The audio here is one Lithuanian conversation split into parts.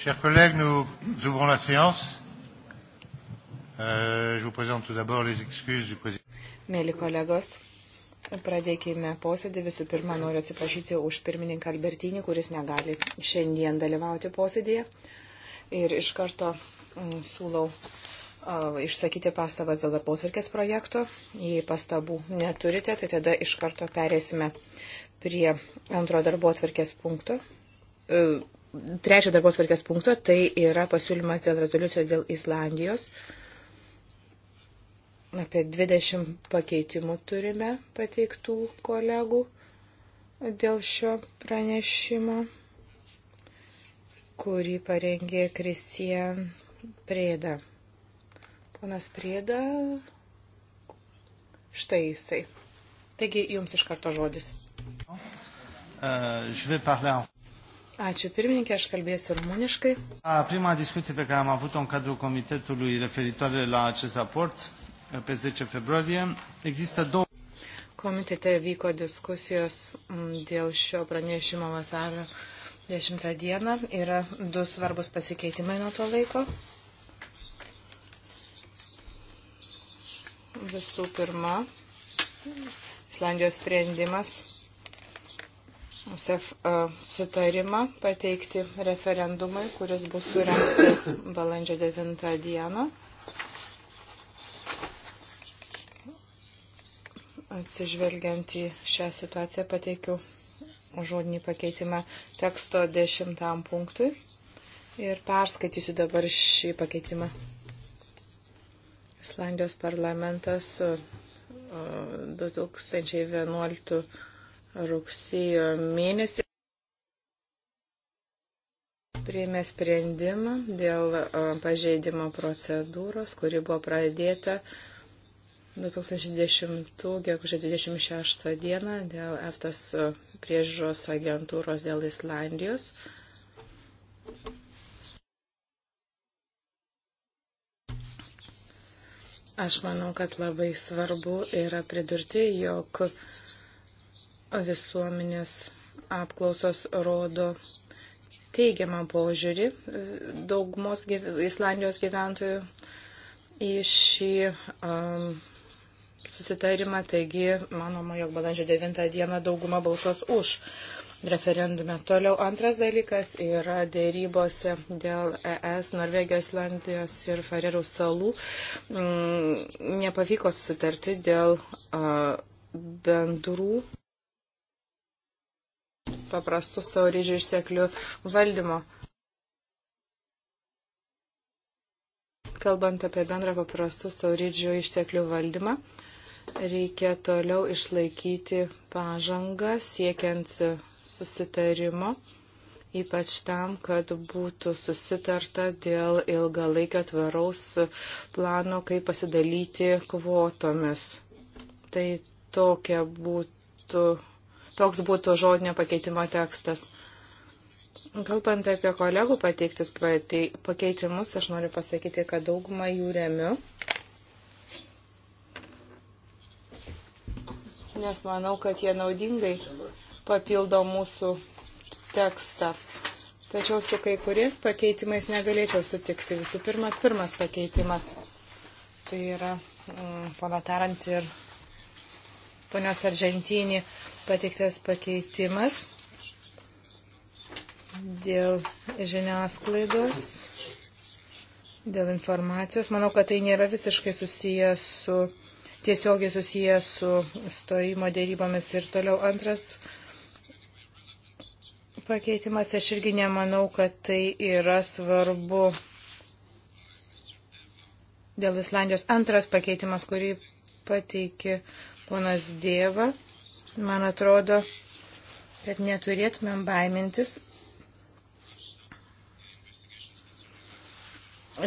Chers collègues, nous ouvrons la séance. Euh, je vous présente tout d'abord les excuses du président. Mėly kolegos, pradėkime posėdį. Visų pirma, noriu atsiprašyti už pirmininką Albertinį, kuris negali šiandien dalyvauti posėdėje. Ir iš karto m, mm, siūlau uh, išsakyti pastabas dėl darbotvarkės projekto. Jei pastabų neturite, tai tada iš karto perėsime prie antro darbotvarkės punkto. Uh, trečio darbos varkės punkto, tai yra pasiūlymas dėl rezoliucijos dėl Islandijos. Apie 20 pakeitimų turime pateiktų kolegų dėl šio pranešimo, kurį parengė Kristijan Prėda. Ponas Prėda, štai jisai. Taigi jums iš karto žodis. Uh, Ačiū pirmininkė, aš kalbėsiu rumuniškai. Prima discuție pe care am avut-o în cadrul comitetului referitoare la acest raport pe 10 februarie, există două. Komitete vyko diskusijos dėl šio pranešimo vasario 10 dieną. Yra du svarbus pasikeitimai nuo to laiko. Visų pirma, Islandijos sprendimas SEF e, sutarimą pateikti referendumui, kuris bus surengtas balandžio 9 dieną. Atsižvelgiant į šią situaciją pateikiu žodinį pakeitimą teksto dešimtam punktui ir perskaitysiu dabar šį pakeitimą. Islandijos parlamentas 2011 e, e, rugsėjo mėnesį priėmė sprendimą dėl pažeidimo procedūros, kuri buvo pradėta 2010 gegužė 26 dieną dėl EFTAS priežiūros agentūros dėl Islandijos. Aš manau, kad labai svarbu yra pridurti, jog visuomenės apklausos rodo teigiamą požiūrį e, daugumos Islandijos gyventojų į šį um, susitarimą. Taigi, manoma, jog balandžio 9 dieną dauguma balsos už referendume. Toliau antras dalykas yra dėrybose dėl ES, Norvegijos, Islandijos ir Farerų salų. Mm, nepavyko susitarti dėl uh, bendrų paprastų savo ryžių išteklių valdymo. Kalbant apie bendrą paprastų saurydžių išteklių valdymą, reikia toliau išlaikyti pažangą siekiant susitarimo, ypač tam, kad būtų susitarta dėl ilgalaikio tvaraus plano, kaip pasidalyti kvotomis. Tai tokia būtų Toks būtų žodinio pakeitimo tekstas. Kalbant apie kolegų pateiktus pakeitimus, aš noriu pasakyti, kad daugumą jų remiu. Nes manau, kad jie naudingai papildo mūsų tekstą. Tačiau su kai kuriais pakeitimais negalėčiau sutikti. Visų pirma, pirmas pakeitimas. Tai yra mm, pana Tarant ir ponios Argentinį pateiktas pakeitimas dėl žiniasklaidos, dėl informacijos. Manau, kad tai nėra visiškai susijęs su, tiesiogiai susijęs su stojimo dėrybomis ir toliau antras pakeitimas. Aš irgi nemanau, kad tai yra svarbu. Dėl Islandijos antras pakeitimas, kurį pateikė ponas Dėva. Man atrodo, kad neturėtumėm baimintis,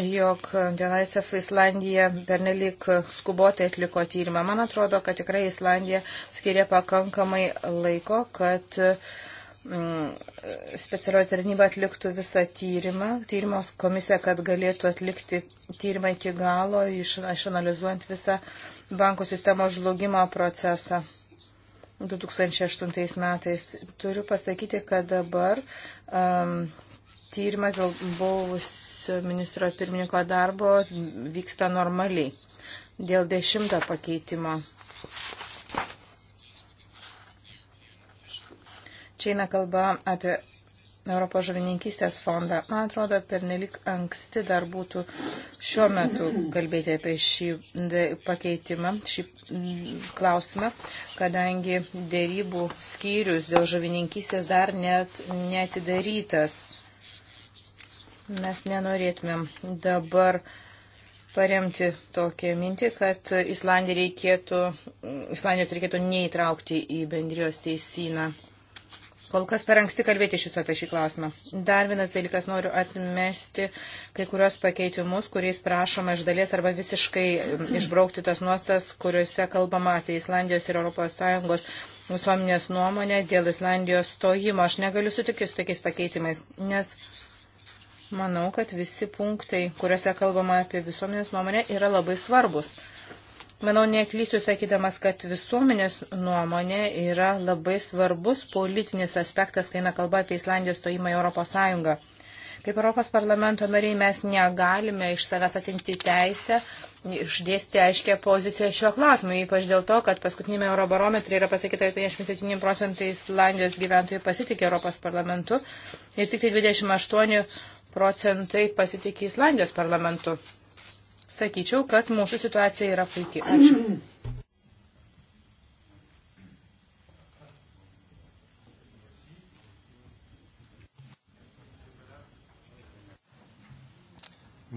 jog dėl ISF Islandija pernelyg skubotai atliko tyrimą. Man atrodo, kad tikrai Islandija skiria pakankamai laiko, kad mm, specialioji tarnyba atliktų visą tyrimą, tyrimos komisija, kad galėtų atlikti tyrimą iki galo, išanalizuojant visą bankų sistemos žlugimo procesą. 2008 metais. Turiu pasakyti, kad dabar um, tyrimas dėl buvusio ministro pirmininko darbo vyksta normaliai dėl dešimto pakeitimo. Čia eina kalba apie Europos žuvininkystės fondą. Man atrodo, pernelik anksti dar būtų šiuo metu kalbėti apie šį pakeitimą, šį klausimą, kadangi dėrybų skyrius dėl žuvininkystės dar net netidarytas. Mes nenorėtumėm dabar paremti tokią mintį, kad Islandijos reikėtų, Islandijos reikėtų neįtraukti į bendrijos teisyną. Kol kas per anksti kalbėti šis apie šį klausimą. Dar vienas dalykas noriu atmesti kai kurios pakeitimus, kuriais prašoma iš dalies arba visiškai mm, išbraukti tos nuostas, kuriuose kalbama apie Islandijos ir ES visuomenės nuomonę dėl Islandijos stojimo. Aš negaliu sutikti su tokiais pakeitimais, nes manau, kad visi punktai, kuriuose kalbama apie visuomenės nuomonę, yra labai svarbus. Manau, neklysiu sakydamas, kad visuomenės nuomonė yra labai svarbus politinis aspektas, kai eina kalba apie Islandijos stojimą į Europos Sąjungą. Kaip Europos parlamento nariai mes negalime iš savęs atimti teisę išdėsti aiškę poziciją šiuo klausimu, ypač dėl to, kad paskutinėme Eurobarometrė yra pasakyta, kad 57 procentai Islandijos gyventojų pasitikė Europos parlamentu ir tik tai 28 procentai pasitikė Islandijos parlamentu sakyčiau, kad mūsų situacija yra puikiai. Ačiū.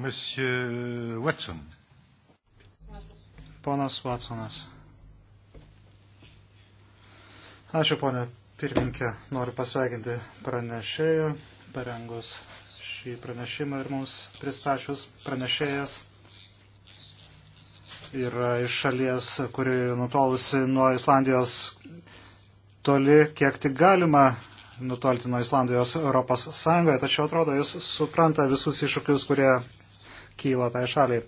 Monsieur Watson. Ponas Watsonas. Ačiū, ponė pirmininkė. Noriu pasveikinti pranešėją, parengus šį pranešimą ir mums pristačius pranešėjas yra iš šalies, kuri nutolusi nuo Islandijos toli, kiek tik galima nutolti nuo Islandijos Europos Sąjungoje, tačiau atrodo, jis supranta visus iššūkius, kurie kyla tai šaliai.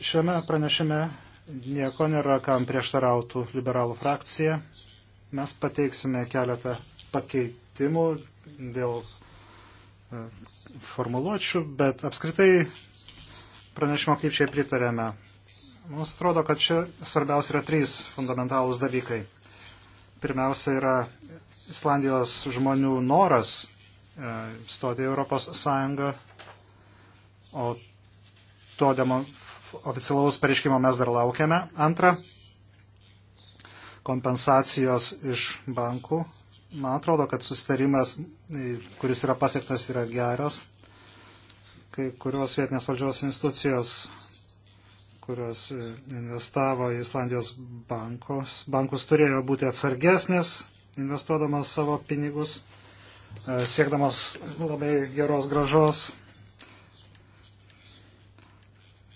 Šiame pranešime nieko nėra, kam prieštarautų liberalų frakcija. Mes pateiksime keletą pakeitimų dėl e, formuluočių, bet apskritai pranešimo krypčiai pritarėme. Mums atrodo, kad čia svarbiausia yra trys fundamentalūs dalykai. Pirmiausia yra Islandijos žmonių noras e, stoti į Europos Sąjungą, o to demo, oficialaus pareiškimo mes dar laukiame. Antra, kompensacijos iš bankų. Man atrodo, kad sustarimas, e, kuris yra pasiektas, yra geras. Kai kurios vietinės valdžios institucijos kurios investavo į Islandijos bankus, bankus turėjo būti atsargesnės, investuodamos savo pinigus, e, siekdamos labai geros gražos.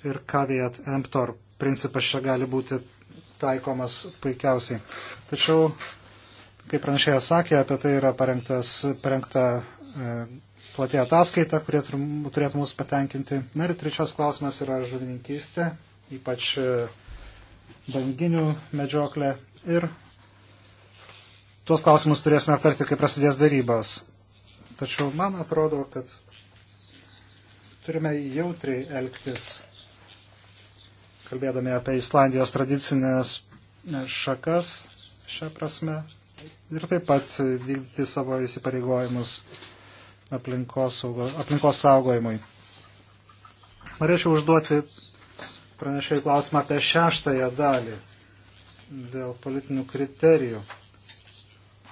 Ir kaviet emptor principas čia gali būti taikomas puikiausiai. Tačiau, kaip pranešėjas sakė, apie tai yra parengtas, parengta e, platė ataskaita, kurie turėtų mus patenkinti. Na ir trečias klausimas yra žuvininkystė ypač e, banginių medžioklė. Ir tuos klausimus turėsime aptarti, kai prasidės darybos. Tačiau man atrodo, kad turime jautriai elgtis, kalbėdami apie Islandijos tradicinės e, šakas šią prasme ir taip pat vykdyti savo įsipareigojimus aplinkos, saugo, aplinkos saugojimui. Norėčiau užduoti pranešėjų klausimą apie šeštąją dalį dėl politinių kriterijų.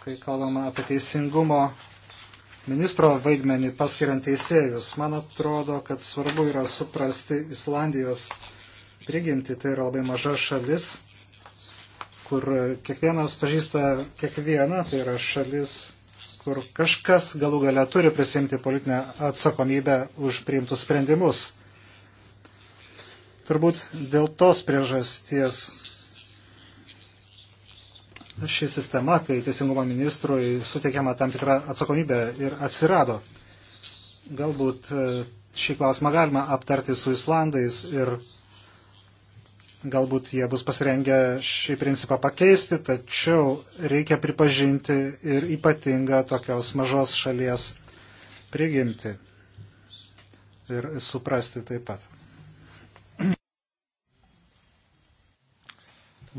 Kai kalbama apie teisingumo ministro vaidmenį paskiriant teisėjus, man atrodo, kad svarbu yra suprasti Islandijos prigimti. Tai yra labai maža šalis, kur kiekvienas pažįsta kiekvieną, tai yra šalis, kur kažkas galų gale turi prisimti politinę atsakomybę už priimtus sprendimus. Turbūt dėl tos priežasties ši sistema, kai teisingumo ministrui suteikiama tam tikra atsakomybė ir atsirado. Galbūt e, šį klausimą galima aptarti su Islandais ir galbūt jie bus pasirengę šį principą pakeisti, tačiau reikia pripažinti ir ypatingą tokios mažos šalies prigimti ir suprasti taip pat.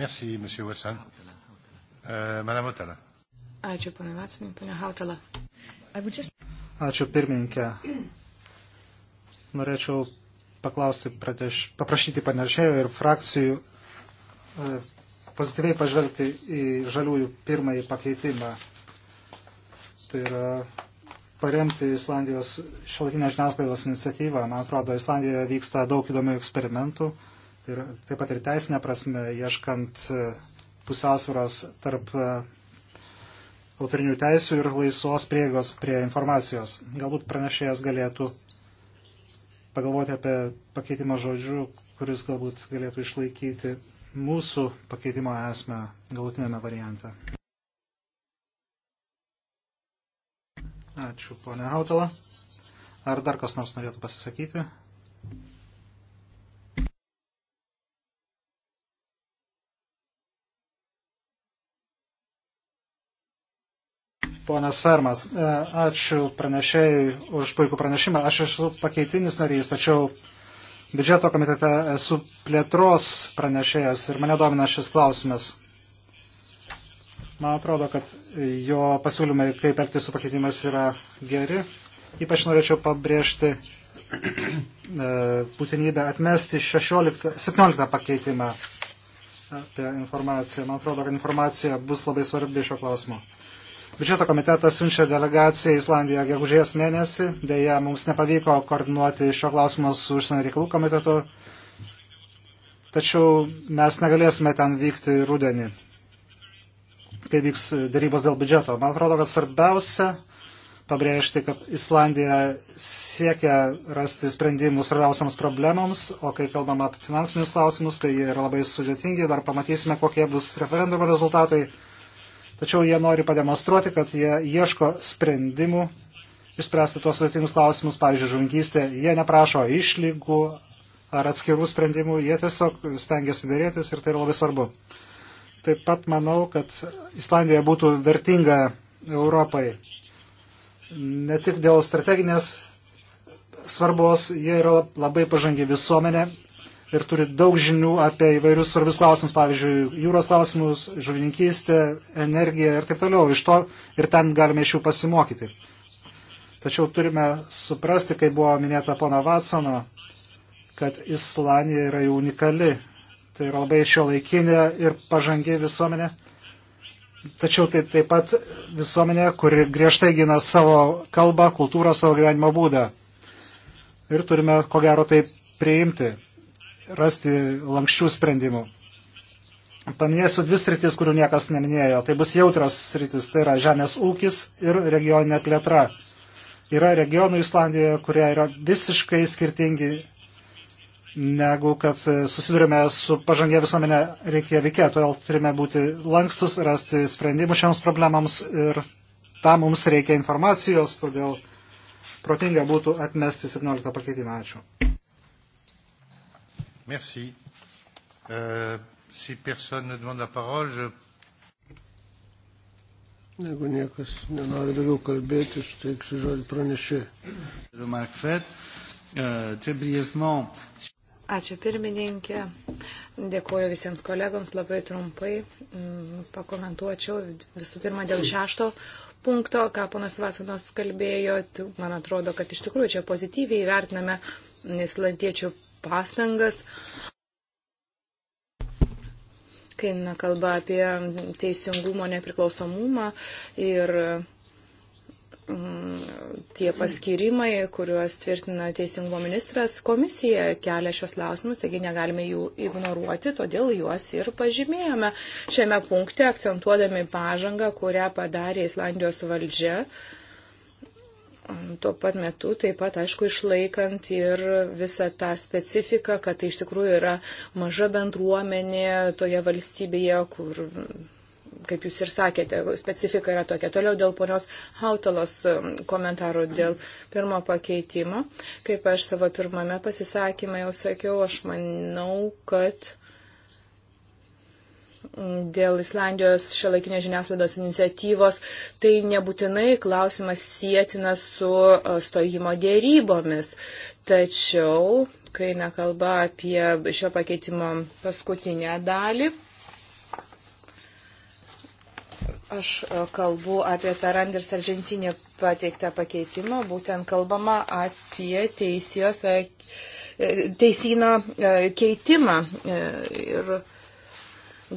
Merci, monsieur Watson. Uh, Madame Otala. Ačiū, pana Vatsonai, pana Hautala. Just... Ačiū, pirmininkė. Norėčiau paklausti, prateš, paprašyti panešėjų ir frakcijų uh, pozityviai pažvelgti į žaliųjų pirmąjį pakeitimą. Tai yra paremti Islandijos šiolakinės žiniasklaidos iniciatyvą. Man atrodo, Islandijoje vyksta daug įdomių eksperimentų. Uh, ir taip pat ir teisinė prasme, ieškant e, pusiausvėros tarp e, autorinių teisų ir laisvos prieigos prie informacijos. Galbūt pranešėjas galėtų pagalvoti apie pakeitimą žodžių, kuris galbūt galėtų išlaikyti mūsų pakeitimo esmę galutinėme variante. Ačiū, ponia Hautala. Ar dar kas nors norėtų pasisakyti? ponas Fermas. E, ačiū pranešėjai už puikų pranešimą. Aš esu pakeitinis narys, tačiau biudžeto komitete esu plėtros pranešėjas ir mane domina šis klausimas. Man atrodo, kad jo pasiūlymai, kaip elgtis su pakeitimas, yra geri. Ypač norėčiau pabrėžti e, būtinybę atmesti 16, 17 pakeitimą apie informaciją. Man atrodo, kad informacija bus labai svarbi šio klausimo. Biudžeto komitetas siunčia delegaciją į Islandiją gegužės mėnesį. Deja, mums nepavyko koordinuoti šio klausimo su užsienio reikalų komitetu. Tačiau mes negalėsime ten vykti rudenį, kai vyks darybos dėl biudžeto. Man atrodo, kad svarbiausia pabrėžti, kad Islandija siekia rasti sprendimus svarbiausiams problemams, o kai kalbam apie finansinius klausimus, tai jie yra labai sudėtingi, dar pamatysime, kokie bus referendumo rezultatai tačiau jie nori pademonstruoti, kad jie ieško sprendimų išspręsti tuos sudėtingus klausimus, pavyzdžiui, žungystė. Jie neprašo išlygų ar atskirų sprendimų, jie tiesiog stengiasi dėrėtis ir tai yra labai svarbu. Taip pat manau, kad Islandija būtų vertinga Europai. Ne tik dėl strateginės svarbos, jie yra labai pažangi visuomenė ir turi daug žinių apie įvairius svarbius klausimus, pavyzdžiui, jūros klausimus, žuvininkystę, energiją ir taip toliau. Iš to ir ten galime iš jų pasimokyti. Tačiau turime suprasti, kaip buvo minėta pono Vatsono, kad Islandija yra jau unikali. Tai yra labai šio laikinė ir pažangi visuomenė. Tačiau tai taip pat visuomenė, kuri griežtai gina savo kalbą, kultūrą, savo gyvenimo būdą. Ir turime, ko gero, tai priimti rasti lankščių sprendimų. Paminėsiu dvi sritis, kurių niekas neminėjo. Tai bus jautrios sritis, tai yra žemės ūkis ir regioninė plėtra. Yra regionų Islandijoje, kurie yra visiškai skirtingi negu kad susidurime su pažangė visuomenė Reikjavike, todėl turime būti lankstus, rasti sprendimus šiems problemams ir tam mums reikia informacijos, todėl protinga būtų atmesti 17 pakeitimą. Ačiū. Merci. Euh, si personne ne demande la parole, je. Jeigu niekas nenori daugiau kalbėti, suteiksiu žodį pranešėjai. Euh, Ačiū pirmininkė, dėkuoju visiems kolegams, labai trumpai mm, pakomentuočiau visų pirma dėl šešto punkto, ką ponas Vatsonas kalbėjo, man atrodo, kad iš tikrųjų čia pozityviai vertiname islandiečių pastangas, kai na, kalba apie teisingumo nepriklausomumą ir mm, tie paskirimai, kuriuos tvirtina teisingumo ministras, komisija kelia šios klausimus, taigi negalime jų ignoruoti, todėl juos ir pažymėjome šiame punkte, akcentuodami pažangą, kurią padarė Islandijos valdžia. Uh, tuo pat metu taip pat, aišku, išlaikant ir visą tą specifiką, kad tai iš tikrųjų yra maža bendruomenė toje valstybėje, kur, kaip jūs ir sakėte, specifika yra tokia. Toliau dėl ponios Hautalos um, komentaro dėl pirmo pakeitimo. Kaip aš savo pirmame pasisakymą jau sakiau, aš manau, kad dėl Islandijos šiolaikinės žiniasklaidos iniciatyvos, tai nebūtinai klausimas sėtinas su e, stojimo dėrybomis. Tačiau, kai nekalba apie šio pakeitimo paskutinę dalį, aš e, kalbu apie Taranders Argentinį pateiktą pakeitimą, būtent kalbama apie teisijos, e, teisino keitimą. Ir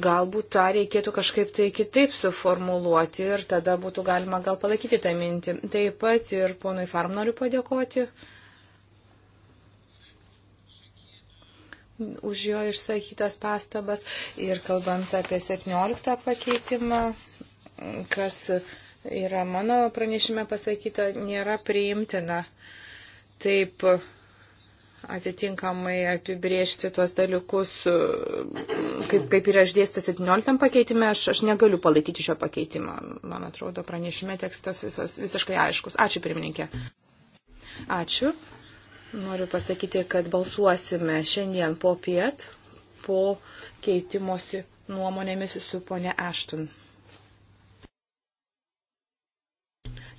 Galbūt tą reikėtų kažkaip tai kitaip suformuluoti ir tada būtų galima gal palaikyti tą mintį. Taip pat ir ponui Farm noriu padėkoti už jo išsakytas pastabas ir kalbant apie 17 pakeitimą, kas yra mano pranešime pasakyta, nėra priimtina. Taip, atitinkamai apibriežti tuos dalykus, kaip, kaip yra išdėsta 17 pakeitime, aš, aš negaliu palaikyti šio pakeitimo. Man atrodo, pranešime tekstas visas, visiškai aiškus. Ačiū, pirmininkė. Ačiū. Noriu pasakyti, kad balsuosime šiandien po piet, po keitimosi nuomonėmis su ponė Ashton.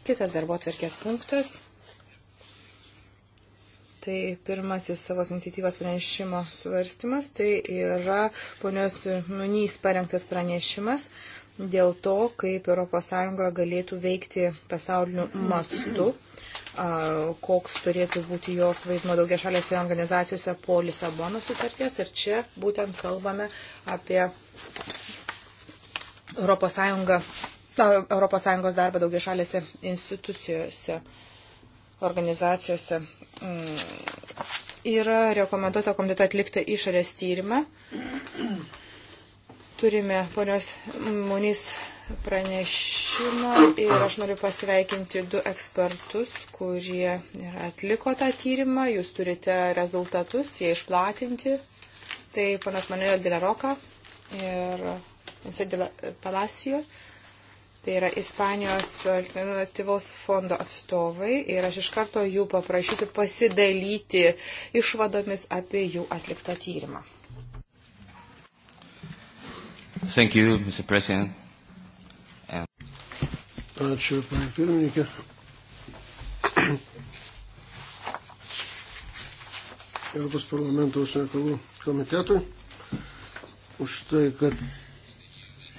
Kitas darbo tvarkės punktas. Tai pirmasis savos iniciatyvos pranešimo svarstymas, tai yra ponios Nunys parengtas pranešimas dėl to, kaip ES galėtų veikti pasauliniu mastu koks turėtų būti jos vaidmo daugia šalėse organizacijose po Lisabono sutarties. Ir čia būtent kalbame apie ES, ES darbą daugia šalėse institucijose organizacijose mm, yra rekomenduota komiteto atlikti išorės tyrimą. Turime ponios Munis pranešimą ir aš noriu pasveikinti du ekspertus, kurie atliko tą tyrimą. Jūs turite rezultatus, jie išplatinti. Tai panas Manuel Dilaroka ir Palacijo. Tai yra Ispanijos alternatyvaus fondo atstovai ir aš iš karto jų paprašysiu pasidalyti išvadomis apie jų atliktą tyrimą. Thank you, Mr. President. And... Ačiū, panė pirmininkė. Europos parlamento užsienio reikalų komitetui už tai, kad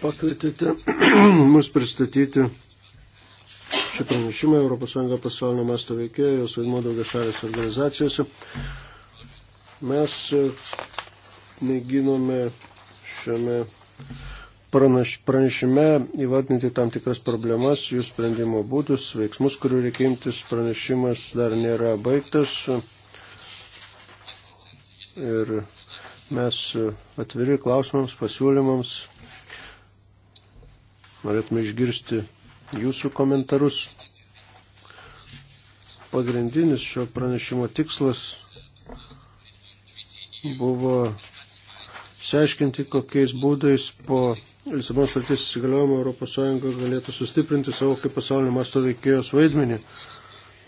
pakvietėte mus pristatyti šį pranešimą ES pasaulinio masto veikėjo, jos vaidmo daugiašalės organizacijose. Mes e, mėginome šiame pranaš, pranešime įvardinti tam tikras problemas, jų sprendimo būdus, veiksmus, kurių reikia imtis, pranešimas dar nėra baigtas. Ir mes e, atviri klausimams, pasiūlymams, Norėtume išgirsti jūsų komentarus. Pagrindinis šio pranešimo tikslas buvo išsiaiškinti, kokiais būdais po Lisabonos sutarties įsigaliojimo ES galėtų sustiprinti savo kaip pasaulio masto veikėjos vaidmenį.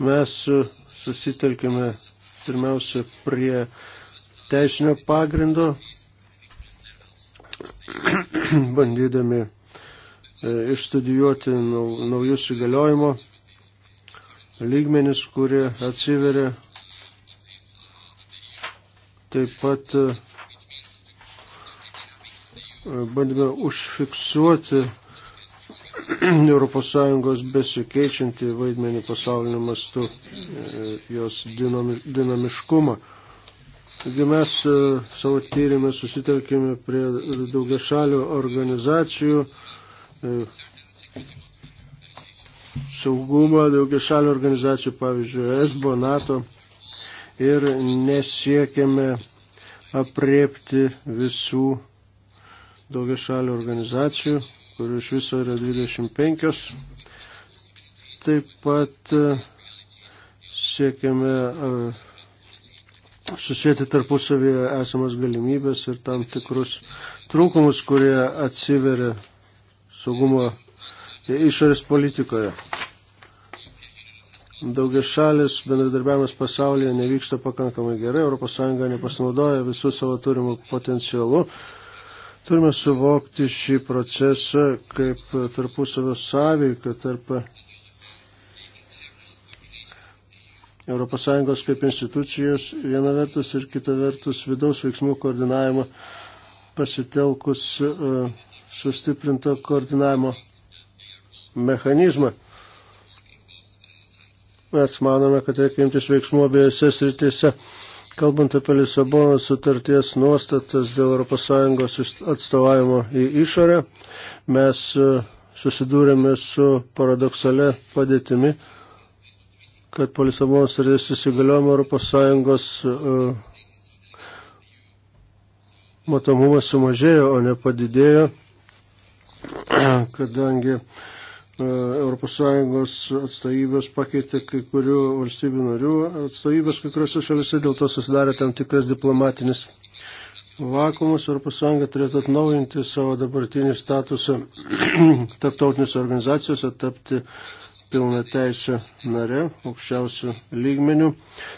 Mes susitelkime pirmiausia prie teisinio pagrindo, bandydami E, išstudijuoti naujus įgaliojimo lygmenis, kurie atsiveria. Taip pat e, bandėme užfiksuoti ES besikeičiantį vaidmenį pasauliniu mastu, e, jos dinami, dinamiškumą. Taigi mes savo tyrimę susitelkime prie daugiašalių organizacijų, E, saugumą daugia šalių organizacijų, pavyzdžiui, ESBO, NATO ir nesiekiame apriepti visų daugia šalių organizacijų, kurių iš viso yra 25. Taip pat e, siekiame e, susijęti tarpusavėje esamas galimybės ir tam tikrus trūkumus, kurie atsiveria saugumo išorės politikoje. Daugia šalis bendradarbiavimas pasaulyje nevyksta pakankamai gerai, ES nepasinaudoja visų savo turimų potencialų. Turime suvokti šį procesą kaip tarpusavio sąveiką tarp ES kaip institucijos viena vertus ir kita vertus vidaus veiksmų koordinavimą pasitelkus uh, sustiprinto koordinavimo mechanizmą. Mes manome, kad reikia imtis veiksmų abiejose srityse. Kalbant apie Lisabono sutarties nuostatas dėl ES atstovavimo į išorę, mes e, susidūrėme su paradoksale padėtimi, kad po Lisabono sutarties įsigaliojimo ES e, matomumas sumažėjo, o ne padidėjo. kadangi ES atstovybės pakeitė kai kurių valstybių narių atstovybės kai kuriuose šalise, dėl to susidarė tam tikras diplomatinis vakumus. ES turėtų atnaujinti savo dabartinį statusą tarptautinėse organizacijose, tapti pilna teisė nare, aukščiausių lygmenių.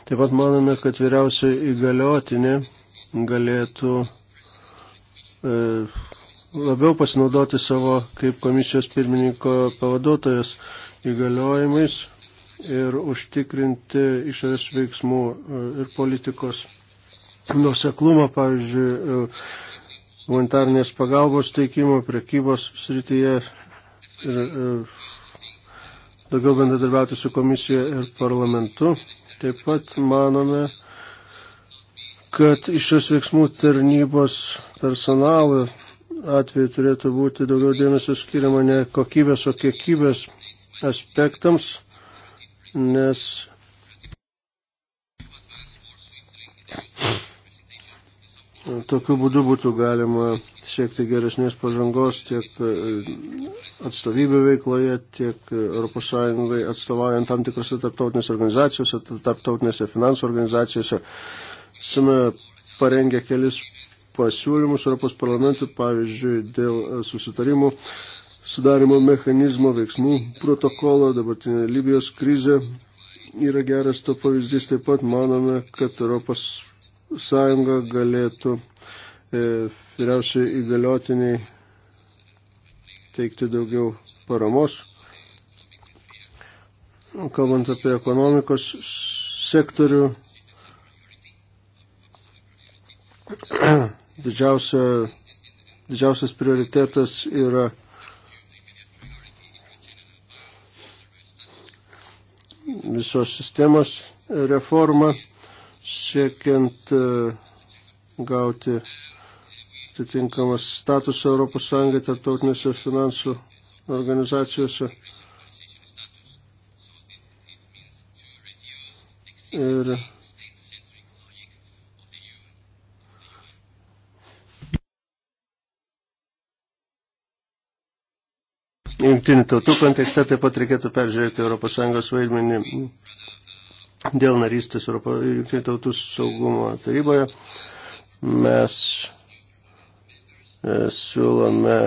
Taip pat manome, kad vyriausia įgaliotinė galėtų e, labiau pasinaudoti savo kaip komisijos pirmininko pavaduotojas įgaliojimais ir užtikrinti išorės veiksmų e, ir politikos nuseklumą, pavyzdžiui, e, humanitarnės pagalbos teikimo, prekybos srityje ir e, daugiau bendradarbiauti su komisija ir parlamentu. Taip pat manome, kad iš šios veiksmų tarnybos personalą atveju turėtų būti daugiau dėmesio skiriama ne kokybės, o kiekybės aspektams, nes Tokiu būdu būtų galima siekti geresnės pažangos tiek e, atstovybių veikloje, tiek ES atstovaujant tam tikrose tarptautinėse organizacijose, tarptautinėse finansų organizacijose. Esame parengę kelis pasiūlymus Europos parlamentui, pavyzdžiui, dėl e, susitarimų sudarimo mechanizmo veiksmų protokolo, dabartinė Libijos krizė yra geras to pavyzdys. Taip pat manome, kad Europos Sąjunga galėtų e, vyriausiai įgaliotiniai teikti daugiau paramos. Kalbant apie ekonomikos sektorių, Didžiausia, didžiausias prioritetas yra visos sistemos reforma, siekiant e, gauti atitinkamas statusą Europos Sąjungai tarptautinėse finansų organizacijose. Ir jungtinių tautų kontekste taip pat reikėtų peržiūrėti ES vaidmenį dėl narystės jungtinių tautų saugumo taryboje. Mes e, siūlome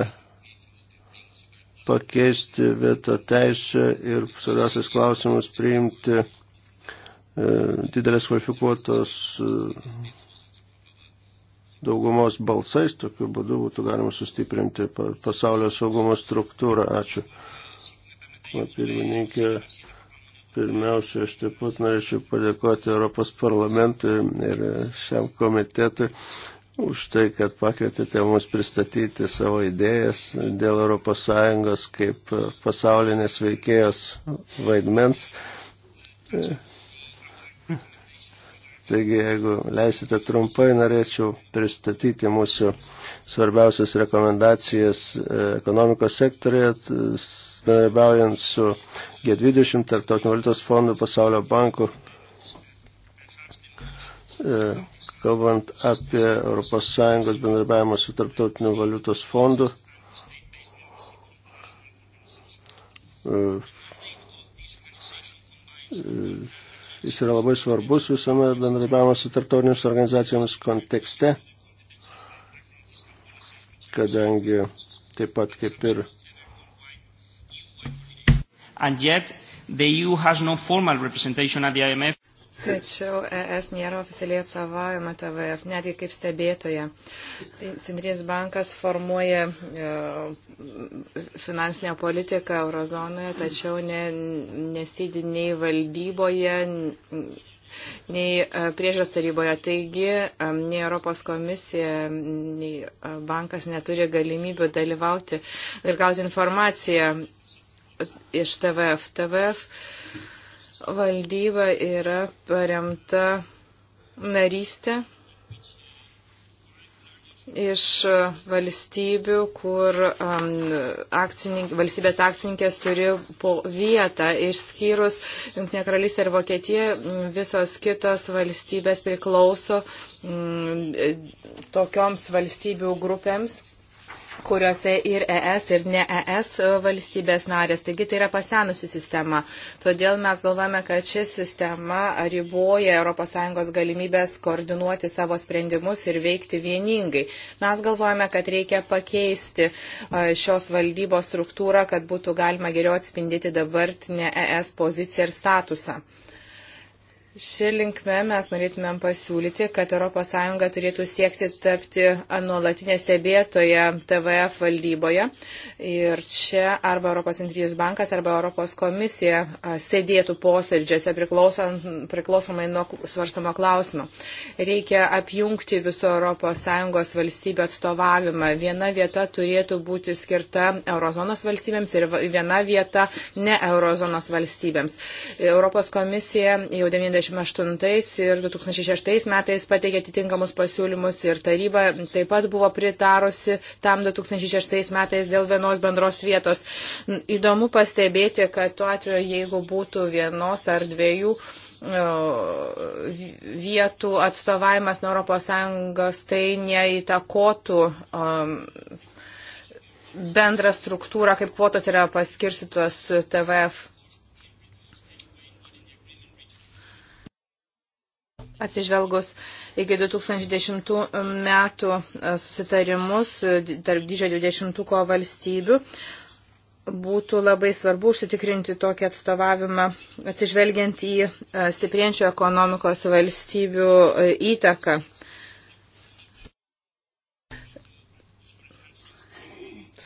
pakeisti veto teisę ir svarbiausias klausimus priimti e, didelės kvalifikuotos daugumos balsais, tokiu būdu būtų galima sustiprinti pasaulio saugumo struktūrą. Ačiū. O pirmininkė, pirmiausia, aš taip pat norėčiau padėkoti Europos parlamentui ir šiam komitetui už tai, kad pakvietėte mus pristatyti savo idėjas dėl ES kaip pasaulinės veikėjos vaidmens. Taigi, jeigu leisite trumpai, norėčiau pristatyti mūsų svarbiausias rekomendacijas e, ekonomikos sektorėje, bendrabiaujant su G20, Tarptautinio valiutos fondų, pasaulio bankų, e, kalbant apie ES bendrabiavimą su Tarptautiniu valiutos fondu. Uh, uh, Jis yra labai svarbus visame bendradarbiavimo su tarptautinėms organizacijomis kontekste, kadangi taip pat kaip ir. And yet, the EU has no formal representation at the IMF. Tačiau ES nėra oficialiai atstovaujama TVF, netgi kaip stebėtoja. Tai Centrinis bankas formuoja e, finansinę politiką eurozonoje, tačiau ne, nesėdi nei valdyboje, nei e, priežios taryboje. Taigi, e, nei Europos komisija, nei bankas neturi galimybių dalyvauti ir gauti informaciją iš TVF. TVF valdyba yra paremta narystė iš valstybių, kur um, akcininkė, valstybės akcininkės turi po vietą, išskyrus Junktinė karalystė ir Vokietija, visos kitos valstybės priklauso um, tokioms valstybių grupėms kuriuose ir ES, ir ne ES valstybės narės. Taigi tai yra pasenusi sistema. Todėl mes galvame, kad ši sistema riboja ES galimybės koordinuoti savo sprendimus ir veikti vieningai. Mes galvojame, kad reikia pakeisti šios valdybos struktūrą, kad būtų galima geriau atspindėti dabartinę ES poziciją ir statusą. Šią linkmę mes norėtumėm pasiūlyti, kad ES turėtų siekti tapti nuolatinę stebėtoją TVF valdyboje. Ir čia arba Europos centrinis bankas, arba Europos komisija sėdėtų posėdžiuose priklausomai nuo svarstamo klausimo. Reikia apjungti viso ES valstybių atstovavimą. Viena vieta turėtų būti skirta eurozonos valstybėms ir viena vieta ne eurozonos valstybėms. Europos komisija jau 90 2008 ir 2006 metais pateikė atitinkamus pasiūlymus ir taryba taip pat buvo pritarusi tam 2006 metais dėl vienos bendros vietos. Įdomu pastebėti, kad tuo atveju, jeigu būtų vienos ar dviejų vietų atstovavimas nuo ES tai neįtakotų um, bendrą struktūrą, kaip kvotos yra paskirstytos TVF atsižvelgus iki 2010 metų e, susitarimus e, tarp didžio 20 valstybių, būtų labai svarbu užsitikrinti tokį atstovavimą, atsižvelgiant į e, stiprienčio ekonomikos valstybių įtaką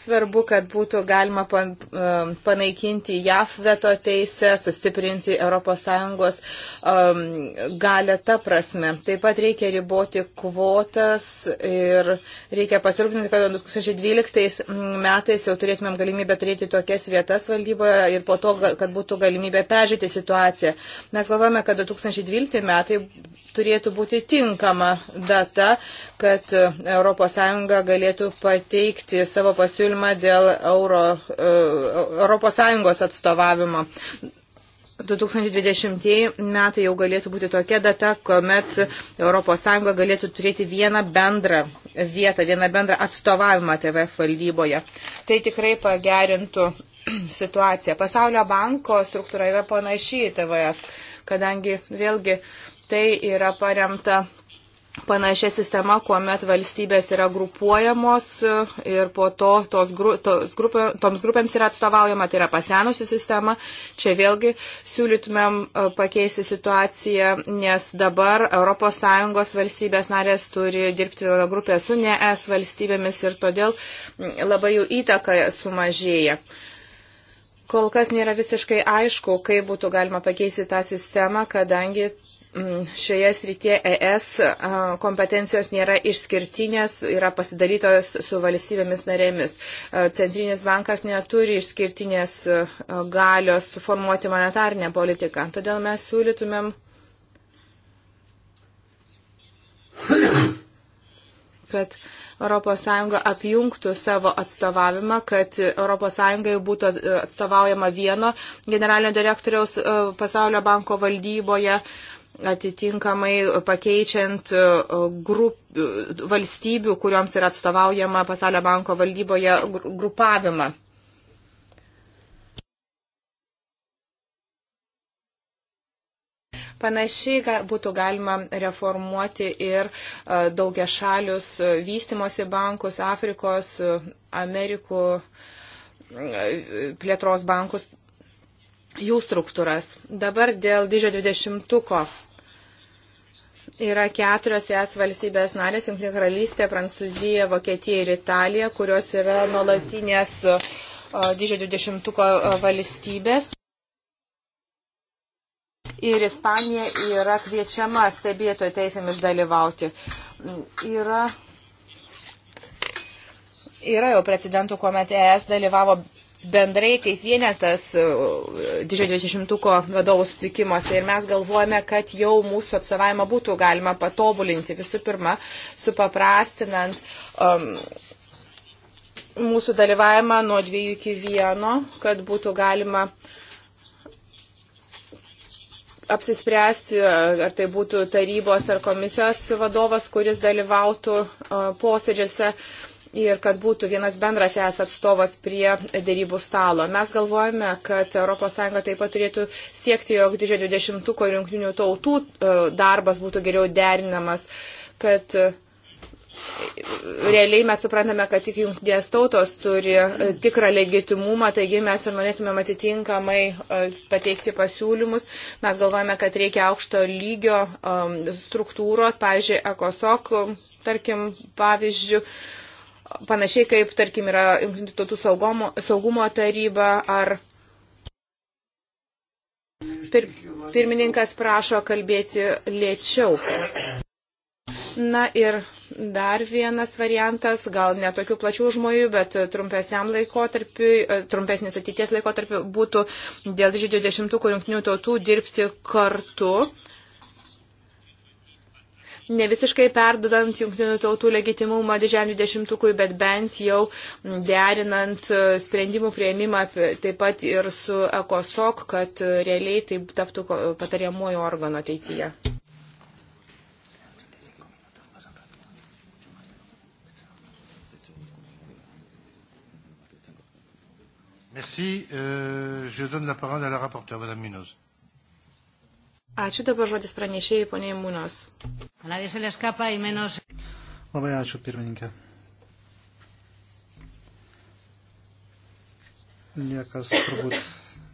svarbu, kad būtų galima um, panaikinti JAF veto teisę, sustiprinti ES um, galę tą prasme. Taip pat reikia riboti kvotas ir reikia pasirūpinti, kad 2012 metais jau turėtumėm galimybę turėti tokias vietas valdyboje ir po to, kad būtų galimybė peržiūrėti situaciją. Mes galvojame, kad 2012 metai turėtų būti tinkama data, kad uh, ES galėtų pateikti savo pasiūlymą pasiūlymą dėl Euro, e, Europos Sąjungos atstovavimo. 2020 metai jau galėtų būti tokia data, kuomet ES galėtų turėti vieną bendrą vietą, vieną bendrą atstovavimą TVF valdyboje. Tai tikrai pagerintų situaciją. Pasaulio banko struktūra yra panaši į TVF, kadangi vėlgi tai yra paremta panašia sistema, kuomet valstybės yra grupuojamos e, ir po to tos gru, tos grupė, toms grupėms yra atstovaujama, tai yra pasenusi sistema. Čia vėlgi siūlytumėm e, pakeisti situaciją, nes dabar ES valstybės narės turi dirbti vienoje grupėje su ne es valstybėmis ir todėl labai jų įtaka sumažėja. Kol kas nėra visiškai aišku, kaip būtų galima pakeisti tą sistemą, kadangi Mm, šioje srityje ES kompetencijos nėra išskirtinės, yra pasidalytos su valstybėmis narėmis. Centrinis bankas neturi išskirtinės galios formuoti monetarinę politiką. Todėl mes siūlytumėm kad ES apjungtų savo atstovavimą, kad ES būtų atstovaujama vieno generalinio direktoriaus e, pasaulio banko valdyboje. Uh, atitinkamai pakeičiant e, grup, valstybių, kuriuoms yra atstovaujama pasaulio banko valdyboje grupavimą. Panašiai būtų galima reformuoti ir e, daugia šalius e, vystimosi bankus, Afrikos, Amerikų plėtros bankus, jų struktūras. Dabar dėl didžio dvidešimtuko. 20 Yra keturios es valstybės narės, Junktinė karalystė, Prancūzija, Vokietija ir Italija, kurios yra nuolatinės didžiojo dvidešimtuko valstybės. Ir Ispanija yra kviečiama stebėtojų teisėmis dalyvauti. Yra, yra jau precedentų, kuomet ES dalyvavo bendrai kaip vienetas e, didžiojo dvidešimtuko vadovų sutikimuose ir mes galvojame, kad jau mūsų atstovavimą būtų galima patobulinti visų pirma, supaprastinant um, mūsų dalyvavimą nuo dviejų iki vieno, kad būtų galima apsispręsti, e, ar tai būtų tarybos ar komisijos vadovas, kuris dalyvautų e, posėdžiuose. Uh, ir kad būtų vienas bendras es atstovas prie dėrybų stalo. Mes galvojame, kad ES taip pat turėtų siekti, jog didžiojo dvidešimtuko ir jungtinių tautų e, darbas būtų geriau derinamas, kad e, realiai mes suprantame, kad tik jungtinės tautos turi e, tikrą legitimumą, taigi mes ir norėtume atitinkamai pateikti pasiūlymus. Mes galvojame, kad reikia aukšto lygio struktūros, pavyzdžiui, ECOSOC, tarkim, pavyzdžių panašiai kaip, tarkim, yra Junktinių tautų saugumo, saugumo taryba ar pir, pirmininkas prašo kalbėti lėčiau. Na ir dar vienas variantas, gal netokių plačių žmonių, bet trumpesniam laikotarpiu, trumpesnis ateities laikotarpiu būtų dėl 20 jungtinių tautų dirbti kartu ne visiškai perdodant jungtinių tautų legitimumą didžiam dvidešimtukui, bet bent jau derinant e, sprendimų prieimimą taip pat ir su ECOSOC, kad e, realiai tai taptų patariamuoju organu ateityje. Merci. Euh, je donne la parole à la rapporteure, Madame Munoz. Ačiū dabar žodis pranešėjai, poniai Mūnos. Labai ačiū, pirmininkė. Niekas turbūt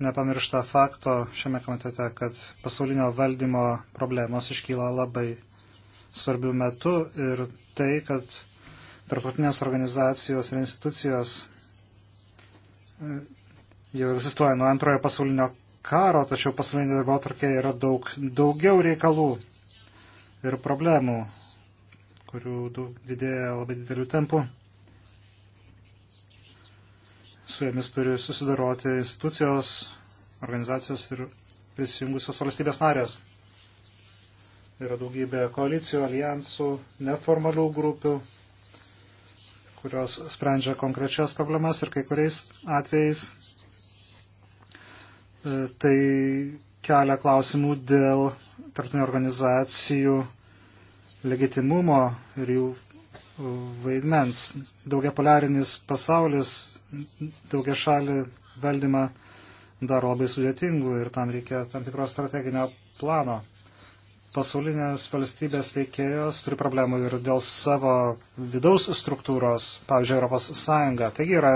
nepamiršta fakto šiame komitete, kad pasaulinio valdymo problemos iškyla labai svarbių metų ir tai, kad tarptautinės organizacijos ir institucijos e, jau egzistuoja nuo antrojo pasaulinio karo, tačiau pasaulinė darbo atvarkė yra daug, daugiau reikalų ir problemų, kurių daug, didėja labai didelių tempų. Su jomis turi susidoroti institucijos, organizacijos ir prisijungusios valstybės narės. Yra daugybė koalicijų, alijansų, neformalių grupių, kurios sprendžia konkrečias problemas ir kai kuriais atvejais E, tai kelia klausimų dėl tarptautinių organizacijų legitimumo ir jų e, vaidmens. Daugiapolarinis pasaulis daugia šalį valdymą daro labai sudėtingų ir tam reikia tam tikros strateginio plano. Pasaulinės valstybės veikėjos turi problemų ir dėl savo vidaus struktūros, pavyzdžiui, Europos Sąjunga. Taigi yra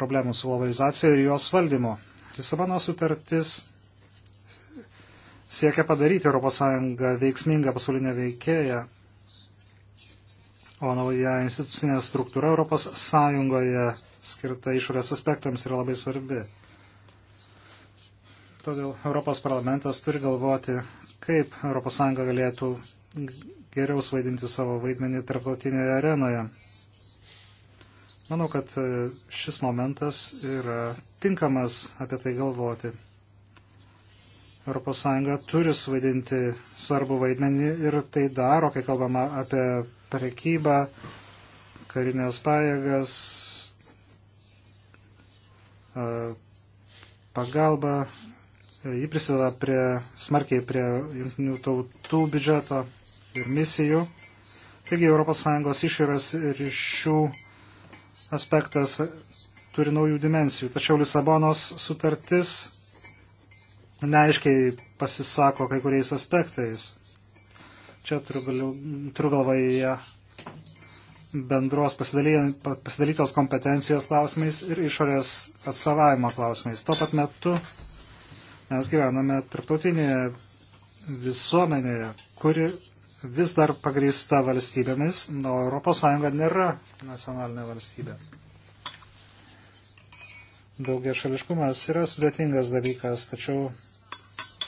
problemų su globalizacija ir jos valdymu. Lisabono sutartis siekia padaryti ES veiksmingą pasaulinę veikėją, o nauja institucinė struktūra ES skirta išorės aspektams yra labai svarbi. Todėl Europos parlamentas turi galvoti, kaip ES galėtų geriau svaidinti savo vaidmenį tarptautinėje arenoje. Manau, kad e, šis momentas yra tinkamas apie tai galvoti. ES turi suvaidinti svarbų vaidmenį ir tai daro, kai kalbama apie prekybą, karinės pajėgas, e, pagalbą. E, ji prisideda prie, smarkiai prie jungtinių tautų biudžeto ir misijų. Taigi ES išėras ryšių aspektas turi naujų dimensijų. Tačiau Lisabonos sutartis neaiškiai pasisako kai kuriais aspektais. Čia turiu, turiu galvoje bendros pasidalytos kompetencijos klausimais ir išorės atstovavimo klausimais. Tuo pat metu mes gyvename tarptautinėje visuomenėje, kuri vis dar pagrįsta valstybėmis, o ES nėra nacionalinė valstybė. Daugia šališkumas yra sudėtingas dalykas, tačiau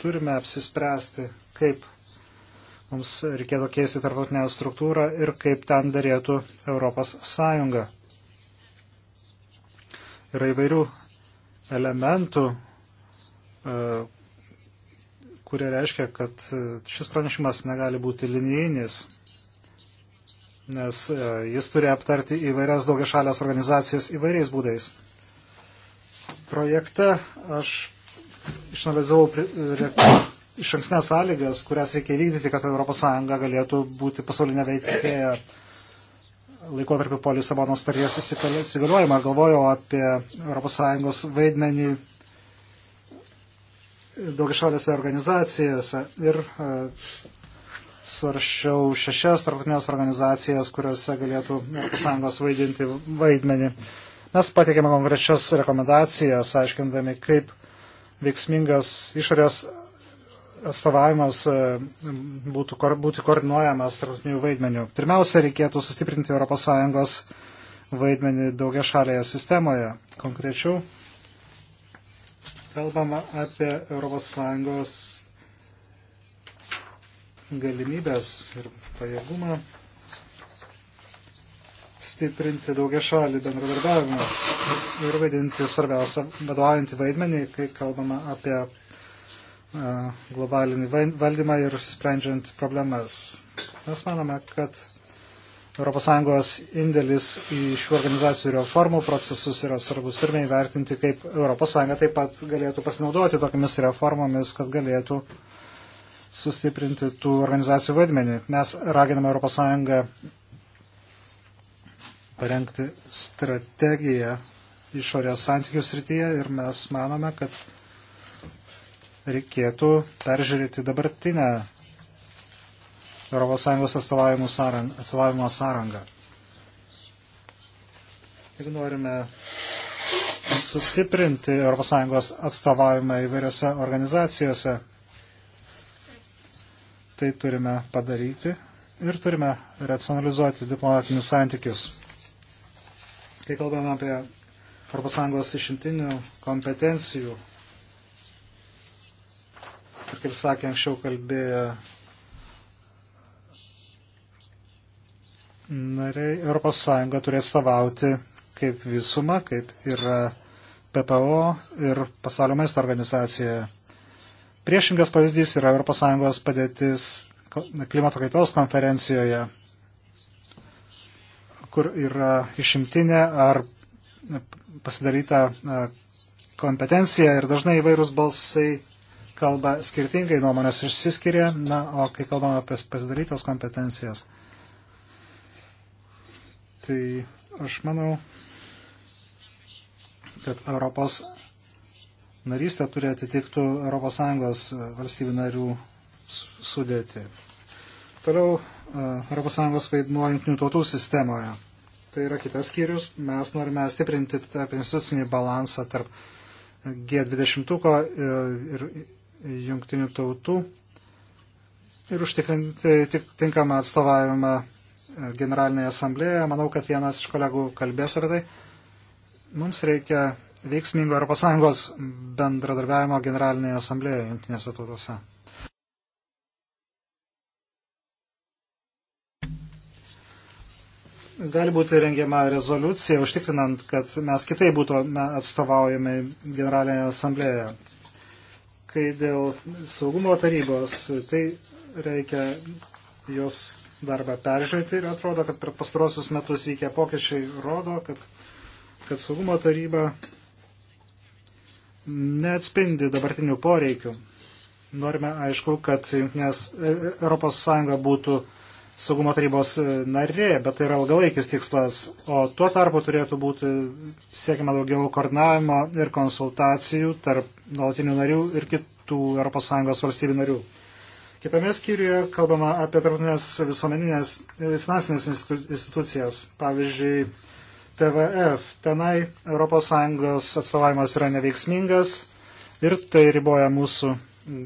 turime apsispręsti, kaip mums reikėtų keisti tarptautinę struktūrą ir kaip ten darėtų ES. Yra įvairių elementų, e, kurie reiškia, kad šis pranešimas negali būti linijinis, nes e, jis turi aptarti įvairias daugiašalės organizacijas įvairiais būdais. Projekte aš išanalizavau iš anksnės sąlygas, kurias reikia vykdyti, kad ES galėtų būti pasaulinė veikėja laikotarpiu po Lisabono starties įsigaliojimą. Galvojau apie ES vaidmenį daugišalėse organizacijose ir e, svaršiau šešias tarptautinės organizacijas, kuriuose galėtų ES vaidinti vaidmenį. Mes pateikėme konkrečias rekomendacijas, aiškindami, kaip veiksmingas išorės atstovavimas e, būtų, būtų koordinuojamas tarptautinių vaidmenių. Pirmiausia, reikėtų sustiprinti ES vaidmenį daugia šalėje sistemoje. Konkrečiau, Kalbama apie ES galimybės ir pajėgumą stiprinti daugia šalį bendradarbiavimą ir vaidinti svarbiausią vadovaujantį vaidmenį, kai kalbama apie globalinį valdymą ir sprendžiant problemas. Mes manome, kad ES indėlis į šių organizacijų reformų procesus yra svarbus. Turime įvertinti, kaip ES taip pat galėtų pasinaudoti tokiamis reformomis, kad galėtų sustiprinti tų organizacijų vaidmenį. Mes raginame ES parengti strategiją išorės santykių srityje ir mes manome, kad reikėtų peržiūrėti dabartinę ES atstovavimo sąrangą. Jeigu norime sustiprinti ES atstovavimą įvairiose organizacijose, tai turime padaryti ir turime racionalizuoti diplomatinius santykius. Kai kalbame apie ES išimtinių kompetencijų, ir kaip sakė anksčiau kalbėjo nariai ES turės savauti kaip visuma, kaip yra PPO ir pasaulio maisto organizacijoje. Priešingas pavyzdys yra ES padėtis klimato kaitos konferencijoje, kur yra išimtinė ar pasidaryta kompetencija ir dažnai įvairūs balsai kalba skirtingai, nuomonės išsiskiria, na, o kai kalbame apie pasidarytas kompetencijas tai aš manau, kad Europos narystė turi atitiktų ES e, valstybių narių sudėti. Toliau ES vaidmuo jungtinių tautų sistemoje. Tai yra kitas skyrius. Mes norime stiprinti tarp institucinį balansą tarp G20 e, ir jungtinių tautų ir užtikrinti tinkamą atstovavimą Generalinėje asamblėje. Manau, kad vienas iš kolegų kalbės apie tai. Mums reikia veiksmingo ES bendradarbiavimo Generalinėje asamblėje Junktinėse tautose. gali būti rengiama rezoliucija, užtikrinant, kad mes kitai būtume atstovaujami Generalinėje asamblėje. Kai dėl saugumo tarybos, tai reikia jos darbą peržiūrėti ir atrodo, kad per pastarosius metus vykę pokyčiai rodo, kad, kad saugumo taryba neatspindi dabartinių poreikių. Norime, aišku, kad Junktinės e, e, Europos Sąjunga būtų saugumo tarybos e, narė, bet tai yra ilgalaikis tikslas, o tuo tarpu turėtų būti siekiama daugiau koordinavimo ir konsultacijų tarp nuolatinių narių ir kitų ES valstybių narių. Kitame skyriuje kalbama apie tarptautinės visuomeninės finansinės institucijas, pavyzdžiui, TVF. Tenai ES atstovavimas yra neveiksmingas ir tai riboja mūsų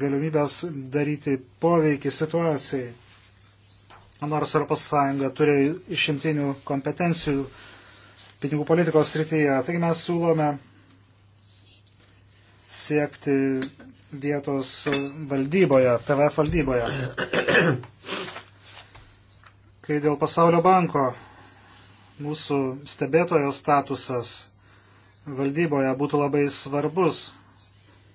galimybės daryti poveikį situacijai. Nors ES turi išimtinių kompetencijų pinigų politikos srityje. Taigi mes siūlome siekti vietos valdyboje, TVF valdyboje. Kai dėl pasaulio banko mūsų stebėtojo statusas valdyboje būtų labai svarbus,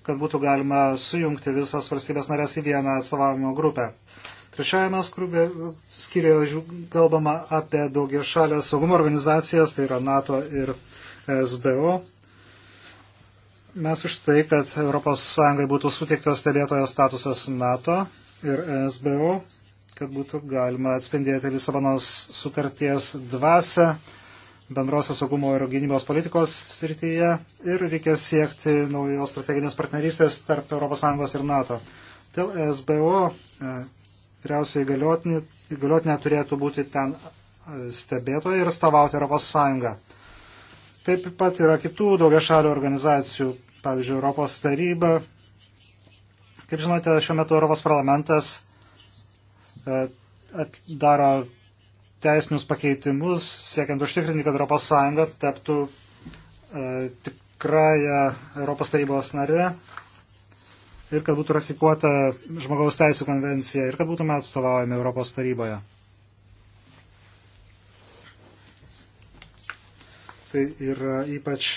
kad būtų galima sujungti visas valstybės narės į vieną atstovavimo grupę. Trečiajame skyriuje kalbama apie daugia šalės saugumo organizacijas, tai yra NATO ir SBO. Mes už tai, kad ES būtų suteiktas stebėtojo statusas NATO ir SBO, kad būtų galima atspindėti Lisabonos sutarties dvasę bendrosios saugumo ir gynybos politikos srityje ir reikės siekti naujos strateginės partnerystės tarp ES ir NATO. Dėl SBO e, vyriausiai įgaliotinė turėtų būti ten e, stebėtoja ir stavauti ES. Taip pat yra kitų daugiašalių organizacijų, pavyzdžiui, Europos taryba. Kaip žinote, šiuo metu Europos parlamentas e, daro teisinius pakeitimus, siekiant užtikrinti, kad ES taptų e, tikrąją Europos tarybos narę ir kad būtų ratifikuota žmogaus teisų konvencija ir kad būtume atstovaujami Europos taryboje. tai yra ypač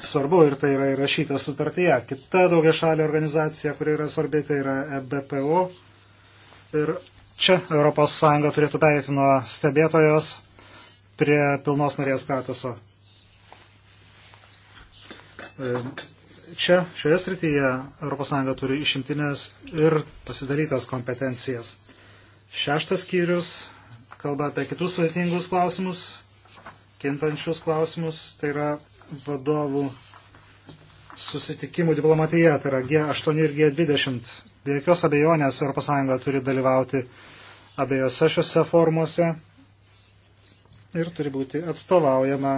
svarbu ir tai yra įrašyta sutartyje. Kita daugia šalia organizacija, kuri yra svarbi, tai yra EBPO. Ir čia ES turėtų perėti nuo stebėtojos prie pilnos narės statuso. Čia, šioje srityje ES turi išimtinės ir pasidalytas kompetencijas. Šeštas skyrius kalba apie kitus sudėtingus klausimus, kintančius klausimus, tai yra vadovų susitikimų diplomatija, tai yra G8 ir G20. Be jokios abejonės ES turi dalyvauti abiejose šiuose formuose ir turi būti atstovaujama,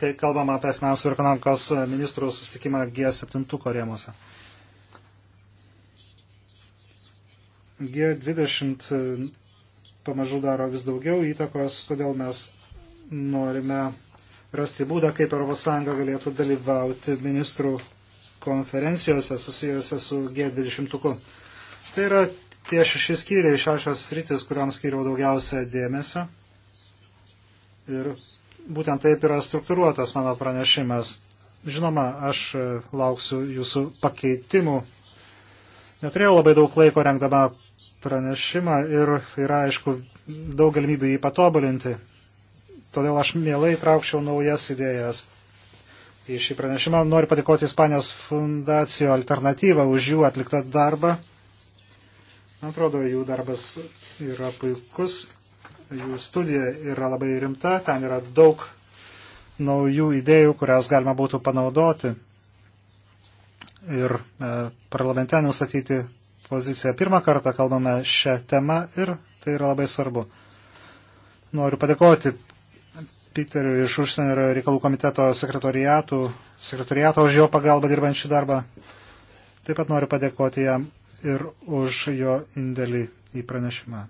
kai kalbama apie finansų ir ekonomikos ministrų susitikimą G7 korėmuose. G20 pamažu daro vis daugiau įtakos, todėl mes norime rasti būdą, kaip ES galėtų dalyvauti ministrų konferencijose susijusiose su G20. -tuku. Tai yra tie šeši skyriai, šešios sritis, kuriam skiriau daugiausia dėmesio. Ir būtent taip yra struktūruotas mano pranešimas. Žinoma, aš lauksiu jūsų pakeitimų. Neturėjau labai daug laiko rengdama pranešimą ir yra, aišku, daug galimybių jį patobulinti. Todėl aš mielai traukčiau naujas idėjas. Į šį pranešimą noriu patikoti Ispanijos fundacijo alternatyvą už jų atliktą darbą. Man atrodo, jų darbas yra puikus, jų studija yra labai rimta, ten yra daug naujų idėjų, kurias galima būtų panaudoti ir e, parlamente nustatyti poziciją. Pirmą kartą kalbame šią temą ir tai yra labai svarbu. Noriu padėkoti Piteriu iš užsienio reikalų komiteto sekretoriato už jo pagalbą dirbant šį darbą. Taip pat noriu padėkoti jam ir už jo indėlį į pranešimą.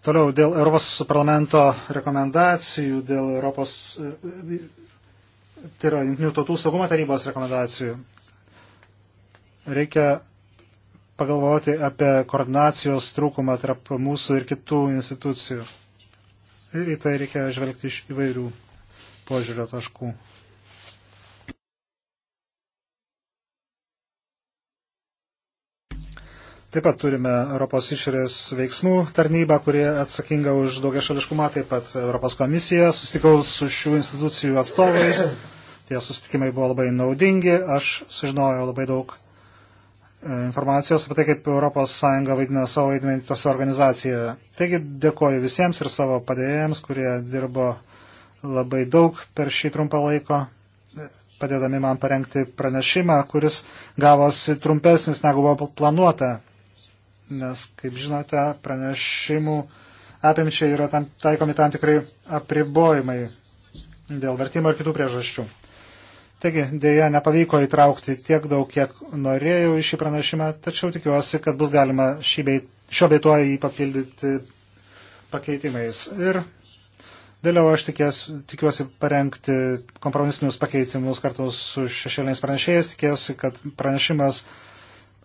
Toliau dėl Europos parlamento rekomendacijų, dėl Europos tai yra Junktinių tautų saugumo tarybos rekomendacijų. Reikia pagalvoti apie koordinacijos trūkumą tarp mūsų ir kitų institucijų. Ir į tai reikia žvelgti iš įvairių požiūrio taškų. Taip pat turime Europos išorės veiksmų tarnybą, kuri atsakinga už daugia šališkumą, taip pat Europos komisija. Sustikau su šių institucijų atstovais. Tie sustikimai buvo labai naudingi. Aš sužinojau labai daug e, informacijos apie tai, kaip ES vaidina savo vaidmenį tose organizacijoje. Taigi dėkoju visiems ir savo padėjėjams, kurie dirbo labai daug per šį trumpą laiko e, padėdami man parengti pranešimą, kuris gavosi trumpesnis negu buvo planuota nes, kaip žinote, pranešimų apimčiai yra tam, taikomi tam tikrai apribojimai dėl vertimo ir kitų priežasčių. Taigi, dėja, nepavyko įtraukti tiek daug, kiek norėjau į šį pranešimą, tačiau tikiuosi, kad bus galima bei, šio beituo jį papildyti pakeitimais. Ir vėliau aš tikės, tikiuosi parengti kompromisinius pakeitimus kartu su šešėliniais pranešėjais, tikiuosi, kad pranešimas uh,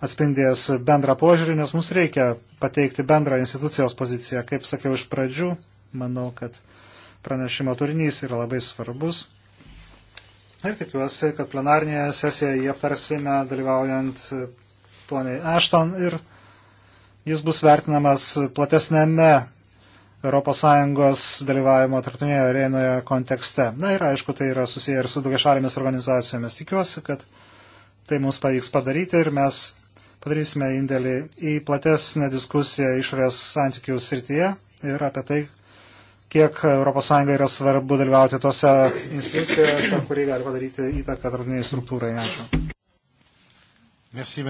atspindės bendrą požiūrį, nes mums reikia pateikti bendrą institucijos poziciją. Kaip sakiau iš pradžių, manau, kad pranešimo turinys yra labai svarbus. Ir tikiuosi, kad plenarnėje sesijoje jį aptarsime dalyvaujant poniai Ashton ir jis bus vertinamas platesnėme ES dalyvavimo tarptautinėje arenoje kontekste. Na ir aišku, tai yra susiję ir su daugiašalėmis organizacijomis. Tikiuosi, kad tai mums pavyks padaryti ir mes padarysime indėlį į platesnę diskusiją išorės santykių srityje ir apie tai, kiek ES yra svarbu dalyvauti tose institucijose, kurie gali padaryti įtaką tarptautiniai struktūrai. Ačiū. Merci,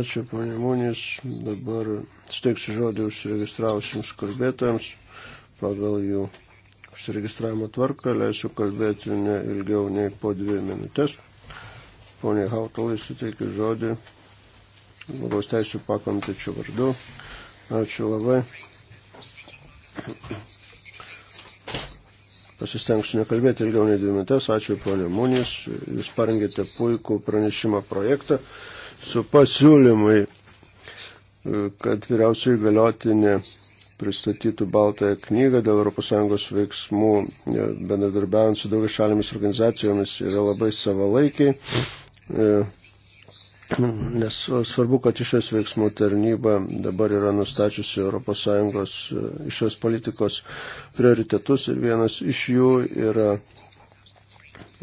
Ačiū, ponė Mūnės. Dabar steiksiu žodį užsiregistravusiems kalbėtojams pagal jų užsiregistravimo tvarką. Leisiu kalbėti ne ilgiau nei po dvi minutės. Pone Hautalai suteikiu žodį žmogaus teisų pakomitečių vardu. Ačiū labai. Pasistengsiu nekalbėti ilgiau nei dvi minutės. Ačiū, ponė Munis. Jūs parengėte puikų pranešimą projektą su pasiūlymai, kad vyriausiai galiotinė pristatytų Baltąją knygą dėl ES veiksmų, e, bendradarbiaujant su daugia šalimis organizacijomis, yra labai savalaikiai E, nes svarbu, kad išės veiksmų tarnyba dabar yra nustačiusi ES e, išės politikos prioritetus ir vienas iš jų yra e,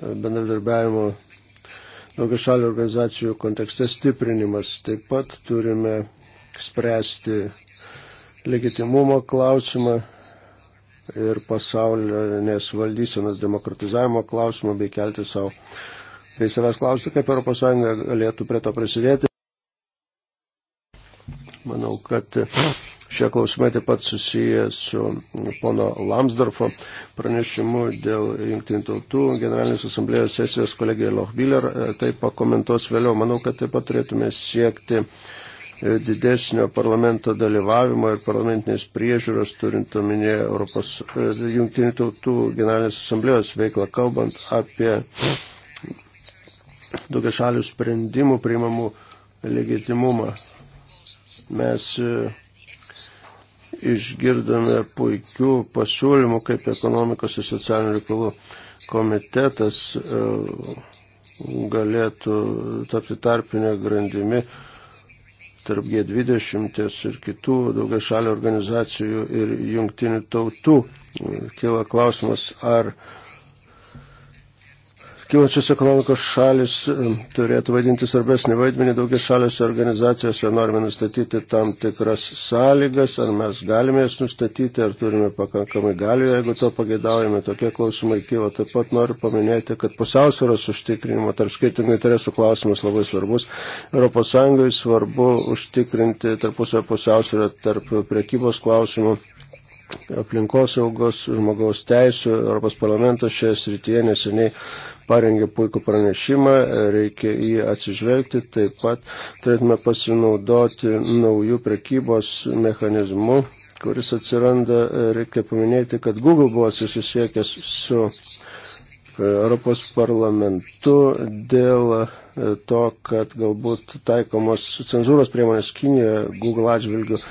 bendradarbiavimo daugiašalių organizacijų kontekste stiprinimas. Taip pat turime spręsti legitimumo klausimą ir pasaulinės valdysenos demokratizavimo klausimą bei kelti savo bei savęs klausti, kaip ES galėtų prie to prisidėti. Manau, kad šie klausimai taip pat susiję su pono Lamsdorfo pranešimu dėl Junktinių tautų generalinės asamblėjos sesijos kolegija Lochbiller. E, tai pakomentuos vėliau. Manau, kad taip pat turėtume siekti e, didesnio parlamento dalyvavimo ir parlamentinės priežiūros, turint omenyje Europos e, jungtinių tautų generalinės asamblėjos veiklą, kalbant apie daugia šalių sprendimų priimamų legitimumą. Mes e, išgirdome puikių pasiūlymų, kaip ekonomikos ir socialinių reikalų komitetas e, galėtų tapti tarpinę grandimi tarp G20 ir kitų daugia šalių organizacijų ir jungtinių tautų. Kila klausimas, ar uh, kilančios ekonomikos šalis e, turėtų vaidinti svarbesnį vaidmenį daugia šaliuose organizacijose, norime nustatyti tam tikras sąlygas, ar mes galime jas nustatyti, ar turime pakankamai galių, jeigu to pageidaujame, tokie klausimai kyla. Taip pat noriu paminėti, kad pusiausvėros užtikrinimo tarp skirtingų interesų klausimas labai svarbus. ES svarbu užtikrinti tarpusio pusiausvėrą tarp priekybos klausimų aplinkosaugos, žmogaus teisų, Europos parlamentas šioje srityje neseniai parengė puikų pranešimą, reikia į jį atsižvelgti, taip pat turėtume pasinaudoti naujų prekybos mechanizmų, kuris atsiranda, reikia paminėti, kad Google buvo susisiekęs su e, Europos parlamentu dėl e, to, kad galbūt taikomos cenzūros priemonės Kinijoje Google atžvilgių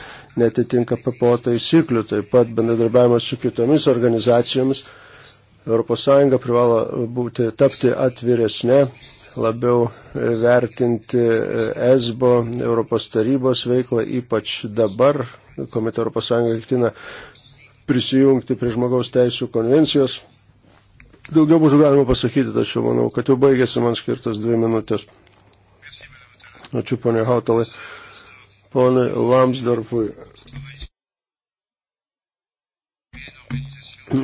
netitinka PPO taisyklių, taip pat bendradarbiavimas su kitomis organizacijomis ES privalo būti, tapti atviresnė, labiau vertinti ESBO, e Europos tarybos veiklą, ypač dabar, kuomet ES ketina prisijungti prie žmogaus teisų konvencijos. Daugiau būtų galima pasakyti, tačiau manau, kad jau baigėsi man skirtas dvi minutės. Ačiū, ponė Hautalai. Ponai Lamsdorfui. ES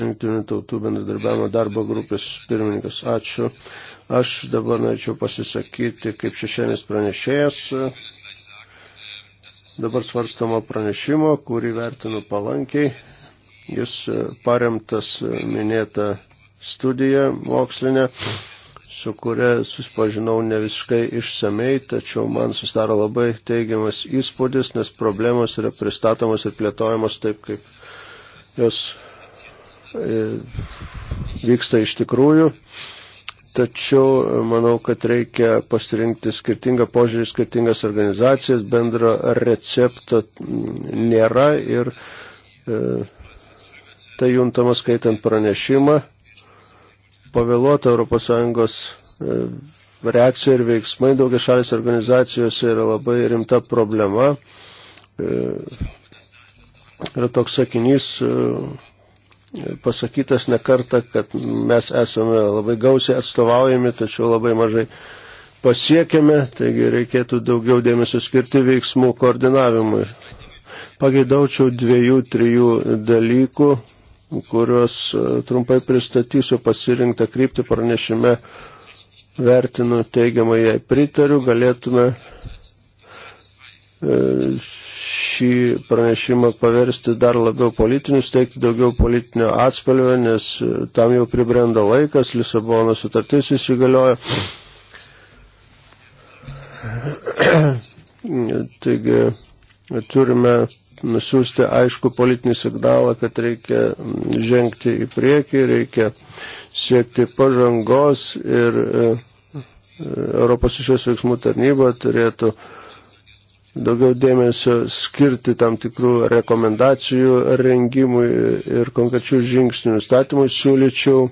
rinktinių tautų bendradarbiavimo darbo grupės pirmininkas. Ačiū. Aš dabar norėčiau pasisakyti kaip šešėlis pranešėjas. Dabar svarstama pranešimo, kurį vertinu palankiai. Jis paremtas minėta studija mokslinė, su kuria susipažinau ne visiškai išsamei, tačiau man susidaro labai teigiamas įspūdis, nes problemos yra pristatomos ir plėtojamos taip, kaip jos e, vyksta iš tikrųjų. Tačiau e, manau, kad reikia pasirinkti skirtingą požiūrį, skirtingas organizacijas, bendro recepto nėra ir e, tai juntama skaitant pranešimą. Pavėluota ES e, reakcija ir veiksmai daugia šalis organizacijose yra labai rimta problema. E, yra toks sakinys e, pasakytas nekarta, kad mes esame labai gausiai atstovaujami, tačiau labai mažai pasiekėme, taigi reikėtų daugiau dėmesio skirti veiksmų koordinavimui. Pageidaučiau dviejų, trijų dalykų, kuriuos e, trumpai pristatysiu pasirinktą kryptį pranešime, vertinu teigiamai jai pritariu, galėtume e, šį pranešimą paversti dar labiau politiniu, steigti daugiau politinio atspalvio, nes e, tam jau pribrenda laikas, Lisabono sutartis įsigaliojo. Taigi turime nusiųsti aišku politinį signalą, kad reikia mm, žengti į priekį, reikia siekti pažangos ir e, e, Europos išės veiksmų tarnyba turėtų uh, daugiau dėmesio skirti tam tikrų rekomendacijų rengimui ir konkrečių žingsnių nustatymui siūlyčiau e,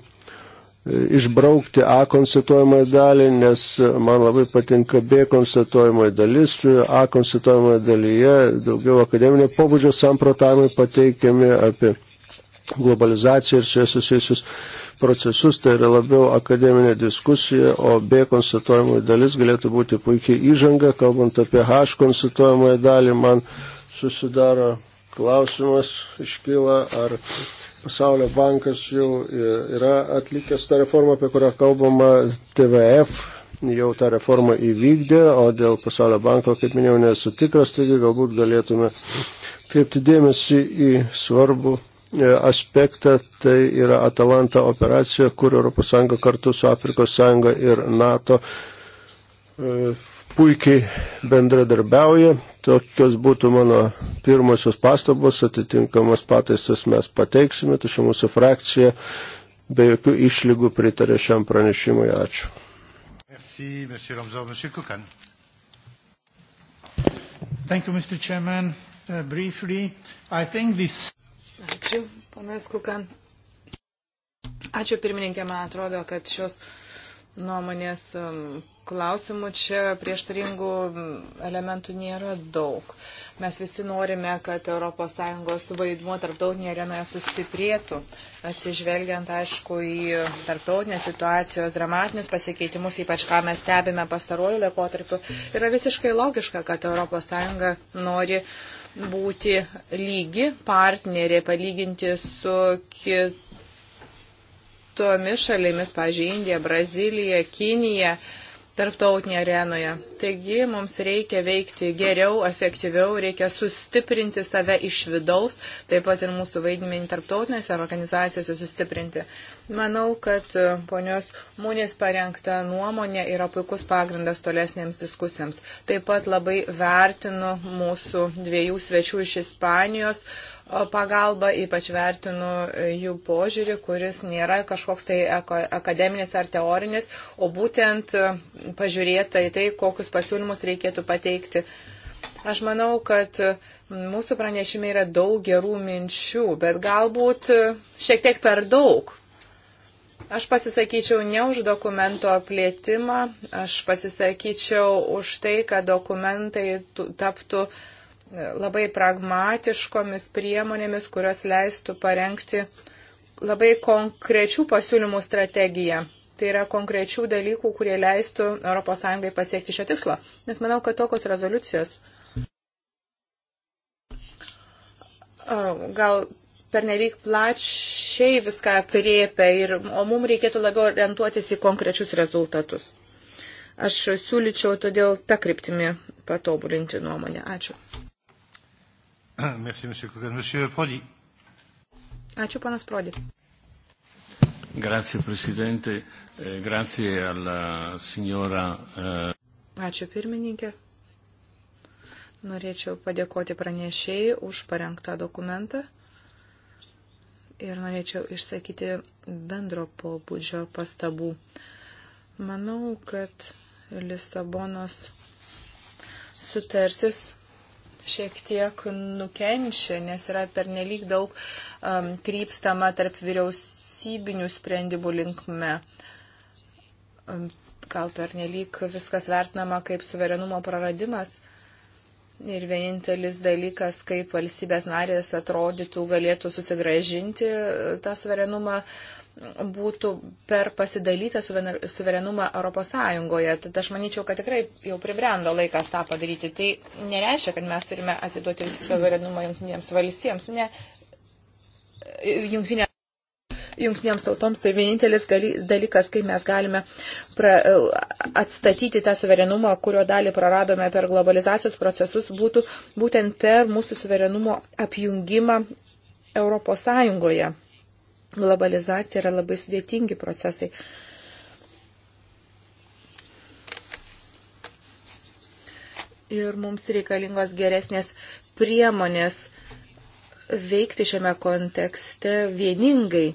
išbraukti A konstatuojamąją dalį, nes man labai patinka B konstatuojamoji dalis, A konstatuojamoje dalyje daugiau akademinio pobūdžio samprotavimai pateikiami apie globalizaciją ir su jais susijusius procesus, tai yra labiau akademinė diskusija, o B konstatuojamoji dalis galėtų būti puikiai įžanga, kalbant apie H konstatuojamąją dalį, man susidaro klausimas, iškyla, ar Pasaulio bankas jau yra atlikęs tą reformą, apie kurią kalbama TVF, jau tą reformą įvykdė, o dėl Pasaulio banko, kaip minėjau, nesu tikras, taigi galbūt galėtume kreipti dėmesį į svarbų E, aspektą, tai yra Atalanta operacija, kur ES kartu su Afrikos Sąjunga ir NATO e, puikiai bendradarbiauja. Tokios būtų mano pirmosios pastabos, atitinkamas pataisas mes pateiksime, tačiau mūsų frakcija be jokių išlygų pritarė šiam pranešimui. Ačiū. Merci, monsieur Ramzov, monsieur Kukan. Thank you, Mr. Chairman. Uh, briefly, I think this... Ačiū, panas Kukan. Ačiū pirmininkė, man atrodo, kad šios nuomonės um, klausimų čia prieštaringų mm, elementų nėra daug. Mes visi norime, kad ES vaidmuo tarptautinėje arenoje sustiprėtų, atsižvelgiant, aišku, į tarptautinės situacijos dramatinius pasikeitimus, ypač ką mes stebime pastaruoju laikotarpiu. Yra visiškai logiška, kad ES nori uh, būti lygi partnerė palyginti su kitomis šalimis, pažiūrėjau, Indija, Brazilija, Kinija. Uh, tarptautinėje arenoje. Taigi mums reikia veikti geriau, efektyviau, reikia sustiprinti save iš vidaus, taip pat ir mūsų vaidmenį tarptautinėse organizacijose sustiprinti. Manau, kad e, ponios Mūnės parengta nuomonė yra puikus pagrindas tolesnėms diskusijams. Taip pat labai vertinu mūsų dviejų svečių iš Ispanijos pagalbą, ypač vertinu e, jų požiūrį, kuris nėra kažkoks tai akademinis ar teorinis, o būtent e, pažiūrėta į tai, kokius pasiūlymus reikėtų pateikti. Aš manau, kad e, mūsų pranešime yra daug gerų minčių, bet galbūt šiek tiek per daug. Aš pasisakyčiau ne už dokumento plėtimą, aš pasisakyčiau už tai, kad dokumentai taptų uh, labai pragmatiškomis priemonėmis, kurios leistų parengti labai konkrečių pasiūlymų strategiją. Tai yra konkrečių dalykų, kurie leistų ES pasiekti šio tikslo. Nes manau, kad tokios rezoliucijos gal pernelyg plačiai viską apriepia, ir, o mums reikėtų labiau orientuotis į konkrečius rezultatus. Aš siūlyčiau todėl tą kryptimį patobulinti nuomonę. Ačiū. Merci, monsieur Kukan. Monsieur Prodi. Ačiū, panas Prodi. Grazie, prezidente. Eh, grazie alla signora. Eh, Ačiū, pirmininkė. Norėčiau padėkoti pranešėjai už parengtą dokumentą ir norėčiau išsakyti bendro pobūdžio pastabų. Manau, kad Lisabonos sutartis šiek tiek nukenčia, nes yra pernelyg daug um, krypstama tarp vyriausybinių sprendimų linkme. Um, gal pernelyg viskas vertinama kaip suverenumo praradimas. Ir vienintelis dalykas, kaip valstybės narės atrodytų, galėtų susigražinti uh, tą suverenumą, um, būtų per pasidalytą suverenumą Europos Sąjungoje. Tad aš manyčiau, kad tikrai jau pribrendo laikas tą padaryti. Tai nereiškia, kad mes turime atiduoti suverenumą jungtinėms valstijams. Ne, jungtinė jungtinėms tautoms tai vienintelis gali, dalykas, kaip mes galime pra, atstatyti tą suverenumą, kurio dalį praradome per globalizacijos procesus, būtų būtent per mūsų suverenumo apjungimą Europos Sąjungoje globalizacija yra labai sudėtingi procesai. Ir mums reikalingos geresnės priemonės veikti šiame kontekste vieningai.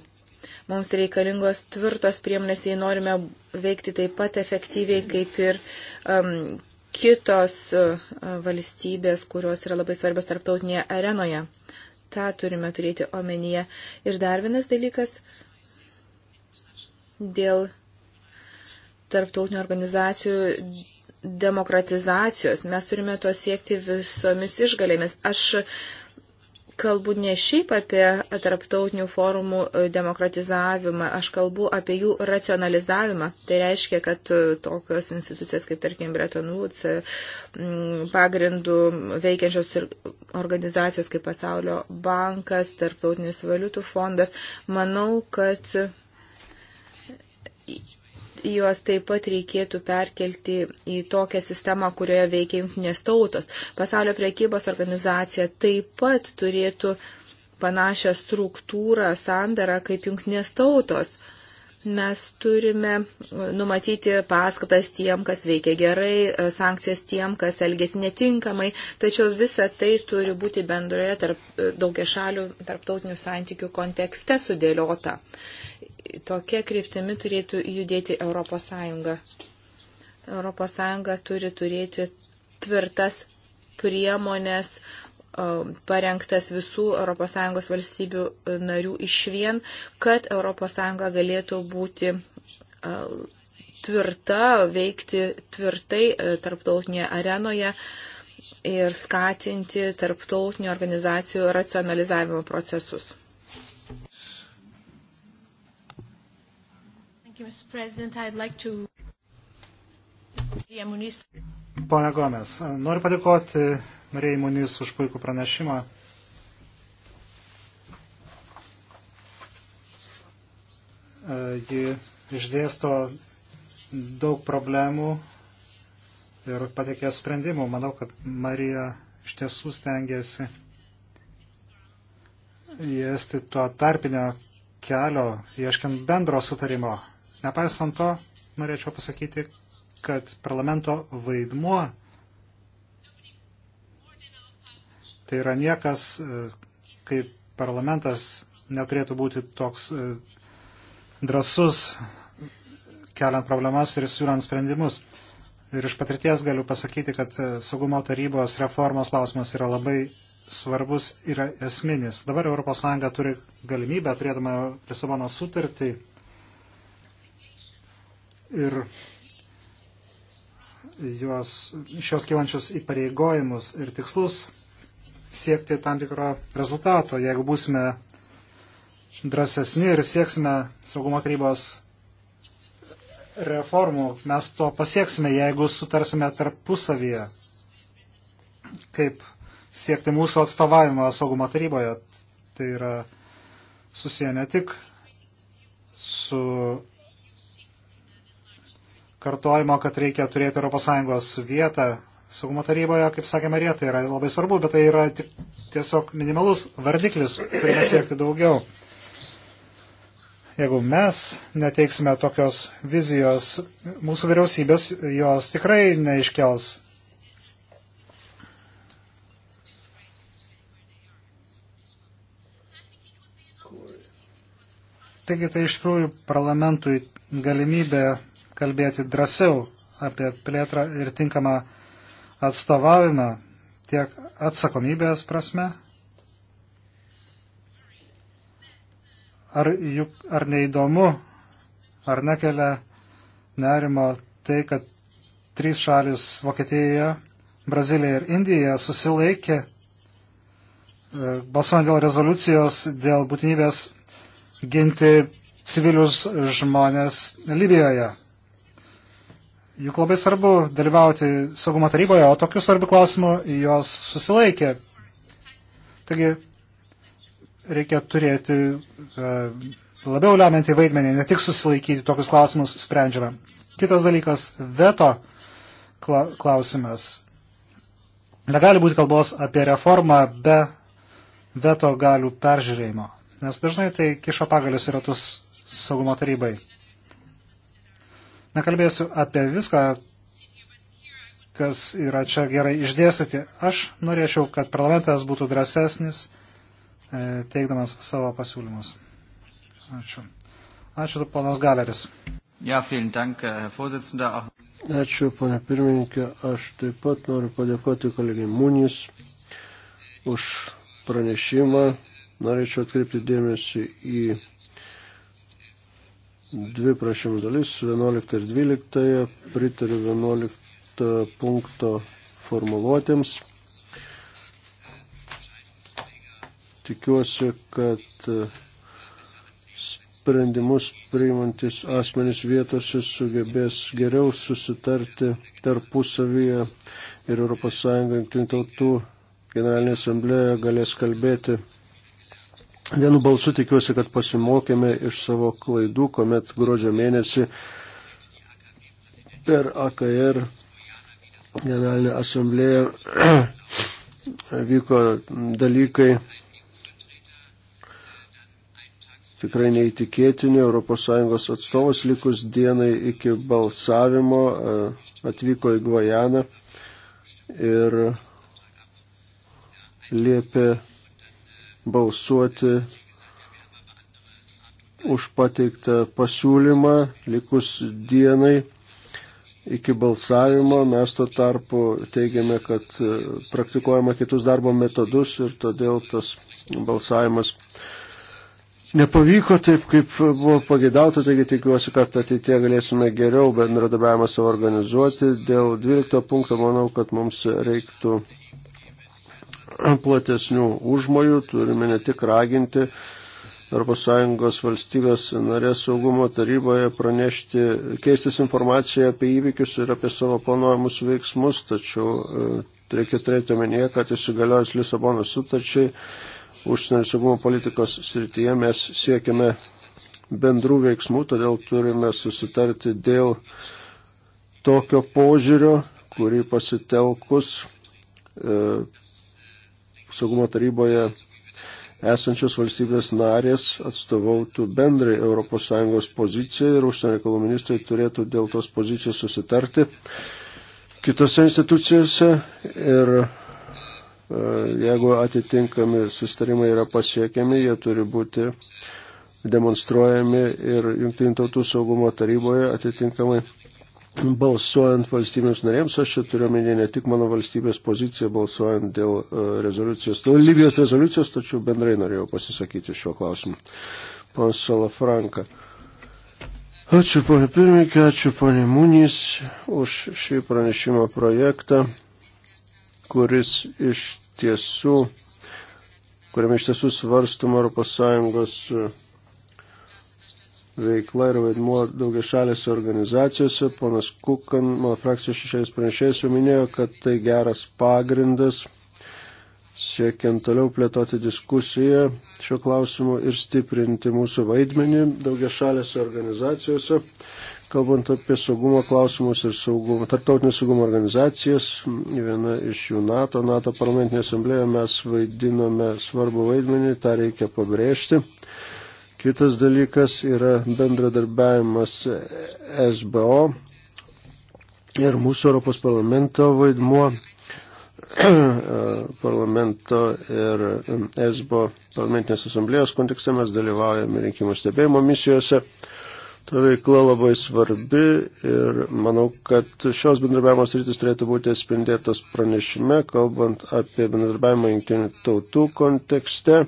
Mums reikalingos tvirtos priemonės, jei norime veikti taip pat efektyviai kaip ir um, kitos uh, valstybės, kurios yra labai svarbios tarptautinėje arenoje tą turime turėti omenyje. Ir dar vienas dalykas dėl tarptautinių organizacijų demokratizacijos. Mes turime to siekti visomis išgalėmis. Aš kalbu ne šiaip apie tarptautinių forumų e, demokratizavimą, aš kalbu apie jų racionalizavimą. Tai reiškia, kad e, tokios institucijos kaip, tarkim, Bretton Woods e, pagrindų veikiančios organizacijos kaip Pasaulio bankas, Tarptautinis valiutų fondas, manau, kad juos taip pat reikėtų perkelti į tokią sistemą, kurioje veikia jungtinės tautos. Pasaulio priekybos organizacija taip pat turėtų panašią struktūrą, sandarą kaip jungtinės tautos. Mes turime uh, numatyti paskatas tiem, kas veikia gerai, uh, sankcijas tiem, kas elgesi netinkamai, tačiau visa tai turi būti bendroje tarp uh, daugia šalių tarptautinių santykių kontekste sudėliota tokia kryptimi turėtų judėti Europos Sąjunga. Europos Sąjunga turi turėti tvirtas priemonės parengtas visų ES valstybių e, narių iš vien, kad ES galėtų būti e, tvirta, veikti tvirtai e, tarptautinėje arenoje ir skatinti tarptautinių organizacijų racionalizavimo procesus. Thank you, Mr. President. I'd like to... Pone Gomes, noriu padėkoti Marijai Munis už puikų pranešimą. Ji išdėsto daug problemų ir patikė sprendimų. Manau, kad Marija iš tiesų stengiasi įesti to tarpinio kelio, ieškiant bendro sutarimo. Nepaisant to, norėčiau pasakyti, kad parlamento vaidmuo tai yra niekas, e, kaip parlamentas neturėtų būti toks e, drasus, keliant problemas ir siūlant sprendimus. Ir iš patirties galiu pasakyti, kad e, saugumo tarybos reformos klausimas yra labai svarbus ir esminis. Dabar ES turi galimybę, turėdama Lisabono sutartį, ir juos, šios kylančius įpareigojimus ir tikslus siekti tam tikro rezultato. Jeigu būsime drąsesni ir sieksime saugumo tarybos reformų, mes to pasieksime, jeigu sutarsime tarpusavyje, kaip siekti mūsų atstovavimo saugumo taryboje. Tai yra susiję ne tik su kartojimo, kad reikia turėti ES vietą saugumo taryboje, kaip sakė Marija, tai yra labai svarbu, bet tai yra tiesiog minimalus vardiklis, turime siekti daugiau. Jeigu mes neteiksime tokios vizijos, mūsų vyriausybės jos tikrai neiškels. Taigi tai iš tikrųjų parlamentui galimybė kalbėti drąsiau apie plėtrą ir tinkamą atstovavimą tiek atsakomybės prasme. Ar, juk, ar neįdomu, ar nekelia nerimo tai, kad trys šalis - Vokietija, Brazilija ir Indija - susilaikė e, balsuojant dėl rezoliucijos dėl būtinybės ginti civilius žmonės Libijoje. Juk labai svarbu dalyvauti saugumo taryboje, o tokių svarbių klausimų jos susilaikė. Taigi reikia turėti e, labiau lemiantį vaidmenį, ne tik susilaikyti tokius klausimus sprendžiame. Kitas dalykas - veto klausimas. Negali būti kalbos apie reformą be veto galių peržiūrėjimo, nes dažnai tai kiša pagalius į ratus saugumo tarybai. Nekalbėsiu apie viską, kas yra čia gerai išdėstyti. Aš norėčiau, kad parlamentas būtų drąsesnis, e, teikdamas savo pasiūlymus. Ačiū. Ačiū, ponas Galeris. Ja, dank, Ačiū, ponė pirmininkė. Aš taip pat noriu padėkoti kolegai Munis už pranešimą. Norėčiau atkreipti dėmesį į dvi prašymų dalis, 11 ir 12, pritariu 11 punkto formuluotėms. Tikiuosi, kad e, sprendimus priimantis asmenys vietose sugebės geriau susitarti tarpusavyje ir ES tautų generalinė asamblėje galės kalbėti Vienu balsu tikiuosi, kad pasimokėme iš savo klaidų, kuomet gruodžio mėnesį per AKR generalinę asamblėją vyko dalykai tikrai neįtikėtini. ES atstovas likus dienai iki balsavimo e, atvyko į Gvajaną ir liepė balsuoti už pateiktą pasiūlymą likus dienai iki balsavimo. Mes tuo tarpu teigiame, kad e, praktikuojama kitus darbo metodus ir todėl tas balsavimas nepavyko taip, kaip buvo pagėdauta, taigi tikiuosi, kad ateitie galėsime geriau bendradarbiavimą savo organizuoti. Dėl 12 punkto manau, kad mums reiktų platesnių užmojų, turime ne tik raginti ES valstybės narės saugumo taryboje pranešti, keistis informaciją apie įvykius ir apie savo planuojamus veiksmus, tačiau e, reikia turėti omenyje, kad įsigaliojus Lisabono sutarčiai užsienio saugumo politikos srityje mes siekiame bendrų veiksmų, todėl turime susitarti dėl tokio požiūrio, kurį pasitelkus e, saugumo taryboje esančios valstybės narės atstovautų bendrai ES poziciją ir užsienio reikalų ministrai turėtų dėl tos pozicijos susitarti kitose institucijose ir e, jeigu atitinkami sustarimai yra pasiekiami, jie turi būti demonstruojami ir Junktinių tautų saugumo taryboje atitinkamai balsuojant valstybėms narėms, aš čia turiu menį ne tik mano valstybės poziciją balsuojant dėl e, rezoliucijos, dėl Libijos rezoliucijos, tačiau bendrai norėjau pasisakyti šiuo klausimu. Pons Salafranka. Ačiū ponė pirmininkė, ačiū ponė Munys už šį pranešimo projektą, kuris iš tiesų, kuriame iš tiesų svarstum ES veikla ir vaidmuo daugia šalėse organizacijose. Ponas Kukan, mano frakcijos šešėlis pranešėjas, jau minėjo, kad tai geras pagrindas siekiant toliau plėtoti diskusiją šiuo klausimu ir stiprinti mūsų vaidmenį daugia šalėse organizacijose. Kalbant apie saugumo klausimus ir saugumo, tarptautinės saugumo organizacijas, viena iš jų NATO, NATO parlamentinė asamblėje mes vaidinome svarbu vaidmenį, tą reikia pabrėžti. Kitas dalykas yra bendradarbiavimas SBO ir mūsų Europos parlamento vaidmuo, parlamento ir SBO parlamentinės asamblėjos kontekste mes dalyvaujame rinkimų stebėjimo misijose. Ta veikla labai svarbi ir manau, kad šios bendradarbiavimo sritis turėtų būti atspindėtos pranešime, kalbant apie bendradarbiavimą jungtinių tautų kontekste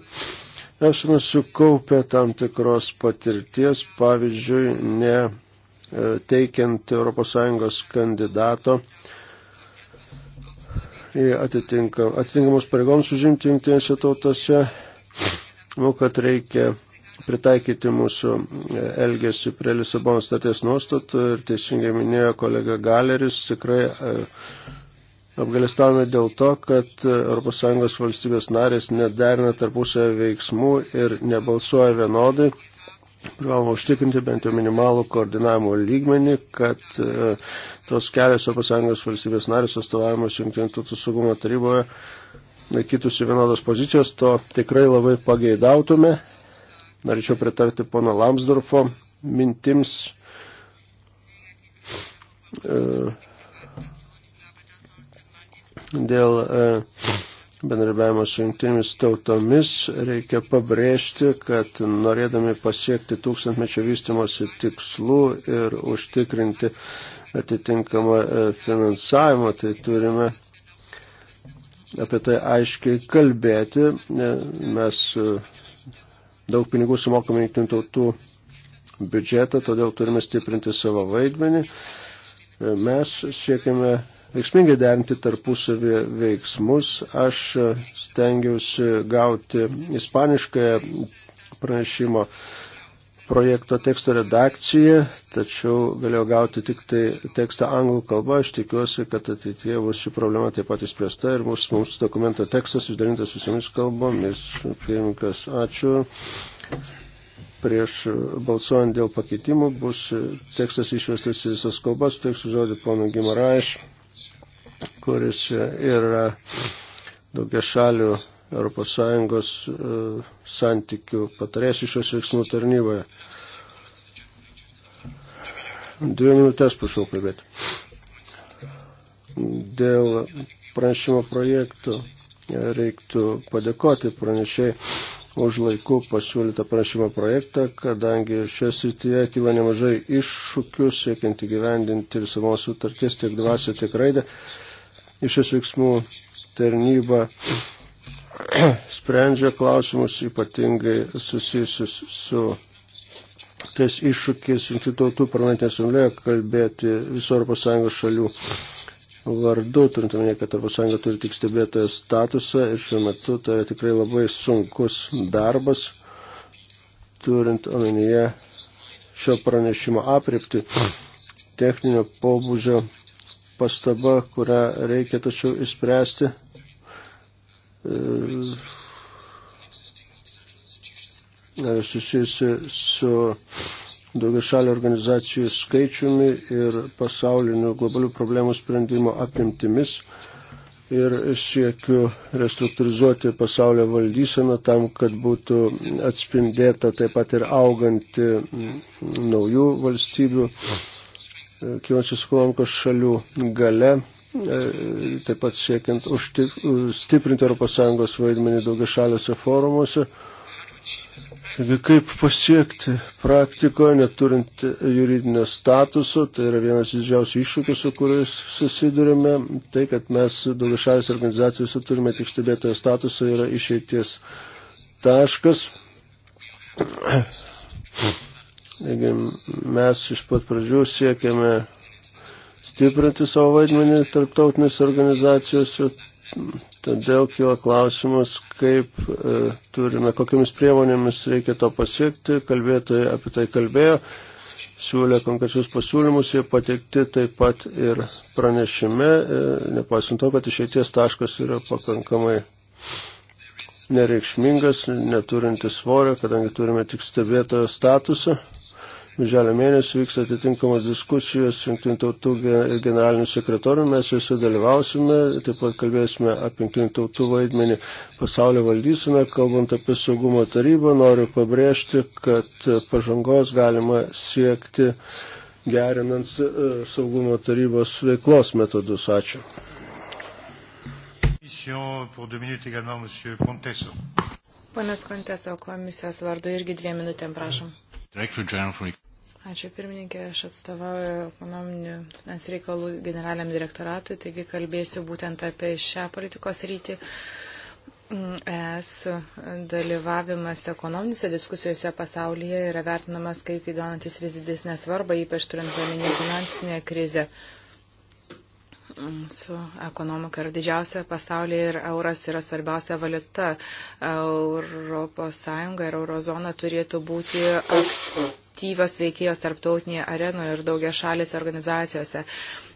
esame sukaupę tam tikros patirties, pavyzdžiui, ne e, teikiant ES kandidato į atitinkam, atitinkamus pareigoms užimti jungtinėse tautose, nu, kad reikia pritaikyti mūsų e, elgesį prie Lisabono statės nuostatų ir teisingai minėjo kolega Galeris, tikrai e, Apgalėstavome dėl to, kad ES valstybės narės nederina tarpusavę veiksmų ir nebalsuoja vienodai. Privaloma užtikrinti bent jau minimalų koordinavimo lygmenį, kad e, tos kelios ES valstybės narės atstovavimas Junktinių tautų saugumo taryboje laikytųsi vienodos pozicijos, to tikrai labai pageidautume. Norėčiau pritarti pono Lamsdorfo mintims. E, dėl e, bendradarbiavimo su jungtinėmis tautomis reikia pabrėžti, kad norėdami pasiekti tūkstantmečio vystimosi tikslų ir užtikrinti atitinkamą e, finansavimą, tai turime apie tai aiškiai kalbėti. E, mes daug pinigų sumokame jungtinių tautų biudžetą, todėl turime stiprinti savo vaidmenį. Mes siekiame veiksmingai derinti tarpusavį veiksmus. Aš stengiausi gauti ispaniškąją pranešimo projekto teksto redakciją, tačiau galėjau gauti tik tai tekstą anglų kalba. Aš tikiuosi, kad ateitie bus ši problema taip pat įspręsta ir mūsų, mūsų dokumento tekstas išdalintas visomis kalbomis. Pirmininkas, ačiū. Prieš balsuojant dėl pakeitimų bus tekstas išvestas į visas kalbas, teiksiu žodį pono Gimaraišui kuris yra daugia šalių ES e, santykių patarės iš šios veiksmų tarnyboje. Dvi minutės prašau kalbėti. Dėl pranešimo projektų reiktų padėkoti pranešiai už laiku pasiūlytą pranešimo projektą, kadangi šioje srityje kyla nemažai iššūkių siekiant įgyvendinti Lisabos sutarties tiek dvasio, tiek raidę išės veiksmų tarnyba sprendžia klausimus ypatingai susijusius su tais iššūkis jungtinių tautų parlamentinė asamblėje kalbėti viso ES šalių vardu, turint omenyje, kad ES turi tik stebėtojo statusą ir šiuo metu tai yra tikrai labai sunkus darbas, turint omenyje šio pranešimo apripti techninio pobūdžio pastaba, kurią reikia tačiau įspręsti. E, e, susijusi su daugia šalių organizacijų skaičiumi ir pasaulinių globalių problemų sprendimo apimtimis ir siekiu restruktūrizuoti pasaulio valdyseną tam, kad būtų atspindėta taip pat ir auganti naujų valstybių kylančios ekonomikos šalių gale, e, taip pat siekiant stiprinti ES vaidmenį daugiašaliuose forumuose. Taigi kaip pasiekti praktikoje, neturint juridinio statuso, tai yra vienas didžiausių iššūkių, su kuriais susidurime, tai kad mes daugiašalės organizacijose turime tik stebėtojo statusą, yra išeities taškas. Taigi mes iš pat pradžių siekiame stiprinti savo vaidmenį tarptautinės organizacijose, todėl kyla klausimas, kaip e, turime, kokiamis priemonėmis reikia to pasiekti, kalbėtojai apie tai kalbėjo, siūlė konkrečius pasiūlymus, jie pateikti taip pat ir pranešime, e, nepaisant to, kad išeities taškas yra pakankamai nereikšmingas, neturintis svorio, kadangi turime tik stebėtojo statusą. Birželio mėnesį vyks atitinkamas diskusijos su Junktinių tautų generaliniu sekretoriumi, mes visi dalyvausime, taip pat kalbėsime apie Junktinių tautų vaidmenį pasaulio valdysime, kalbant apie saugumo tarybą, noriu pabrėžti, kad pažangos galima siekti gerinant e, saugumo tarybos veiklos metodus. Ačiū. Panas Konteso komisijos vardu irgi dviem minutėm prašom. Ačiū pirmininkė, aš atstovauju ekonominių finansų reikalų generaliam direktoratui, taigi kalbėsiu būtent apie šią politikos rytį. Es dalyvavimas ekonominėse diskusijose pasaulyje yra vertinamas kaip įgalantis vis didesnę svarbą, ypač turint omenyje finansinę krizę. Su ekonomika yra didžiausia pasaulyje ir euras yra svarbiausia valiuta. Europos Sąjunga ir eurozona turėtų būti aktyvi aktyvios veikėjos tarptautinėje arenoje ir daugia šalėse organizacijose.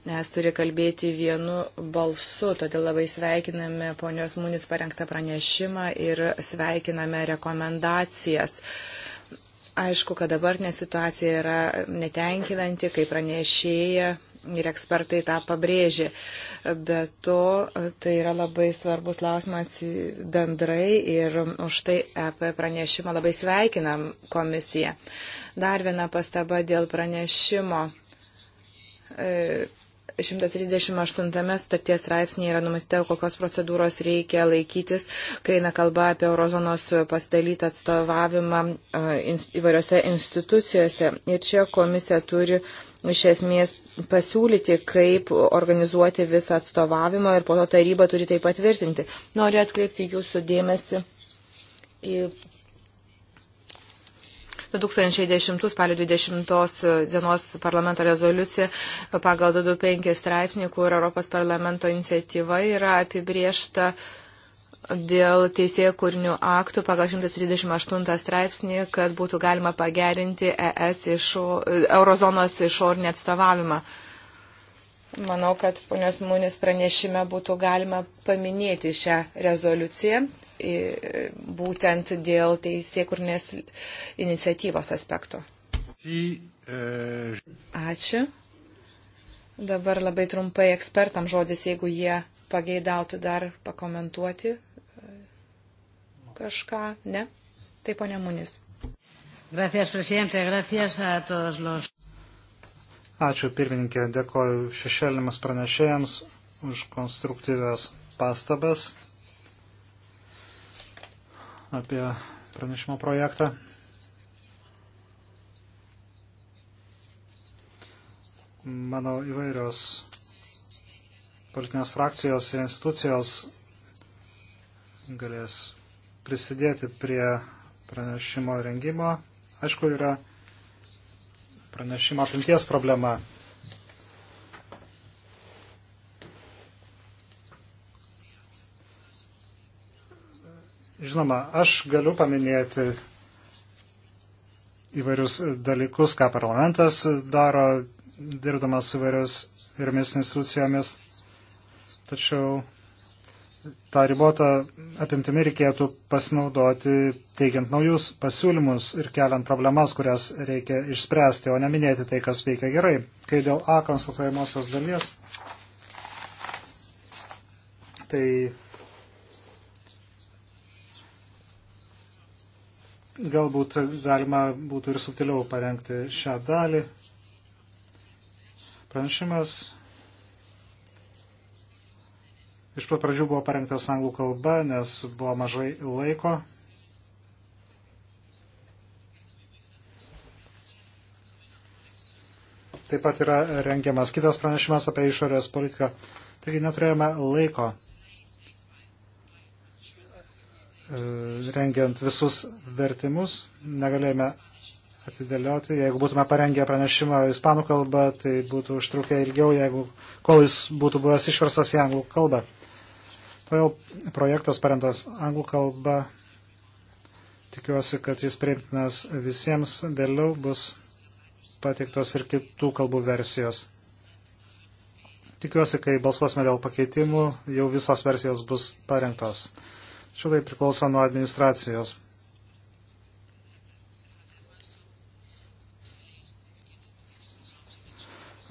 Nes turi kalbėti vienu balsu, todėl labai sveikiname ponios Munis parengtą pranešimą ir sveikiname rekomendacijas. Aišku, kad dabartinė situacija yra netenkinanti, kaip pranešėja ir ekspertai tą pabrėžė. Be to, tai yra labai svarbus klausimas bendrai ir už tai EP pranešimą labai sveikinam komisiją. Dar viena pastaba dėl pranešimo. 138 e, sutarties straipsnėje yra numastyta, kokios procedūros reikia laikytis, kai eina kalba apie eurozonos pasidalytą atstovavimą e, įvairiose institucijose. Ir čia komisija turi iš esmės pasiūlyti, kaip organizuoti visą atstovavimą ir po to taryba turi tai patvirtinti. Noriu atkreipti jūsų dėmesį į 2010 spalio 20 dienos parlamento rezoliuciją pagal 25 straipsnį, kur Europos parlamento iniciatyva yra apibriešta uh, dėl teisėjų kūrinių aktų pagal 138 straipsnį, kad būtų galima pagerinti ES išo, eurozonos išorinį atstovavimą. Manau, kad ponios Mūnis pranešime būtų galima paminėti šią rezoliuciją būtent dėl teisėkurnės iniciatyvos aspekto. Euh, Ačiū. Dabar labai trumpai ekspertam žodis, jeigu jie pageidautų dar pakomentuoti kažką? Ne? Tai ponė Munis. Gracias, presidente. Gracias a todos los. Ačiū pirmininkė, dėkoju šešėlimas pranešėjams už konstruktyvės pastabas apie pranešimo projektą. Mano įvairios politinės frakcijos ir institucijos galės prisidėti prie pranešimo rengimo. Aišku, yra pranešimo apimties problema. Žinoma, aš galiu paminėti įvairius dalykus, ką parlamentas daro, dirbdamas su įvairios ir mes institucijomis. Tačiau tą ribotą apimtimį reikėtų pasinaudoti teikiant naujus pasiūlymus ir keliant problemas, kurias reikia išspręsti, o neminėti tai, kas veikia gerai. Kai dėl A konstatuojamosios dalies, tai galbūt galima būtų ir subtiliau parengti šią dalį. Pranešimas Iš pat pradžių buvo parengtas anglų kalba, nes buvo mažai laiko. Taip pat yra rengiamas kitas pranešimas apie išorės politiką. Taigi neturėjome laiko e, rengiant visus vertimus, negalėjome atidėlioti. Jeigu būtume parengę pranešimą ispanų kalbą, tai būtų užtrukę ilgiau, jeigu kol jis būtų buvęs išversas į anglų kalbą. Todėl projektas paremtas anglų kalba. Tikiuosi, kad jis priimtinas visiems. Vėliau bus pateiktos ir kitų kalbų versijos. Tikiuosi, kai balsuosime dėl pakeitimų, jau visos versijos bus parengtos. Šitai priklauso nuo administracijos.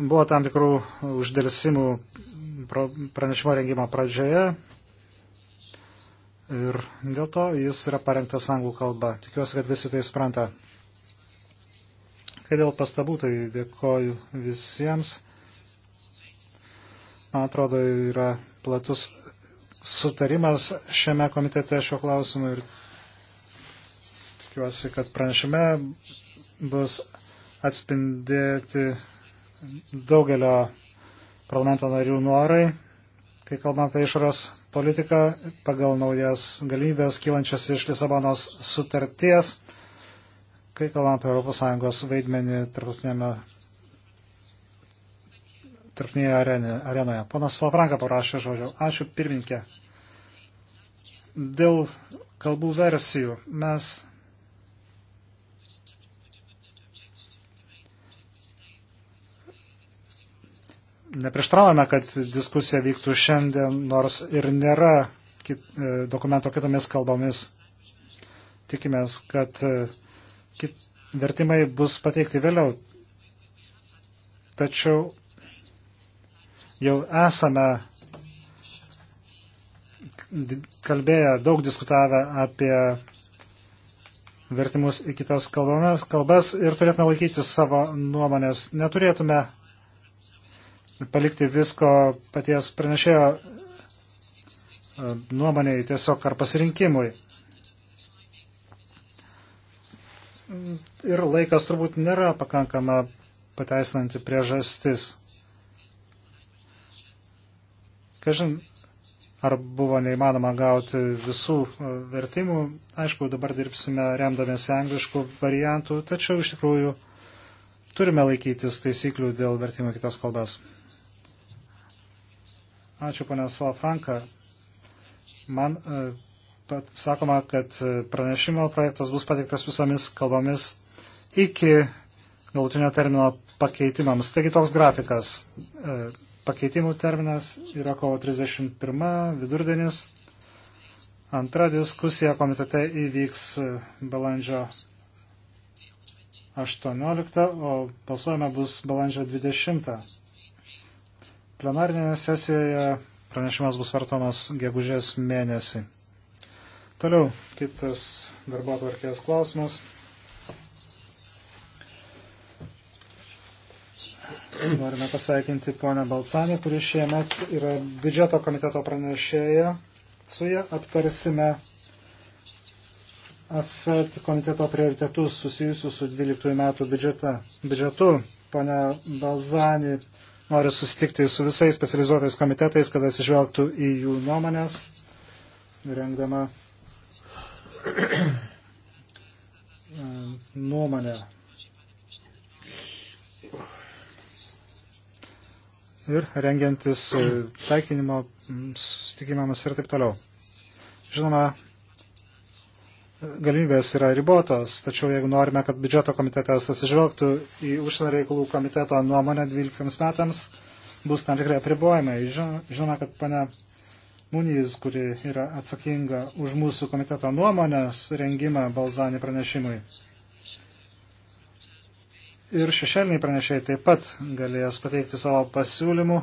Buvo tam tikrų uždėlsimų pranešimo rengimo pradžioje, ir dėl to jis yra parengtas anglų kalba. Tikiuosi, kad visi tai supranta. Kai dėl pastabų, tai dėkoju visiems. Man atrodo, yra platus sutarimas šiame komitete šio klausimu ir tikiuosi, kad pranešime bus atspindėti daugelio parlamento narių norai, kai kalbam apie išoros politiką pagal naujas galimybės kylančias iš Lisabonos sutarties, kai kalbam apie ES vaidmenį tarptautinėme tarpinėje arenoje. Ponas Salafranka parašė žodžio. Ačiū pirminkė. Dėl kalbų versijų mes neprieštraujame, kad diskusija vyktų šiandien, nors ir nėra kit, e, dokumento kitomis kalbomis. Tikimės, kad e, kit, vertimai bus pateikti vėliau. Tačiau jau esame kalbėję, daug diskutavę apie vertimus į kitas kalbas ir turėtume laikyti savo nuomonės. Neturėtume palikti visko paties pranešėjo e, nuomonėje tiesiog ar pasirinkimui. Ir laikas turbūt nėra pakankama pateisinanti priežastis. Kažin, ar buvo neįmanoma gauti visų e, vertimų. Aišku, dabar dirbsime remdamėsi angliškų variantų, tačiau iš tikrųjų turime laikytis taisyklių dėl vertimo kitas kalbas. Ačiū, ponia Salafranka. Man e, pat, sakoma, kad e, pranešimo projektas bus pateiktas visomis kalbomis iki galutinio termino pakeitimams. Taigi toks grafikas. E, pakeitimų terminas yra kovo 31 vidurdienis. Antra diskusija komitete įvyks balandžio 18, o balsuojama bus balandžio 20. Plenarinėje sesijoje pranešimas bus vartomas gegužės mėnesį. Toliau kitas darbo atvarkės klausimas. Norime pasveikinti ponę Balcanį, kuri šiemet yra biudžeto komiteto pranešėja. Su ja aptarsime AFET komiteto prioritetus susijusius su 12 metų biudžeta. biudžetu. Pone Balzani noriu susitikti su visais specializuotais komitetais, kad atsižvelgtų į jų nuomonės, rengdama nuomonę. Ir rengiantis taikinimo sustikimams ir taip toliau. Žinoma, galimybės yra ribotos, tačiau jeigu norime, kad biudžeto komitetas atsižvelgtų į užsienio reikalų komiteto nuomonę 12 metams, bus tam tikrai apribojimai. Žinoma, kad pane Munys, kuri yra atsakinga už mūsų komiteto nuomonės rengimą Balzanį pranešimui. Ir šešėliniai pranešiai taip pat galės pateikti savo pasiūlymų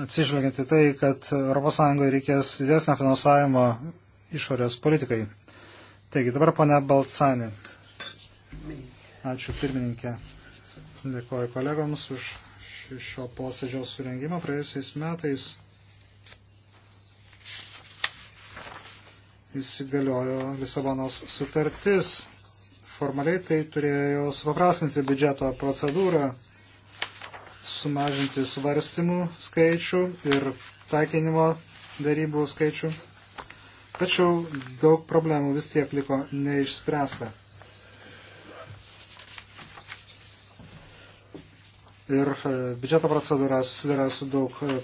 atsižvelgiant į tai, kad ES reikės didesnio finansavimo išorės politikai. Taigi dabar ponia Balcani. Ačiū pirmininkė. Dėkuoju kolegoms už šio posėdžio surengimą praėjusiais metais. Įsigaliojo Lisabonos sutartis. Formaliai tai turėjo supaprastinti biudžeto procedūrą sumažinti svarstymų skaičių ir taikinimo darybų skaičių. Tačiau daug problemų vis tiek liko neišspręsta. Ir e, biudžeto procedūra susidarė su daug e,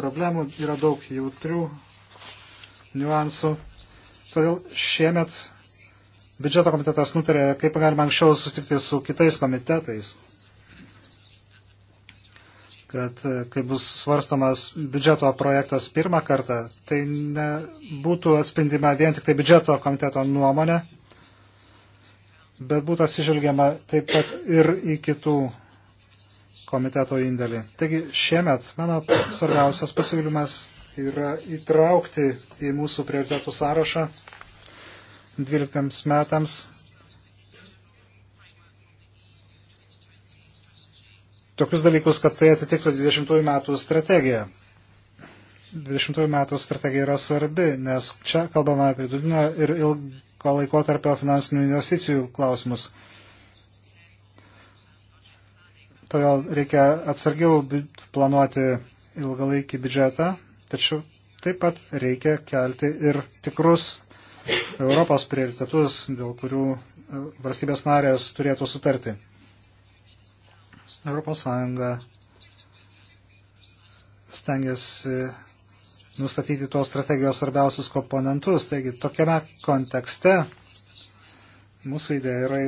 problemų, yra daug jautrių niuansų. Todėl šiemet biudžeto komitetas nutarė, kaip galima anksčiau susitikti su kitais komitetais kad e, kai bus svarstamas biudžeto projektas pirmą kartą, tai nebūtų atspindima vien tik tai biudžeto komiteto nuomonė, bet būtų atsižvelgiama taip pat ir į kitų komiteto indėlį. Taigi šiemet mano svarbiausias pasiūlymas yra įtraukti į mūsų prioritetų sąrašą 12 metams tokius dalykus, kad tai atitiktų 20 metų strategiją. 20 metų strategija yra svarbi, nes čia kalbame apie vidutinio ir ilgo laiko tarpio finansinių investicijų klausimus. Todėl reikia atsargiau planuoti ilgalaikį biudžetą, tačiau taip pat reikia kelti ir tikrus Europos prioritetus, dėl kurių e, valstybės narės turėtų sutarti. ES stengiasi nustatyti tos strategijos svarbiausius komponentus. Taigi tokiame kontekste mūsų idėja yra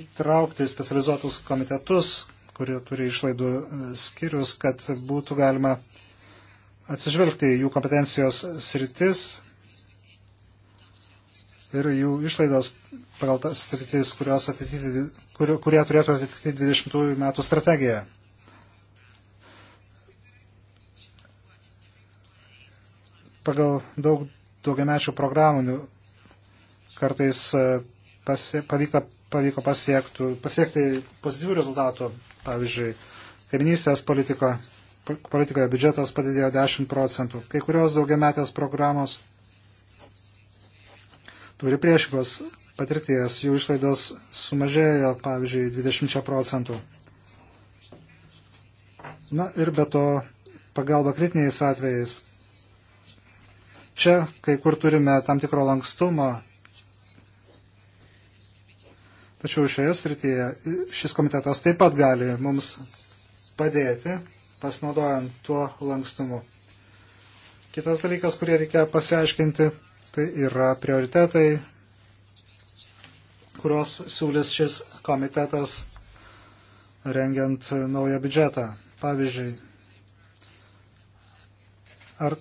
įtraukti specializuotus komitetus, kurie turi išlaidų skirius, kad būtų galima atsižvelgti jų kompetencijos sritis ir jų išlaidos pagal tas sritis, kur, kurie turėtų atitikti 20 metų strategiją. Pagal daug daugiamečių programų kartais e, pasie, pavykta, pavyko pasiektų, pasiekti pozityvių rezultatų. Pavyzdžiui, kaiminystės politiko, politikoje biudžetas padidėjo 10 procentų. Kai kurios daugiametės programos turi priešingos patirties, jų išlaidos sumažėjo, pavyzdžiui, 20 procentų. Na ir be to pagalba kritiniais atvejais. Čia kai kur turime tam tikro lankstumo, tačiau šioje srityje šis komitetas taip pat gali mums padėti, pasinaudojant tuo lankstumu. Kitas dalykas, kurį reikia pasiaiškinti, Tai yra prioritetai, kuriuos siūlys šis komitetas rengiant naują biudžetą. Pavyzdžiui, ar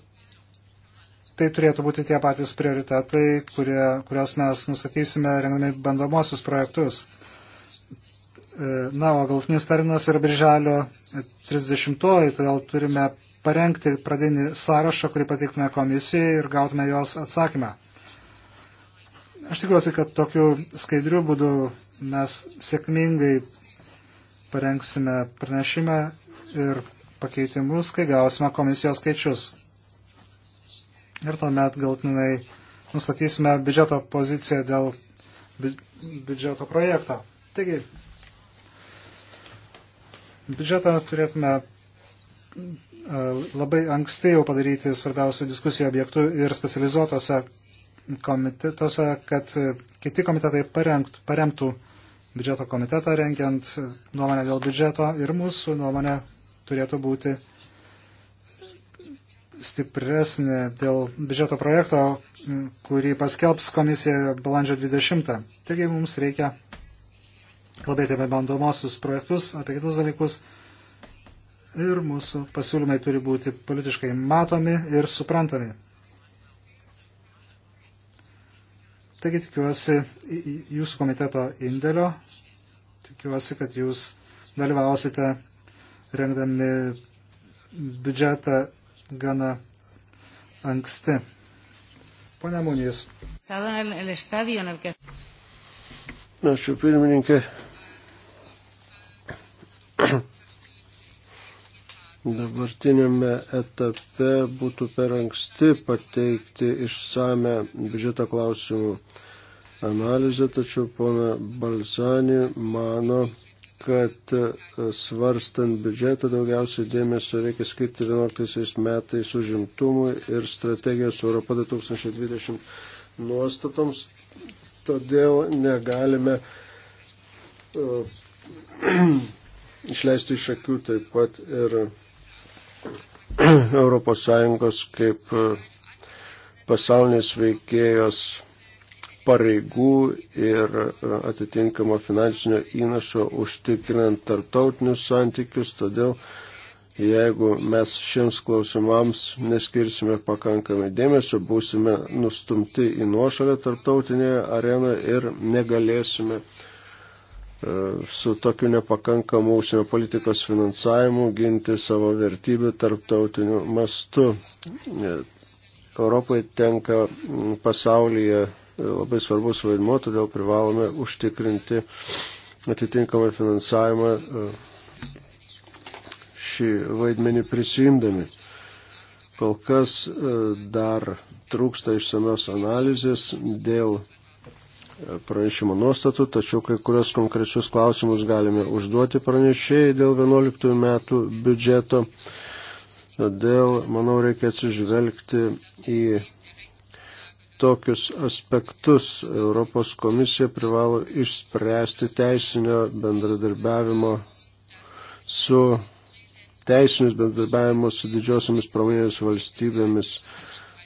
tai turėtų būti tie patys prioritetai, kurie, kurios mes nustatysime rengdami bandomosius projektus. E, na, o galtinis terminas yra birželio 30-oji, todėl turime parengti pradinį sąrašą, kurį pateiktume komisijai ir gautume jos atsakymą. Aš tikiuosi, kad tokiu skaidriu būdu mes sėkmingai parengsime pranešimą ir pakeitimus, kai gausime komisijos skaičius. Ir tuomet galtinai nustatysime biudžeto poziciją dėl bi biudžeto projekto. Taigi, biudžetą turėtume labai anksti jau padaryti svarbiausių diskusijų objektų ir specializuotose komitetuose, kad kiti komitetai parengtų, paremtų biudžeto komitetą rengiant nuomonę dėl biudžeto ir mūsų nuomonė turėtų būti stipresnė dėl biudžeto projekto, kurį paskelbs komisija balandžio 20. Taigi mums reikia kalbėti apie bandomosius projektus, apie kitus dalykus ir mūsų pasiūlymai turi būti politiškai matomi ir suprantami. Taigi tikiuosi jūsų komiteto indėlio, tikiuosi, kad jūs dalyvausite rengdami biudžetą gana anksti. Pone Munijas. Ačiū pirmininkė dabartinėme etape būtų per anksti pateikti išsame biudžeto klausimų analizę, tačiau pona Balzani mano, kad e, svarstant biudžetą daugiausiai dėmesio reikia skirti 11 metais užimtumui ir strategijos Europa 2020 nuostatoms. Todėl negalime uh, išleisti iš akių taip pat ir ES kaip e, pasaulinės veikėjos pareigų ir e, atitinkamo finansinio įnašo užtikrinant tarptautinius santykius, todėl jeigu mes šiems klausimams neskirsime pakankamai dėmesio, būsime nustumti į nuošalę tarptautinėje arenoje ir negalėsime uh, E, su tokiu nepakankamu užsienio politikos finansavimu ginti savo vertybių tarptautiniu mastu. E, Europai tenka pasaulyje e, labai svarbus vaidmuo, todėl privalome užtikrinti atitinkamą finansavimą šį vaidmenį prisimdami. Kol kas dar trūksta išsamios analizės dėl pranešimo nuostatų, tačiau kai kurios konkrečius klausimus galime užduoti pranešėjai dėl 11 metų biudžeto. Todėl, manau, reikia atsižvelgti į tokius aspektus. Europos komisija privalo išspręsti teisinio bendradarbiavimo su teisinius bendradarbiavimo su didžiosiamis pramonėmis valstybėmis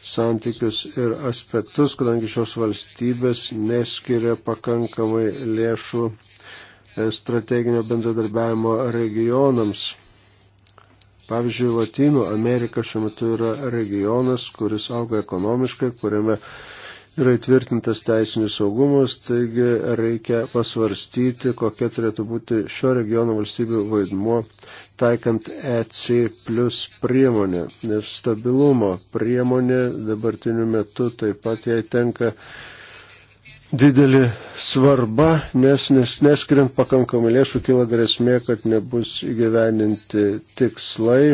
santykius ir aspektus, kadangi šios valstybės neskiria pakankamai lėšų e, strateginio bendradarbiavimo regionams. Pavyzdžiui, Latino Amerika šiuo metu yra regionas, kuris auga ekonomiškai, kuriame yra įtvirtintas teisinis saugumas, taigi reikia pasvarstyti, kokia turėtų būti šio regiono valstybių vaidmuo taikant EC plus priemonę. Ir stabilumo priemonė dabartiniu metu taip pat jai tenka didelį svarbą, nes, nes neskiriant pakankamai lėšų kyla grėsmė, kad nebus įgyveninti tikslai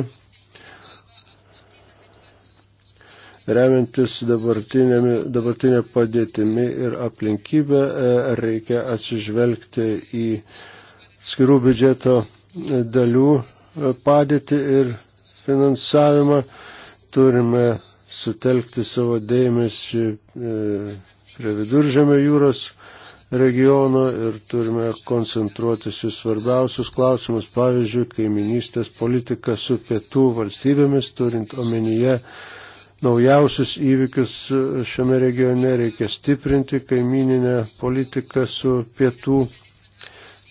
Remiantis dabartinė padėtimi ir aplinkybė e, reikia atsižvelgti į skirų biudžeto e, dalių e, padėtį ir finansavimą. Turime sutelkti savo dėmesį prie viduržėmio jūros regiono ir turime koncentruotis į svarbiausius klausimus, pavyzdžiui, kaiminystės politiką su pietų valstybėmis, turint omenyje naujausius įvykius šiame regione, reikia stiprinti kaimininę politiką su pietų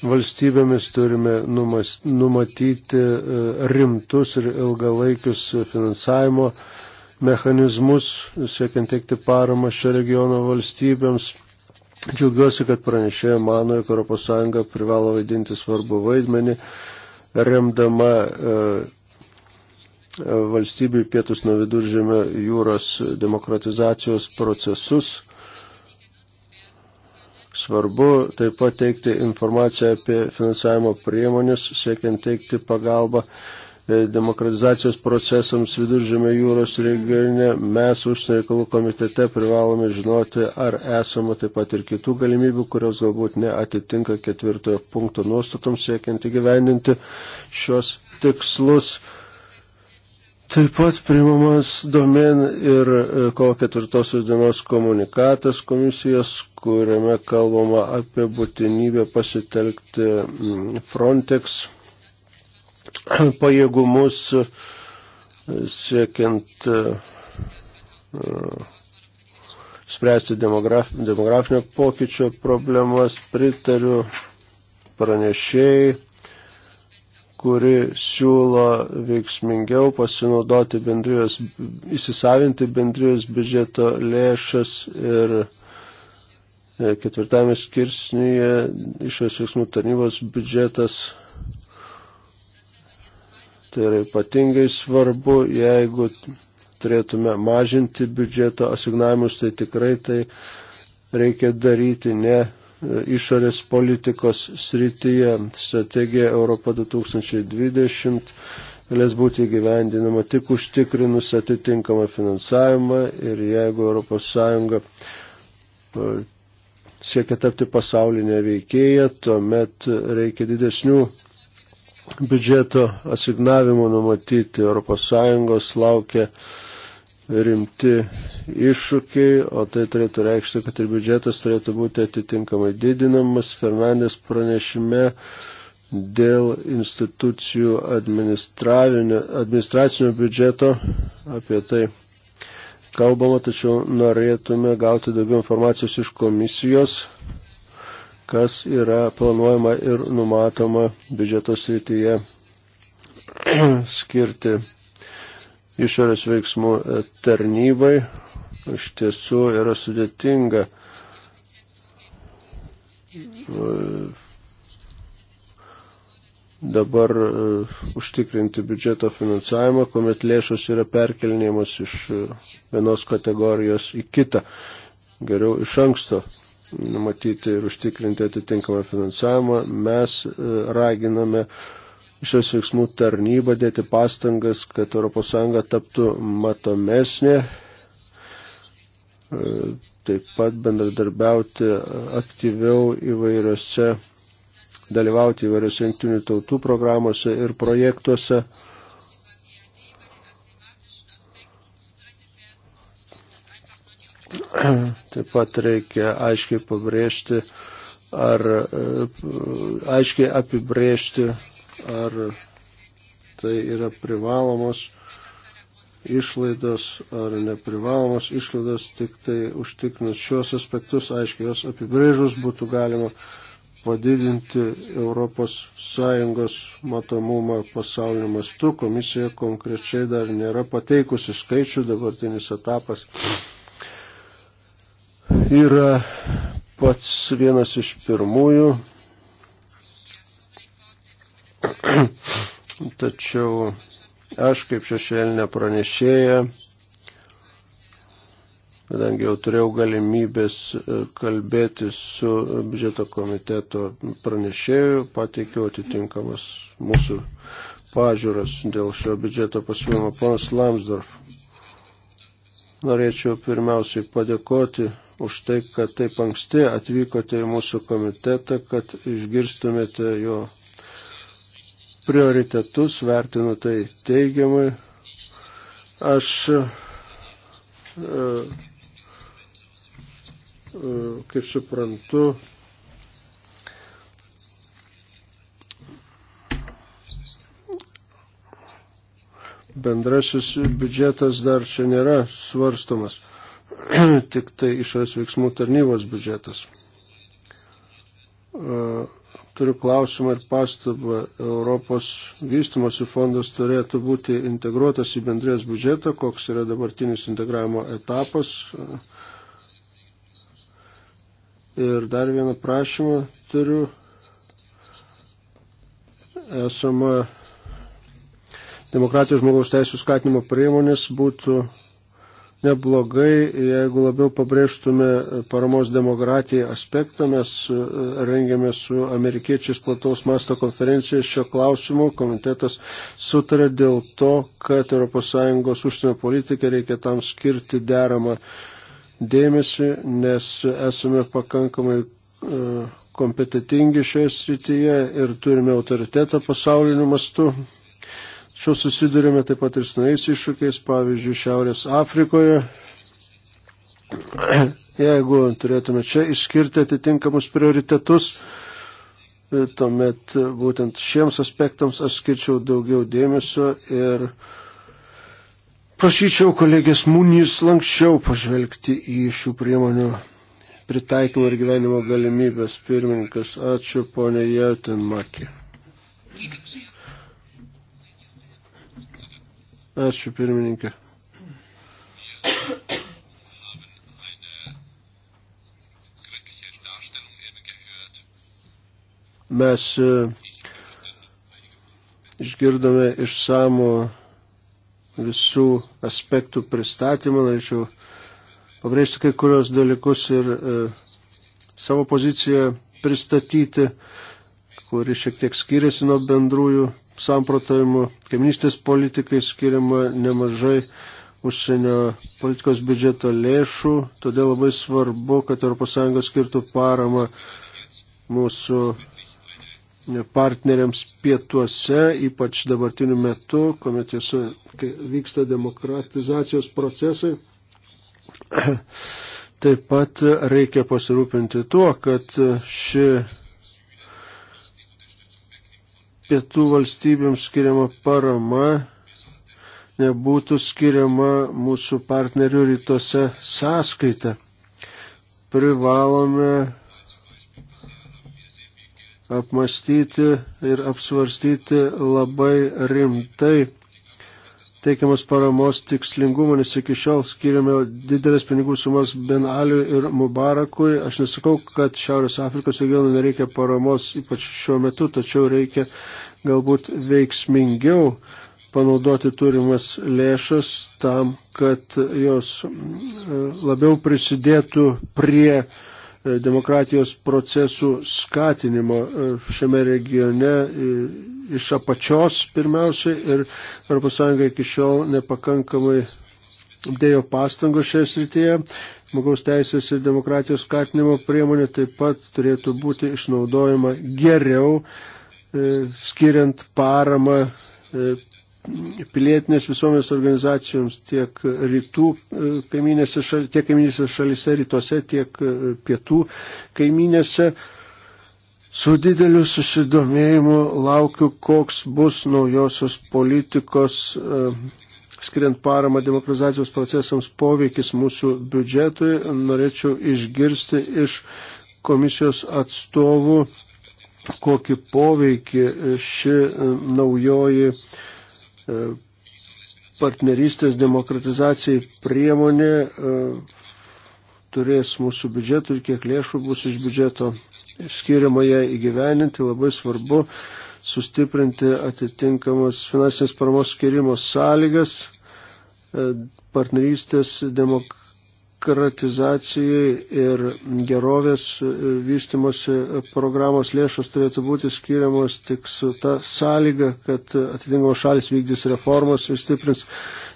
valstybėmis, turime numas, numatyti e, rimtus ir ilgalaikius finansavimo mechanizmus, siekiant teikti paramą šio regiono valstybėms. Džiaugiuosi, kad pranešėja mano, jog ES privalo vaidinti svarbu vaidmenį, remdama e, valstybių pietus nuo viduržėmio jūros demokratizacijos procesus. Svarbu taip pat teikti informaciją apie finansavimo priemonės, siekiant teikti pagalbą e, demokratizacijos procesams viduržėmio jūros regione. Mes užsienio reikalų komitete privalome žinoti, ar esama taip pat ir kitų galimybių, kurios galbūt neatitinka ketvirtojo punkto nuostatoms, siekiant įgyvendinti šios tikslus. Taip pat primamas domen ir e, kovo ketvirtosios dienos komunikatas komisijos, kuriame kalbama apie būtinybę pasitelkti Frontex pajėgumus e, siekiant e, spręsti demograf, demografinio pokyčio problemas, pritariu pranešėjai kuri siūlo veiksmingiau pasinaudoti bendrijos, įsisavinti bendrijos biudžeto lėšas ir e, ketvirtame skirsnyje išvės veiksmų tarnybos biudžetas. Tai yra ypatingai svarbu, jeigu turėtume mažinti biudžeto asignavimus, tai tikrai tai reikia daryti ne išorės politikos srityje. Strategija Europa 2020 galės būti gyvendinama tik užtikrinus atitinkamą finansavimą ir jeigu ES e, siekia tapti pasaulinė veikėja, tuomet reikia didesnių biudžeto asignavimų numatyti. ES laukia rimti iššūkiai, o tai turėtų reikšti, kad ir biudžetas turėtų būti atitinkamai didinamas. Fernandės pranešime dėl institucijų administracinio biudžeto apie tai kalbama, tačiau norėtume gauti daugiau informacijos iš komisijos, kas yra planuojama ir numatoma biudžeto srityje skirti išorės veiksmų e, tarnybai iš tiesų yra sudėtinga e, dabar e, užtikrinti biudžeto finansavimą, kuomet lėšos yra perkelnėjimas iš vienos kategorijos į kitą. Geriau iš anksto numatyti ir užtikrinti atitinkamą finansavimą. Mes raginame uh, šios veiksmų tarnybą dėti pastangas, kad ES taptų matomesnė, e, taip pat bendradarbiauti aktyviau įvairiose, dalyvauti įvairiose jungtinių tautų programuose ir projektuose. Taip pat reikia aiškiai pabrėžti ar e, aiškiai apibrėžti ar tai yra privalomos išlaidos ar neprivalomos išlaidos, tik tai užtikrinus šios aspektus, aiškiai jos apibrėžus, būtų galima padidinti ES matomumą pasaulio mastu. Komisija konkrečiai dar nėra pateikusi skaičių, dabartinis etapas yra pats vienas iš pirmųjų Tačiau aš kaip šešėlinė pranešėja, kadangi jau turėjau galimybės e, kalbėti su biudžeto komiteto pranešėju, pateikiau atitinkamas mūsų pažiūras dėl šio biudžeto pasiūlymo. Ponas Lamsdorf, norėčiau pirmiausiai padėkoti už tai, kad taip anksti atvykote į mūsų komitetą, kad išgirstumėte jo prioritetus, vertinu tai teigiamai. Aš e, e, kaip suprantu, bendrasis biudžetas dar čia nėra svarstomas, tik tai išras veiksmų tarnybos biudžetas. E, Turiu klausimą ir pastabą. Europos vystimosi fondas turėtų būti integruotas į bendrės biudžetą, koks yra dabartinis integravimo etapas. Ir dar vieną prašymą turiu. Esama demokratijos žmogaus teisų skatinimo priemonės būtų neblogai, jeigu labiau pabrėžtume paramos demokratijai aspektą, mes e, rengėme su amerikiečiais plataus masto konferenciją šio klausimu, komitetas sutarė dėl to, kad ES užsienio politikai reikia tam skirti deramą dėmesį, nes esame pakankamai e, kompetitingi šioje srityje ir turime autoritetą pasauliniu mastu Čia susidurėme taip pat ir su naujais iššūkiais, pavyzdžiui, Šiaurės Afrikoje. Jeigu turėtume čia išskirti atitinkamus prioritetus, e, tuomet e, būtent šiems aspektams aš skirčiau daugiau dėmesio ir prašyčiau kolegės Munys lankščiau pažvelgti į šių priemonių pritaikymo ir gyvenimo galimybės. Pirmininkas, ačiū ponė Jautinmakė. Thank you. Ačiū pirmininkė. Mes e, išgirdome išsamų visų aspektų pristatymą, norėčiau pabrėžti kai kurios dalykus ir e, savo poziciją pristatyti, kuri šiek tiek skiriasi nuo bendrųjų samprotavimu kaiminystės politikai skiriama nemažai užsienio politikos biudžeto lėšų, todėl labai svarbu, kad ES skirtų paramą mūsų partneriams pietuose, ypač dabartiniu metu, kuomet jose vyksta demokratizacijos procesai. Taip pat reikia pasirūpinti tuo, kad ši pietų valstybėms skiriama parama nebūtų skiriama mūsų partnerių rytuose sąskaita. Privalome apmastyti ir apsvarstyti labai rimtai teikiamas paramos tikslingumą, nes iki šiol skiriame didelės pinigų sumas Benaliui ir Mubarakui. Aš nesakau, kad Šiaurės Afrikos regionui nereikia paramos, ypač šiuo metu, tačiau reikia galbūt veiksmingiau panaudoti turimas lėšas tam, kad jos labiau prisidėtų prie uh, E, demokratijos procesų skatinimo e, šiame regione e, iš apačios pirmiausiai ir ES iki šiol nepakankamai dėjo pastangų šioje srityje. Žmogaus teisės ir demokratijos skatinimo priemonė taip pat turėtų būti išnaudojama geriau, skiriant paramą pilietinės visuomenės organizacijoms tiek rytų e, kaiminėse, šal, tiek kaiminėse šalise, rytuose, tiek e, pietų kaiminėse. Su dideliu susidomėjimu laukiu, koks bus naujosios politikos e, skiriant paramą demokratizacijos procesams poveikis mūsų biudžetui. Norėčiau išgirsti iš komisijos atstovų, kokį poveikį ši naujoji uh, partnerystės demokratizacijai priemonė e, turės mūsų biudžetų ir kiek lėšų bus iš biudžeto skiriama ją įgyveninti. Labai svarbu sustiprinti atitinkamas finansinės paramos skirimo sąlygas e, partnerystės demokratizacijai demokratizacijai ir gerovės e, vystimosi programos lėšos turėtų būti skiriamos tik su ta sąlyga, kad atitinkamos šalis vykdys reformas ir stiprins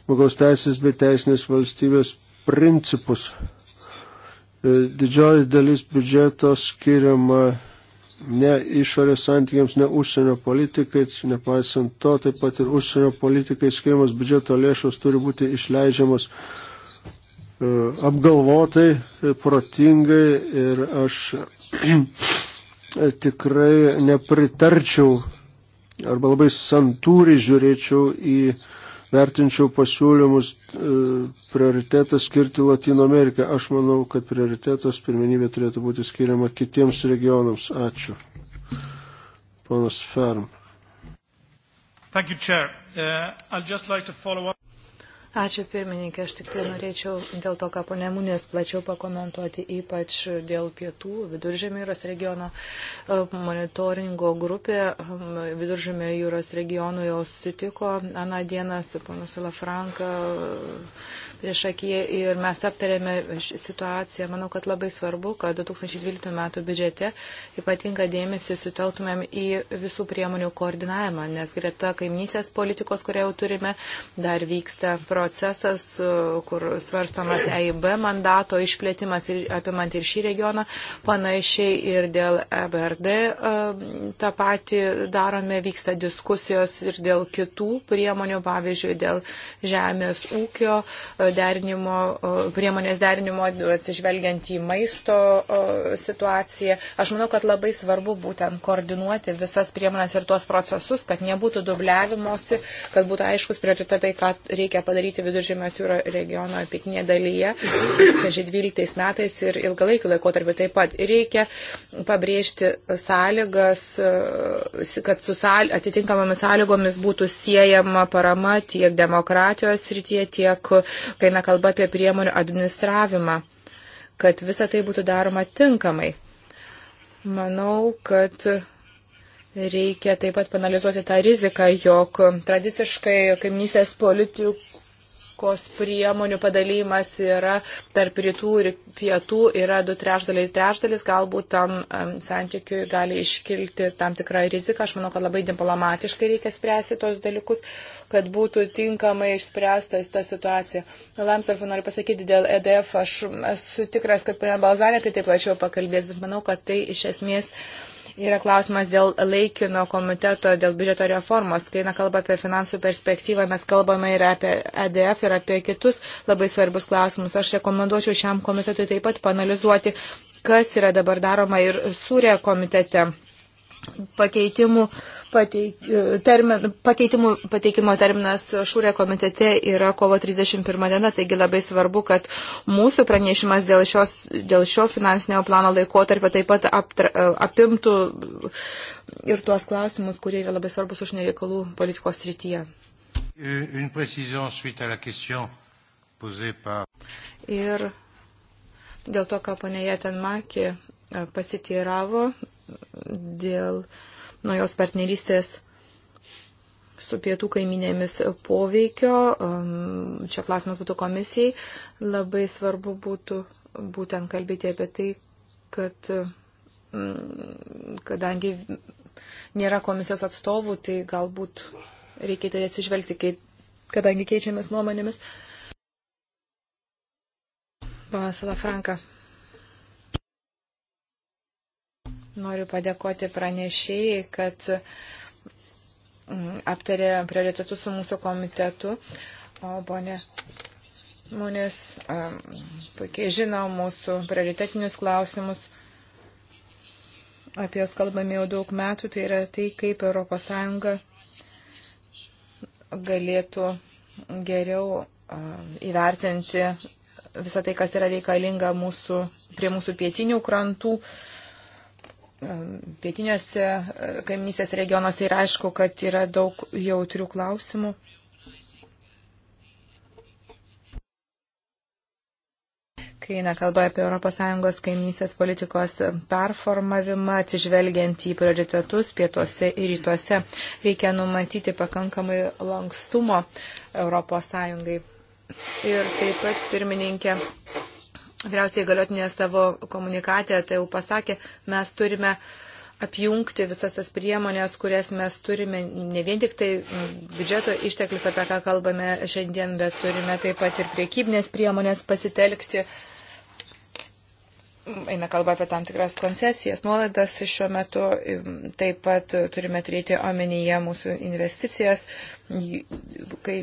žmogaus teisės bei teisinės valstybės principus. E, didžioji dalis biudžeto skiriama ne išorės santykiams, ne užsienio politikai, nepaisant to, taip pat ir užsienio politikai skiriamas biudžeto lėšos turi būti išleidžiamos E, apgalvotai, e, protingai ir aš tikrai nepritarčiau arba labai santūriai žiūrėčiau į vertinčiau pasiūlymus e, prioritetą skirti Latino Ameriką. Aš manau, kad prioritetas pirmenybė turėtų būti skiriama kitiems regionams. Ačiū. Ponas Ferm. Thank you, Chair. Uh, I'd just like to follow up. Ačiū pirmininkė, aš tik tai norėčiau dėl to, ką ponė Munės plačiau pakomentuoti, ypač dėl pietų viduržėmio jūros regiono e, monitoringo grupė. E, viduržėmio jūros regionų jau sutiko aną dieną su ponu Salafranka e, prieš akiją ir mes aptarėme situaciją. Manau, kad labai svarbu, kad 2012 metų biudžete ypatingą dėmesį suteltumėm į visų priemonių koordinavimą, nes greta kaimnysės politikos, kurią jau turime, dar vyksta projektas procesas, e, kur svarstamas EIB mandato išplėtimas ir apimant ir šį regioną, panašiai ir dėl EBRD e, tą patį darome, vyksta diskusijos ir dėl kitų priemonių, pavyzdžiui, dėl žemės ūkio e, derinimo, priemonės derinimo atsižvelgiant į maisto situaciją. Aš manau, kad labai svarbu būtent koordinuoti visas priemonės ir tuos procesus, kad nebūtų dubliavimosi, kad būtų aiškus prioritetai, ką reikia padaryti daryti viduržėmės jūro regiono pietinėje dalyje, 2012 metais ir ilgalaikį laikotarpį taip pat. Reikia pabrėžti sąlygas, kad su sąly, atitinkamomis sąlygomis būtų siejama parama tiek demokratijos rytie, tiek, kai na kalba apie priemonių administravimą, kad visa tai būtų daroma tinkamai. Manau, kad Reikia taip pat panalizuoti tą riziką, jog tradiciškai kaimynysės politikų įtakos priemonių padalymas yra tarp rytų ir pietų, yra du trešdaliai trešdalis, galbūt tam um, santykiui gali iškilti ir tam tikrą riziką. Aš manau, kad labai diplomatiškai reikia spręsti tos dalykus, kad būtų tinkamai išspręsta ta situacija. Lamsarfu noriu pasakyti dėl EDF, aš esu tikras, kad ponia Balzanė apie tai plačiau pakalbės, bet manau, kad tai iš esmės. Uh, Yra klausimas dėl laikino komiteto, dėl biudžeto reformos. Kai na, kalba apie finansų perspektyvą, mes kalbame ir apie EDF, ir apie kitus labai svarbus klausimus. Aš rekomenduočiau šiam komitetui taip pat panalizuoti, kas yra dabar daroma ir sūrė komitete pakeitimų, pateik, termin, pakeitimų pateikimo terminas šūrė komitete yra kovo 31 diena, taigi labai svarbu, kad mūsų pranešimas dėl, šios, dėl šio finansinio plano laikotarpio taip pat aptra, apimtų ir tuos klausimus, kurie yra labai svarbus užsienio reikalų politikos srityje. Ir dėl to, ką ponė Jetenmakė e, pasityravo, dėl naujos partnerystės su pietų kaiminėmis poveikio. Um, čia klausimas būtų komisijai. Labai svarbu būtų būtent kalbėti apie tai, kad mm, kadangi nėra komisijos atstovų, tai galbūt reikia tai atsižvelgti, kadangi keičiamės nuomonėmis. Pana Salafranka. Franka. Noriu padėkoti pranešėjai, kad mm, aptarė prioritetus su mūsų komitetu. O, bonė, Mūnės puikiai žino mūsų prioritetinius klausimus. Apie jas kalbame jau daug metų. Tai yra tai, kaip ES galėtų geriau įvertinti visą tai, kas yra reikalinga mūsų, prie mūsų pietinių krantų. Uh, pietiniuose kaiminysės regionuose ir aišku, kad yra daug jautrių klausimų. Kai eina kalba apie ES kaimynysės politikos performavimą, atsižvelgiant į prioritetus pietuose ir rytuose, reikia numatyti pakankamai lankstumo ES. Ir taip pat, pirmininkė, Vyriausiai galiotinė savo komunikatė tai jau pasakė, mes turime apjungti visas tas priemonės, kurias mes turime, ne vien tik tai biudžeto išteklius, apie ką kalbame šiandien, bet turime taip pat ir priekybinės priemonės pasitelkti. Eina kalba apie tam tikras koncesijas, nuolaidas šiuo metu, taip pat turime turėti omenyje mūsų investicijas, kai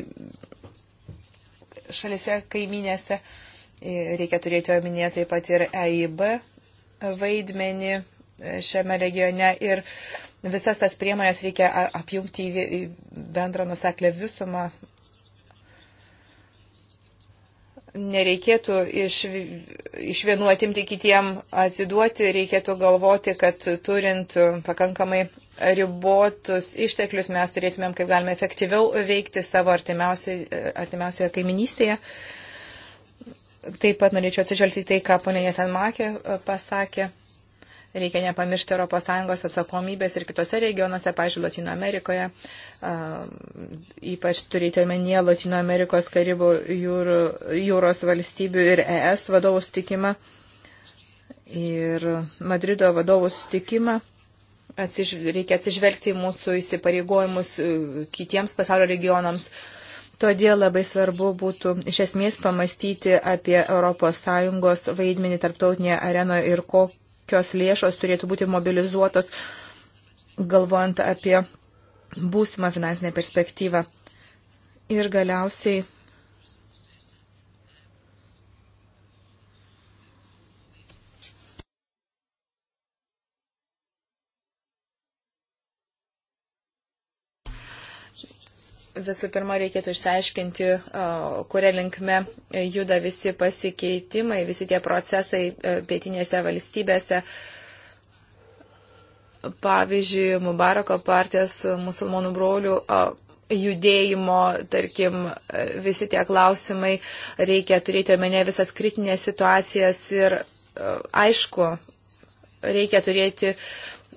šalise kaiminėse. Uh, Reikia turėti omenyje taip pat ir EIB vaidmenį šiame regione ir visas tas priemonės reikia apjungti į bendrą nuseklę visumą. Nereikėtų iš, iš vienu atimti kitiem atiduoti, reikėtų galvoti, kad turint pakankamai ribotus išteklius mes turėtumėm kaip galime efektyviau veikti savo artimiausioje kaiminystėje. Uh, Taip pat norėčiau atsižvelgti tai, ką ponė Netanmakė e, pasakė. Reikia nepamiršti ES atsakomybės ir kitose regionuose, pažiūrėjau, Latino Amerikoje, ypač turite menyje Latino Amerikos Karibų jūrų, jūros valstybių ir ES vadovų sutikimą ir Madrido vadovų sutikimą atsiž, reikia atsižvelgti į mūsų įsipareigojimus e, kitiems pasaulio regionams. Todėl labai svarbu būtų iš esmės pamastyti apie ES vaidmenį tarptautinėje arenoje ir kokios lėšos turėtų būti mobilizuotos, galvojant apie būsimą finansinę perspektyvą. Ir galiausiai visų pirma reikėtų išsiaiškinti, kuria linkme e, juda visi pasikeitimai, visi tie procesai e, pietinėse valstybėse. Pavyzdžiui, Mubarako partijos musulmonų brolių judėjimo, tarkim, e, visi tie klausimai, reikia turėti omenyje visas kritinės situacijas ir aišku, reikia turėti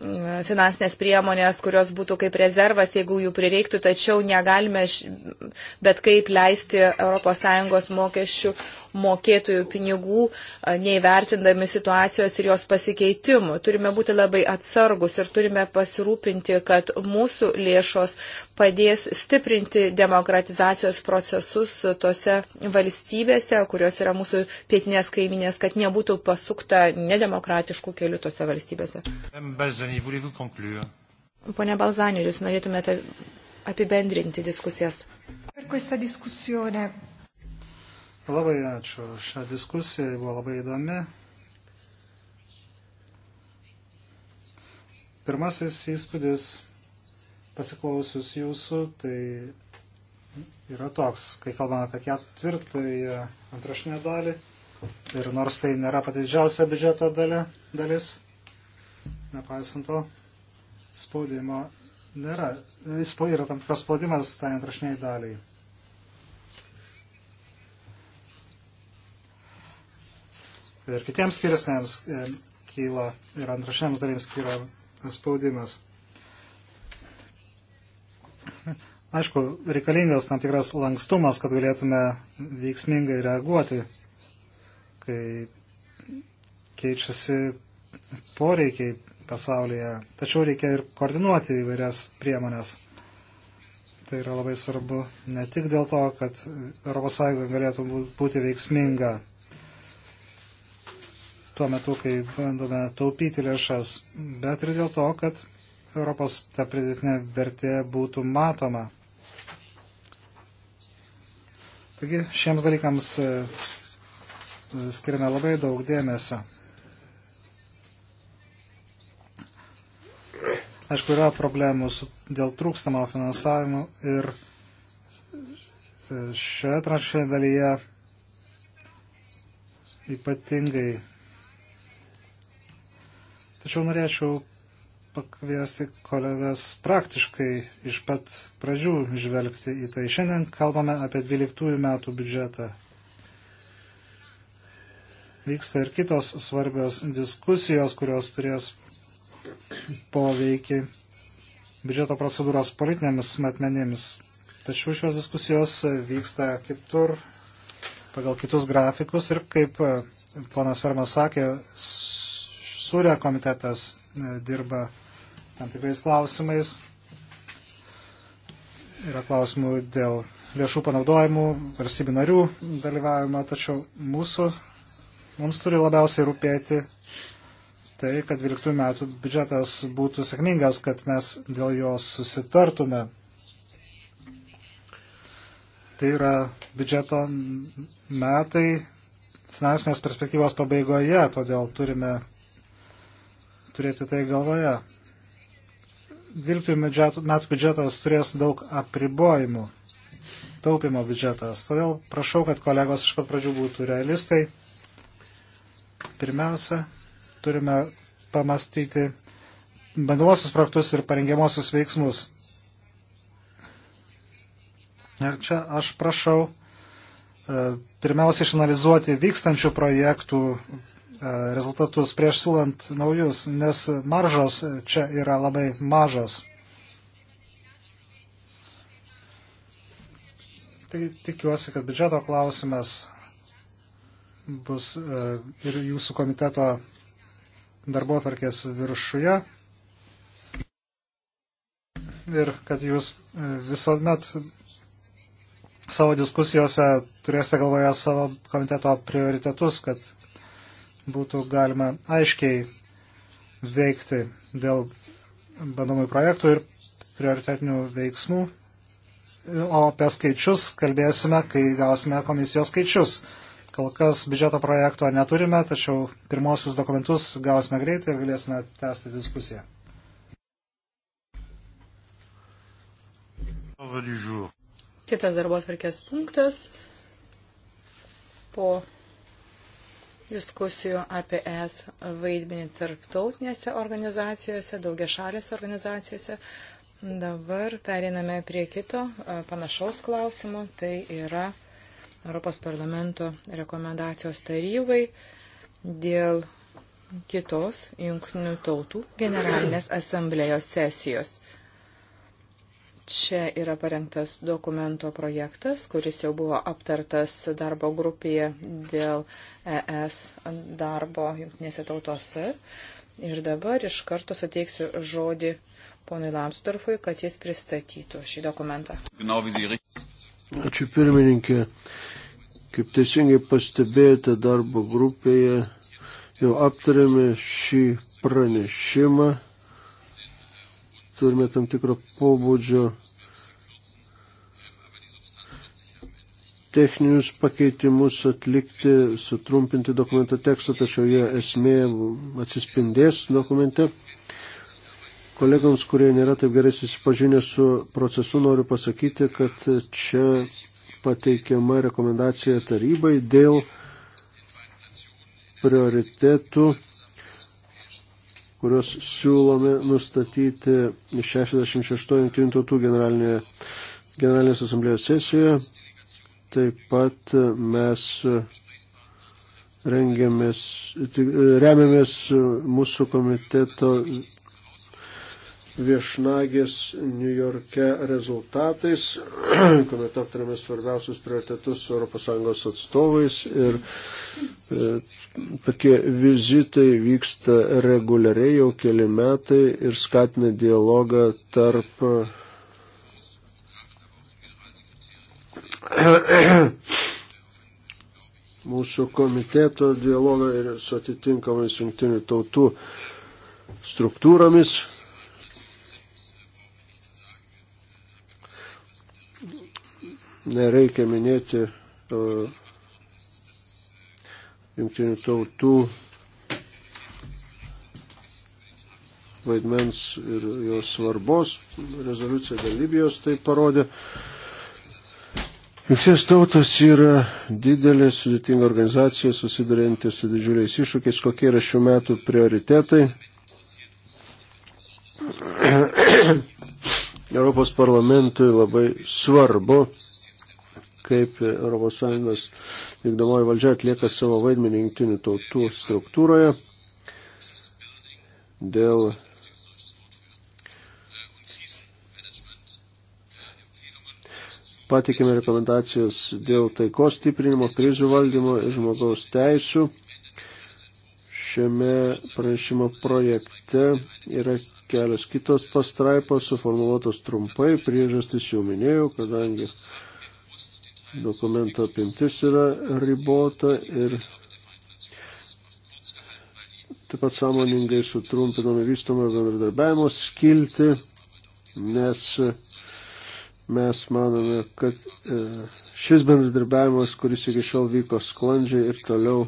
Mm, finansinės priemonės, kurios būtų kaip rezervas, jeigu jų prireiktų, tačiau negalime bet kaip leisti ES mokesčių mokėtojų pinigų, neįvertindami situacijos ir jos pasikeitimų. Turime būti labai atsargus ir turime pasirūpinti, kad mūsų lėšos padės stiprinti demokratizacijos procesus tose valstybėse, kurios yra mūsų pietinės kaiminės, kad nebūtų pasukta nedemokratiškų kelių tose valstybėse. Bezin. Balzani, voulez-vous conclure? Pone Balzani, jūs norėtumėte apibendrinti diskusijas? Per questa diskusione. Labai ačiū. Šią diskusiją buvo labai įdomi. Pirmasis įspūdis pasiklausius jūsų, tai yra toks, kai kalbame apie ketvirtąją antrašinę dalį, ir nors tai nėra pati didžiausia biudžeto dalė, dalis, Nepaisant to, spaudimo nėra. Yra tam tikras spaudimas tai antrašiniai daliai. Ir kitiems skirsniams e, kyla ir antrašiniams dalims kyla spaudimas. Aišku, reikalingas tam tikras lankstumas, kad galėtume veiksmingai reaguoti, kai keičiasi poreikiai pasaulyje. Tačiau reikia ir koordinuoti įvairias priemonės. Tai yra labai svarbu ne tik dėl to, kad ES galėtų būti veiksminga tuo metu, kai bandome taupyti lėšas, bet ir dėl to, kad Europos ta pridėtinė vertė būtų matoma. Taigi šiems dalykams e, skiriame labai daug dėmesio. Aišku, yra problemų su, dėl trūkstamo finansavimo ir e, šioje tranšėje dalyje ypatingai. Tačiau norėčiau pakviesti kolegas praktiškai iš pat pradžių žvelgti į tai. Šiandien kalbame apie 12 metų biudžetą. Vyksta ir kitos svarbios diskusijos, kurios turės poveikį biudžeto procedūros politinėmis metmenėmis. Tačiau šios diskusijos vyksta kitur, pagal kitus grafikus ir kaip e, ponas Fermas sakė, surė komitetas e, dirba tam tikrais klausimais. Yra klausimų dėl lėšų panaudojimų, valstybių narių dalyvavimo, tačiau mūsų, mums turi labiausiai rūpėti tai, kad 12 metų biudžetas būtų sėkmingas, kad mes dėl jo susitartume. Tai yra biudžeto metai finansinės perspektyvos pabaigoje, todėl turime turėti tai galvoje. 12 metų biudžetas turės daug apribojimų, taupimo biudžetas. Todėl prašau, kad kolegos iš pat pradžių būtų realistai. Pirmiausia, turime pamastyti bandomosius projektus ir parengiamosius veiksmus. Ir čia aš prašau e, pirmiausia išanalizuoti vykstančių projektų e, rezultatus prieš siūlant naujus, nes maržos čia yra labai mažos. Tai tikiuosi, kad biudžeto klausimas bus e, ir jūsų komiteto darbo atvarkės viršuje ir kad jūs e, visuomet savo diskusijose turėsite galvoje savo komiteto prioritetus, kad būtų galima aiškiai veikti dėl bandomųjų projektų ir prioritetinių veiksmų. O apie skaičius kalbėsime, kai gausime komisijos skaičius. Kol kas biudžeto projekto neturime, tačiau pirmosius dokumentus gausime greitai ir galėsime tęsti diskusiją. Kitas darbos varkės punktas po diskusijų apie ES vaidmenį tarptautinėse organizacijose, daugia šalėse organizacijose. Dabar periname prie kito e, panašaus klausimo, tai yra Europos parlamento rekomendacijos tarybai dėl kitos jungtinių tautų generalinės asamblėjos sesijos. Čia yra parengtas dokumento projektas, kuris jau buvo aptartas darbo grupėje dėl ES darbo jungtinėse tautose. Ir dabar iš karto suteiksiu žodį ponui Lamsdorfui, kad jis pristatytų šį dokumentą. Ačiū pirmininkė. Kaip teisingai pastebėjote, darbo grupėje jau aptarėme šį pranešimą. Turime tam tikro pobūdžio techninius pakeitimus atlikti, sutrumpinti dokumento tekstą, tačiau jie esmė atsispindės dokumente. Kolegams, kurie nėra taip gerai susipažinę su procesu, noriu pasakyti, kad čia pateikiama rekomendacija tarybai dėl prioritetų, kuriuos siūlome nustatyti 66 jungtinių tautų generalinėje Generalinės asamblėjos sesijoje. Taip pat mes rengiamės, remiamės mūsų komiteto viešnagės New York'e rezultatais, kuomet aptarėme svarbiausius prioritetus su ES atstovais ir e, tokie vizitai vyksta reguliariai jau keli metai ir skatina dialogą tarp mūsų komiteto dialogą ir su atitinkamais jungtinių tautų struktūromis nereikia minėti jungtinių tautų vaidmens ir jos svarbos. Rezoliucija dėl Libijos tai parodė. Jungtinės tautos yra didelė, sudėtinga organizacija, susidurinti su didžiuliais iššūkiais, kokie yra šių metų prioritetai. Europos parlamentui labai svarbu kaip ES vykdomoji valdžia atlieka savo vaidmenį jungtinių tautų struktūroje dėl patikime rekomendacijas dėl taikos stiprinimo, krizių valdymo ir žmogaus teisų. Šiame pranešimo projekte yra kelios kitos pastraipos suformuoluotos trumpai, priežastis jau minėjau, kadangi dokumento apimtis yra ribota ir taip pat sąmoningai sutrumpinome vystomą bendradarbiavimo skilti, nes mes manome, kad e, šis bendradarbiavimas, kuris iki šiol vyko sklandžiai ir toliau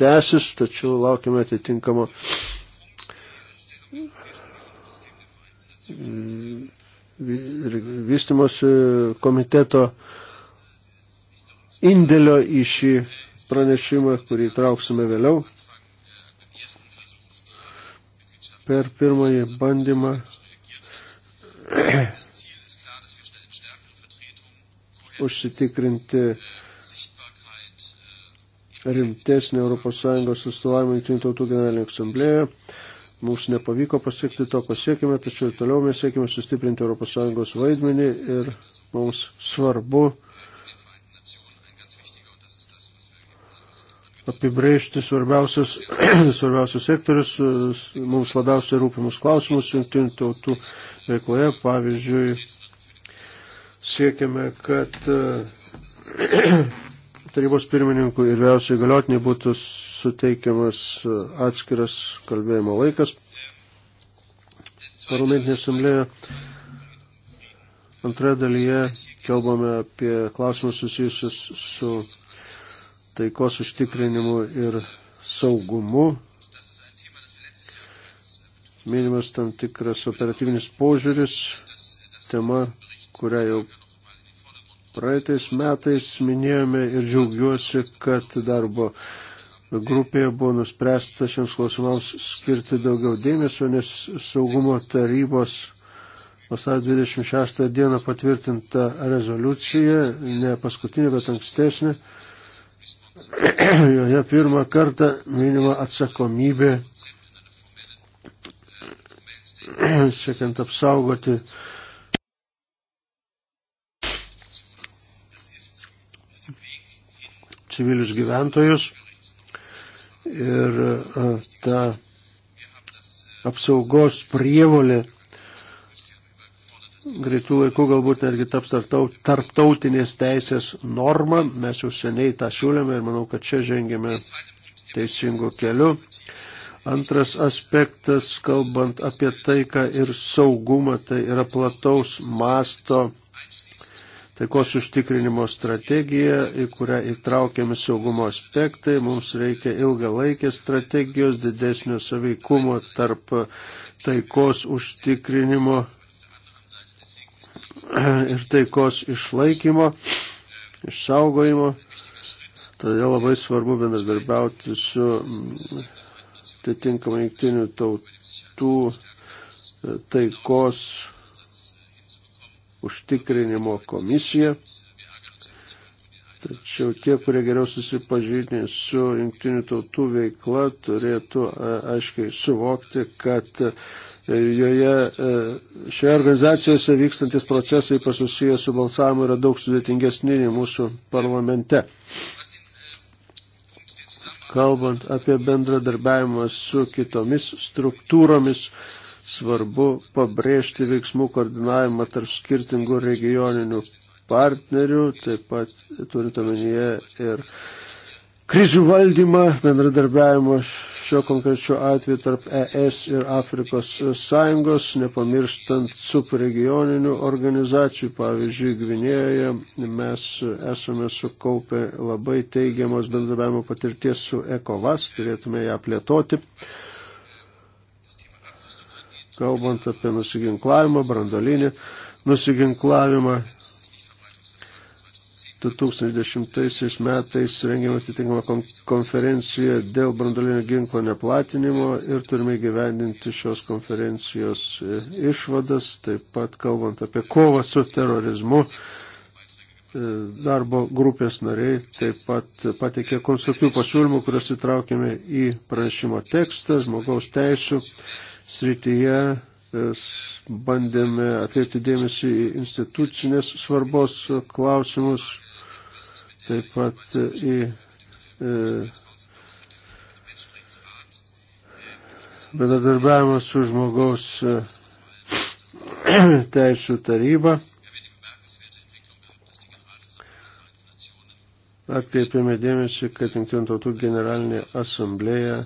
tęsis, tačiau laukime atitinkamo vystimosi komiteto indėlio į šį pranešimą, kurį trauksime vėliau. Per pirmąjį bandymą užsitikrinti rimtesnį ES atstovavimą Junktinių tautų generalinėje asamblėje Mums nepavyko pasiekti to, ko siekime, tačiau toliau mes siekime sustiprinti ES vaidmenį ir mums svarbu apibrėžti svarbiausias, svarbiausias sektorius, mums labiausiai rūpimus klausimus jungtinių tautų veikloje. Pavyzdžiui, siekiame, kad tarybos pirmininkų ir vyriausiai galiotiniai būtų suteikiamas e, atskiras kalbėjimo laikas parlamentinė asamblėje. Antroje dalyje kalbame apie klausimus susijusius su taikos užtikrinimu ir saugumu. Minimas tam tikras operatyvinis požiūris, tema, kurią jau praeitais metais minėjome ir džiaugiuosi, kad darbo grupėje buvo nuspręsta šiems klausimams skirti daugiau dėmesio, nes saugumo tarybos vasario 26 dieną patvirtinta rezoliucija, ne paskutinė, bet ankstesnė, joje pirmą kartą minima atsakomybė siekiant apsaugoti civilius gyventojus ir e, ta apsaugos prievolė greitų laikų galbūt netgi taps tarptautinės teisės norma. Mes jau seniai tą siūlėme ir manau, kad čia žengėme teisingu keliu. Antras aspektas, kalbant apie taiką ir saugumą, tai yra plataus masto taikos užtikrinimo strategija, į kurią įtraukiami saugumo aspektai. Mums reikia ilgalaikės strategijos, didesnio saveikumo tarp taikos užtikrinimo ir taikos išlaikymo, išsaugojimo. Todėl labai svarbu bendradarbiauti su atitinkamai jungtinių tautų taikos užtikrinimo komisija. Tačiau tie, kurie geriau susipažinę su jungtinių tautų veikla, turėtų e, aiškiai suvokti, kad e, joje e, šioje organizacijose vykstantis procesai pasusiję su balsavimu yra daug sudėtingesni nei mūsų parlamente. Kalbant apie bendradarbiavimą su kitomis struktūromis, Svarbu pabrėžti veiksmų koordinavimą tarp skirtingų regioninių partnerių, taip pat turint omenyje ir krizių valdymą, bendradarbiavimą šio konkrečio atveju tarp ES ir Afrikos sąjungos, nepamirštant subregioninių organizacijų. Pavyzdžiui, Gvinėjoje mes esame sukaupę labai teigiamos bendradarbiavimo patirties su ECOVAS, turėtume ją plėtoti kalbant apie nusiginklavimą, brandolinį nusiginklavimą. 2010 metais rengėme atitinkamą konferenciją dėl brandolinio ginklo neplatinimo ir turime gyvendinti šios konferencijos e, išvadas, taip pat kalbant apie kovą su terorizmu. E, darbo grupės nariai taip pat pateikė konstruktyvių pasiūlymų, kuriuos įtraukėme į pranešimo tekstą, žmogaus teisų srityje bandėme atkreipti dėmesį į institucinės svarbos klausimus, taip pat į e, bendradarbiavimą su žmogaus e, teisų taryba. Atkreipėme dėmesį, kad Junktinių tautų generalinė asamblėja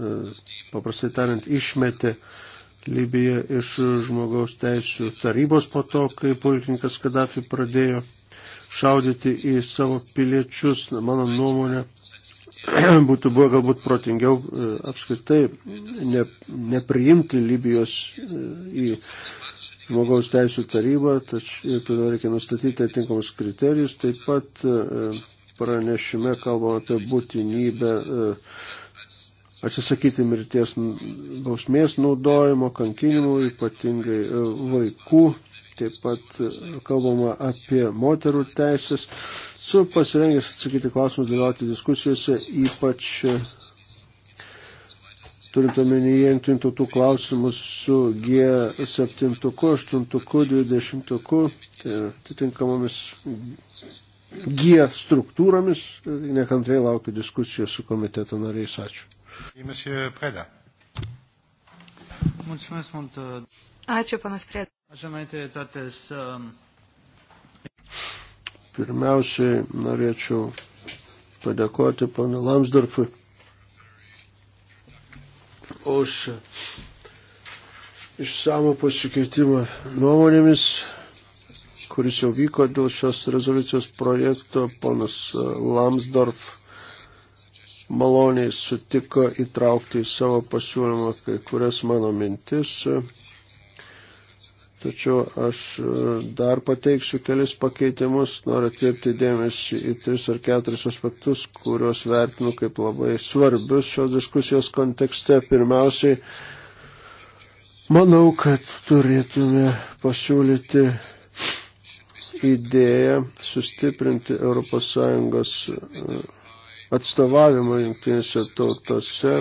E, paprastai tariant, išmetė Libiją iš žmogaus teisų tarybos po to, kai pulkininkas Kadafi pradėjo šaudyti į savo piliečius. Na, mano nuomonė, būtų buvo galbūt protingiau e, apskritai ne, nepriimti Libijos e, į žmogaus teisų tarybą, tačiau todėl reikia nustatyti atitinkamus kriterijus. Taip pat pranešime kalbam apie būtinybę uh, atsisakyti mirties bausmės naudojimo, kankinimų, ypatingai e, vaikų. Taip pat e, kalbama apie moterų teisės. Su pasirengęs atsakyti klausimus dalyvauti diskusijose, ypač e, turint omenyje jungtinių tautų klausimus su G7, 8, 20, tai atitinkamomis G struktūromis. Nekantrai laukiu diskusijos su komiteto nariais. Ačiū. Mulțumesc mult. Ačiū, panas Prėda. Aš žemaitė, tatės. Pirmiausiai norėčiau padėkoti pana Lamsdorfui už išsamų pasikeitimą nuomonėmis, kuris jau vyko dėl šios rezoliucijos projekto. Ponas Lamsdorfas maloniai sutiko įtraukti į savo pasiūlymą kai kurias mano mintis. Tačiau aš e, dar pateiksiu kelis pakeitimus, noriu atkreipti dėmesį į tris ar keturis aspektus, kuriuos vertinu kaip labai svarbius šios diskusijos kontekste. Pirmiausiai, manau, kad turėtume pasiūlyti idėją sustiprinti ES atstovavimą jungtinėse tautose,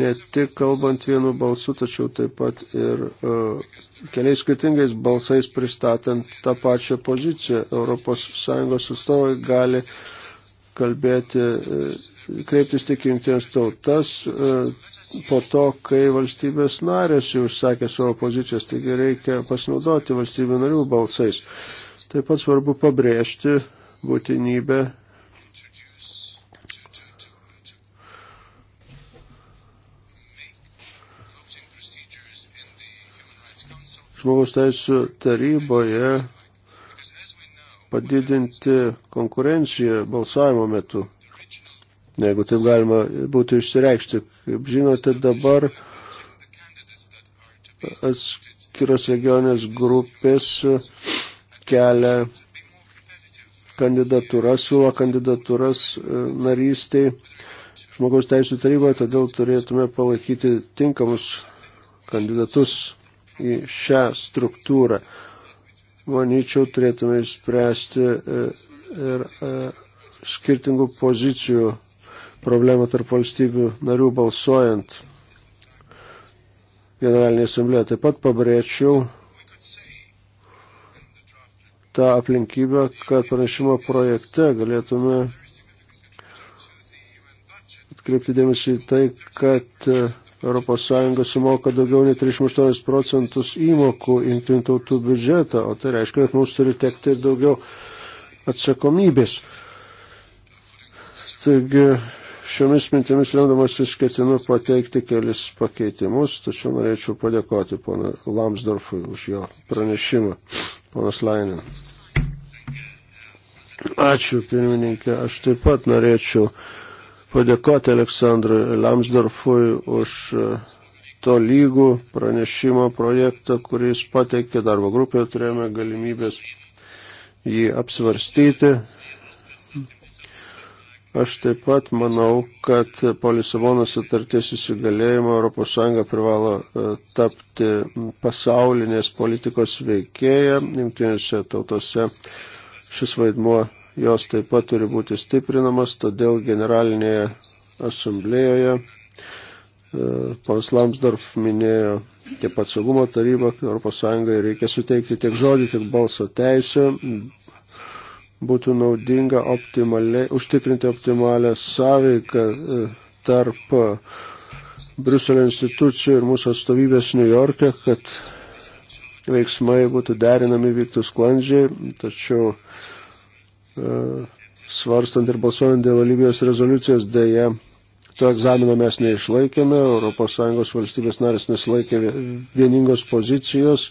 ne tik kalbant vienu balsu, tačiau taip pat ir uh, keliais skirtingais balsais pristatant tą pačią poziciją. ES atstovai gali kalbėti, e, kreiptis tik jungtinės tautas e, po to, kai valstybės narės jau išsakė savo pozicijas, taigi reikia pasinaudoti valstybių narių balsais. Taip pat svarbu pabrėžti būtinybę žmogaus teisų taryboje padidinti konkurenciją balsavimo metu, jeigu taip galima būtų išsireikšti. Kaip žinote, dabar atskiros regionės grupės kelia kandidatūras, siūlo kandidatūras e, narystiai žmogaus teisų taryboje, todėl turėtume palaikyti tinkamus kandidatus į šią struktūrą. Manyčiau, turėtume išspręsti e, ir e, skirtingų pozicijų problemą tarp valstybių narių balsuojant generalinė asamblėje. Taip pat pabrėčiau tą aplinkybę, kad pranešimo projekte galėtume atkreipti dėmesį į tai, kad e, ES sumoka daugiau nei 38 procentus įmokų jungtinių tautų biudžetą, o tai reiškia, kad mums turi tekti daugiau atsakomybės. Taigi šiomis mintimis remdamasis ketinu pateikti kelis pakeitimus, tačiau norėčiau padėkoti pana Lamsdorfui už jo pranešimą. Ponas Lainin. Ačiū, pirmininkė. Aš taip pat norėčiau padėkoti Aleksandrui Lamsdorfui už e, to lygų pranešimo projektą, kuris pateikė darbo grupėje, turėjome galimybės jį apsvarstyti. Aš taip pat manau, kad po Lisabono sutarties įsigalėjimo ES privalo e, tapti pasaulinės politikos veikėja, jungtinėse tautose šis vaidmuo jos taip pat turi būti stiprinamas, todėl generalinėje asamblėjoje e, Pons Lamsdorf minėjo taip pat saugumo tarybą, kad ES reikia suteikti tiek žodį, tiek balso teisę, būtų naudinga optimaliai, užtikrinti optimalią sąveiką e, tarp e, Bruselio institucijų ir mūsų atstovybės New York'e, kad veiksmai būtų derinami vyktų sklandžiai, tačiau uh, E, svarstant ir balsuojant dėl Libijos rezoliucijos, dėja, to egzamino mes neišlaikėme, ES valstybės narės nesilaikė vieningos pozicijos.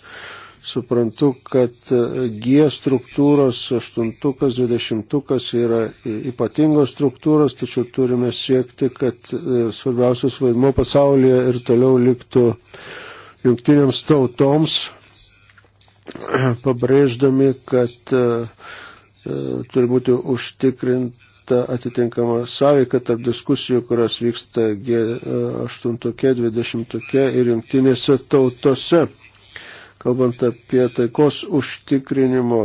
Suprantu, kad e, G struktūros, aštuntukas, dvidešimtukas yra ypatingos struktūros, tačiau turime siekti, kad e, svarbiausias vaidmo pasaulyje ir toliau liktų jungtinėms tautoms, pabrėždami, kad uh, E, turi būti užtikrinta atitinkama sąveika tarp diskusijų, kurios vyksta G8, G20 ir jungtinėse tautose. Kalbant apie taikos užtikrinimo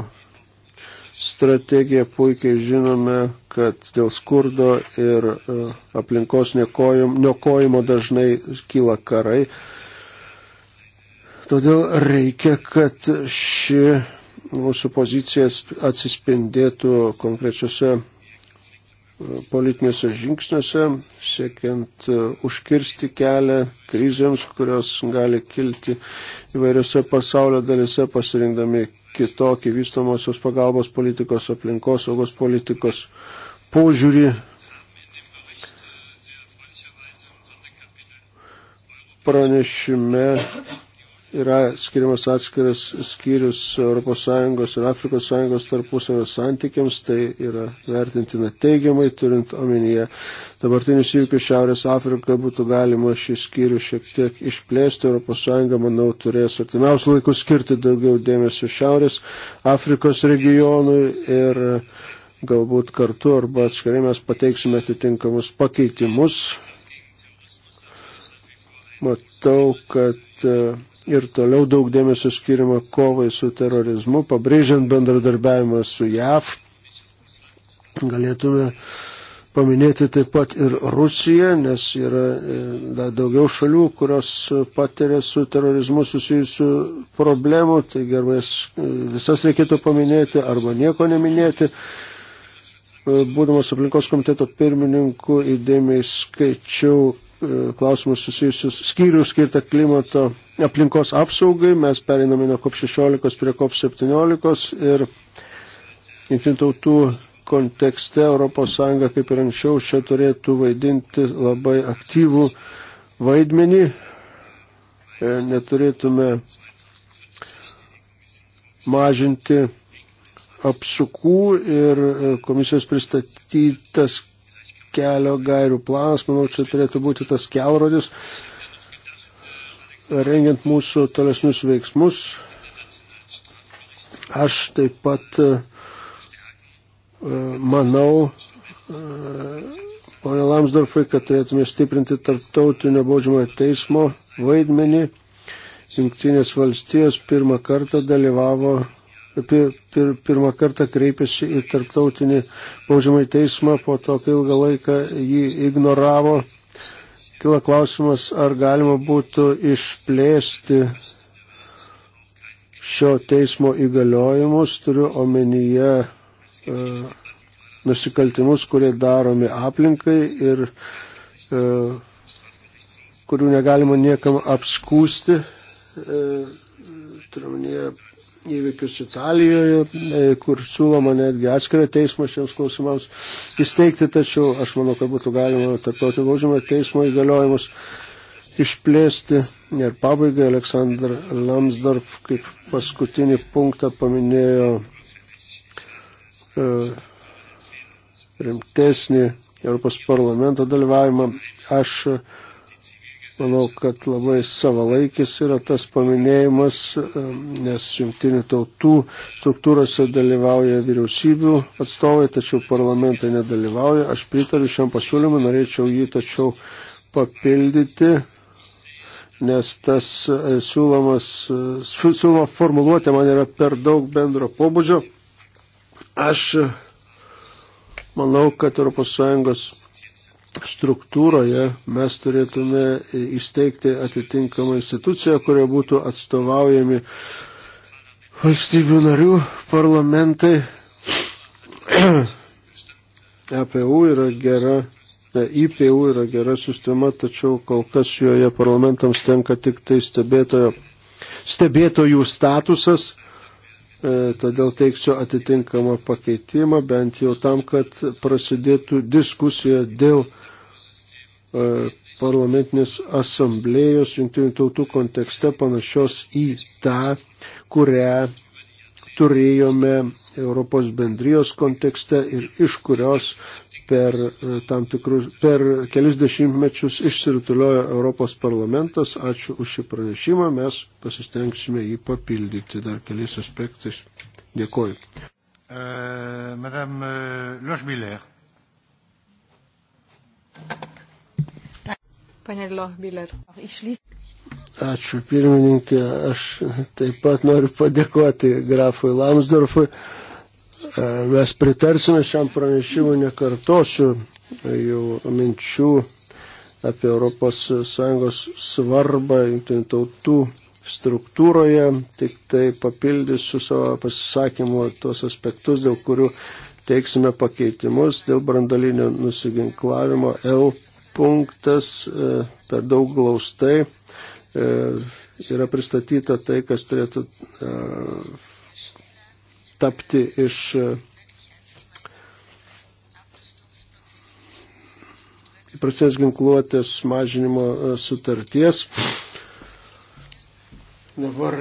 strategiją puikiai žinome, kad dėl skurdo ir e, aplinkos niokojimo dažnai kyla karai. Todėl reikia, kad ši mūsų pozicijas atsispindėtų konkrečiose politinėse žingsniuose, siekiant e, užkirsti kelią krizėms, kurios gali kilti įvairiose pasaulio dalise, pasirinkdami kitokį vystomosios pagalbos politikos, aplinkos saugos politikos požiūrį. Pranešime yra skiriamas atskiras skyrius ES ir AS tarpusavio santykiams, tai yra vertintina teigiamai, turint omenyje dabartinius įvykius Šiaurės Afrikoje būtų galima šį skyrių šiek tiek išplėsti. ES, manau, turės artimiausių laikų skirti daugiau dėmesio Šiaurės Afrikos regionui ir galbūt kartu arba atskirai mes pateiksime atitinkamus pakeitimus. Matau, kad uh, ir toliau daug dėmesio skiriama kovai su terorizmu, pabrėžiant bendradarbiavimą su JAV. Galėtume paminėti taip pat ir Rusiją, nes yra e, dar daugiau šalių, kurios patiria su terorizmu susijusių problemų, taigi arba e, visas reikėtų paminėti, arba nieko neminėti e, būdamas aplinkos komiteto pirmininku, įdėmiai skaičiau klausimus susijusius skyrių skirtą klimato aplinkos apsaugai. Mes pereiname nuo COP16 prie COP17 ir jungtinių tautų kontekste ES, kaip ir anksčiau, čia turėtų vaidinti labai aktyvų vaidmenį. E, neturėtume mažinti apsukų ir e, komisijos pristatytas kelio gairių planas, manau, čia turėtų būti tas kelrodis, rengiant mūsų tolesnius veiksmus. Aš taip pat e, manau, e, ponė Lamsdorfai, kad turėtume stiprinti tarptautinio baudžiamojo teismo vaidmenį. Junktinės valstijos pirmą kartą dalyvavo pir, pir, pirmą kartą kreipėsi į tarptautinį baudžiamąjį teismą, po to ilgą laiką jį ignoravo. Kila klausimas, ar galima būtų išplėsti šio teismo įgaliojimus, turiu omenyje e, nusikaltimus, kurie daromi aplinkai ir e, kurių negalima niekam apskūsti. E, turiu omenyje įvykius Italijoje, e, kur siūloma netgi atskirą teismą šiems klausimams įsteigti, tačiau aš manau, kad būtų galima tarptautinio baudžiamo teismo įgaliojimus išplėsti. Ir pabaigai Aleksandr Lamsdorf kaip paskutinį punktą paminėjo e, rimtesnį Europos parlamento dalyvavimą. Aš Manau, kad labai savalaikis yra tas paminėjimas, nes jungtinių tautų struktūrose dalyvauja vyriausybių atstovai, tačiau parlamentai nedalyvauja. Aš pritariu šiam pasiūlymui, norėčiau jį tačiau papildyti, nes tas e, siūlomas, e, siūloma formuluotė man yra per daug bendro pobūdžio. Aš e, manau, kad ES struktūroje mes turėtume įsteigti atitinkamą instituciją, kurioje būtų atstovaujami valstybių narių parlamentai. APU e yra gera, ne, IPU yra gera sistema, tačiau kol kas joje parlamentams tenka tik tai stebėtojo, stebėtojų statusas e, todėl teiksiu atitinkamą pakeitimą, bent jau tam, kad prasidėtų diskusija dėl E, parlamentinės asamblėjos jungtinių tautų kontekste panašios į tą, kurią turėjome Europos bendrijos kontekste ir iš kurios per, e, tam tikrus, per kelis dešimtmečius išsirutuliojo Europos parlamentas. Ačiū už šį pranešimą, mes pasistengsime jį papildyti dar keliais aspektais. Dėkoju. Uh, Madame uh, Lochbiller. Panelio Biller. Ačiū pirmininkė, aš taip pat noriu padėkoti grafui Lamsdorfui. E, mes pritarsime šiam pranešimui, nekartosiu jau minčių apie ES svarbą jungtinių tautų struktūroje, tik tai papildysiu savo pasisakymu tuos aspektus, dėl kurių teiksime pakeitimus dėl brandalinio nusiginklavimo L punktas e, per daug glaustai e, yra pristatyta tai, kas turėtų e, tapti iš įprastinės ginkluotės mažinimo sutarties. Dabar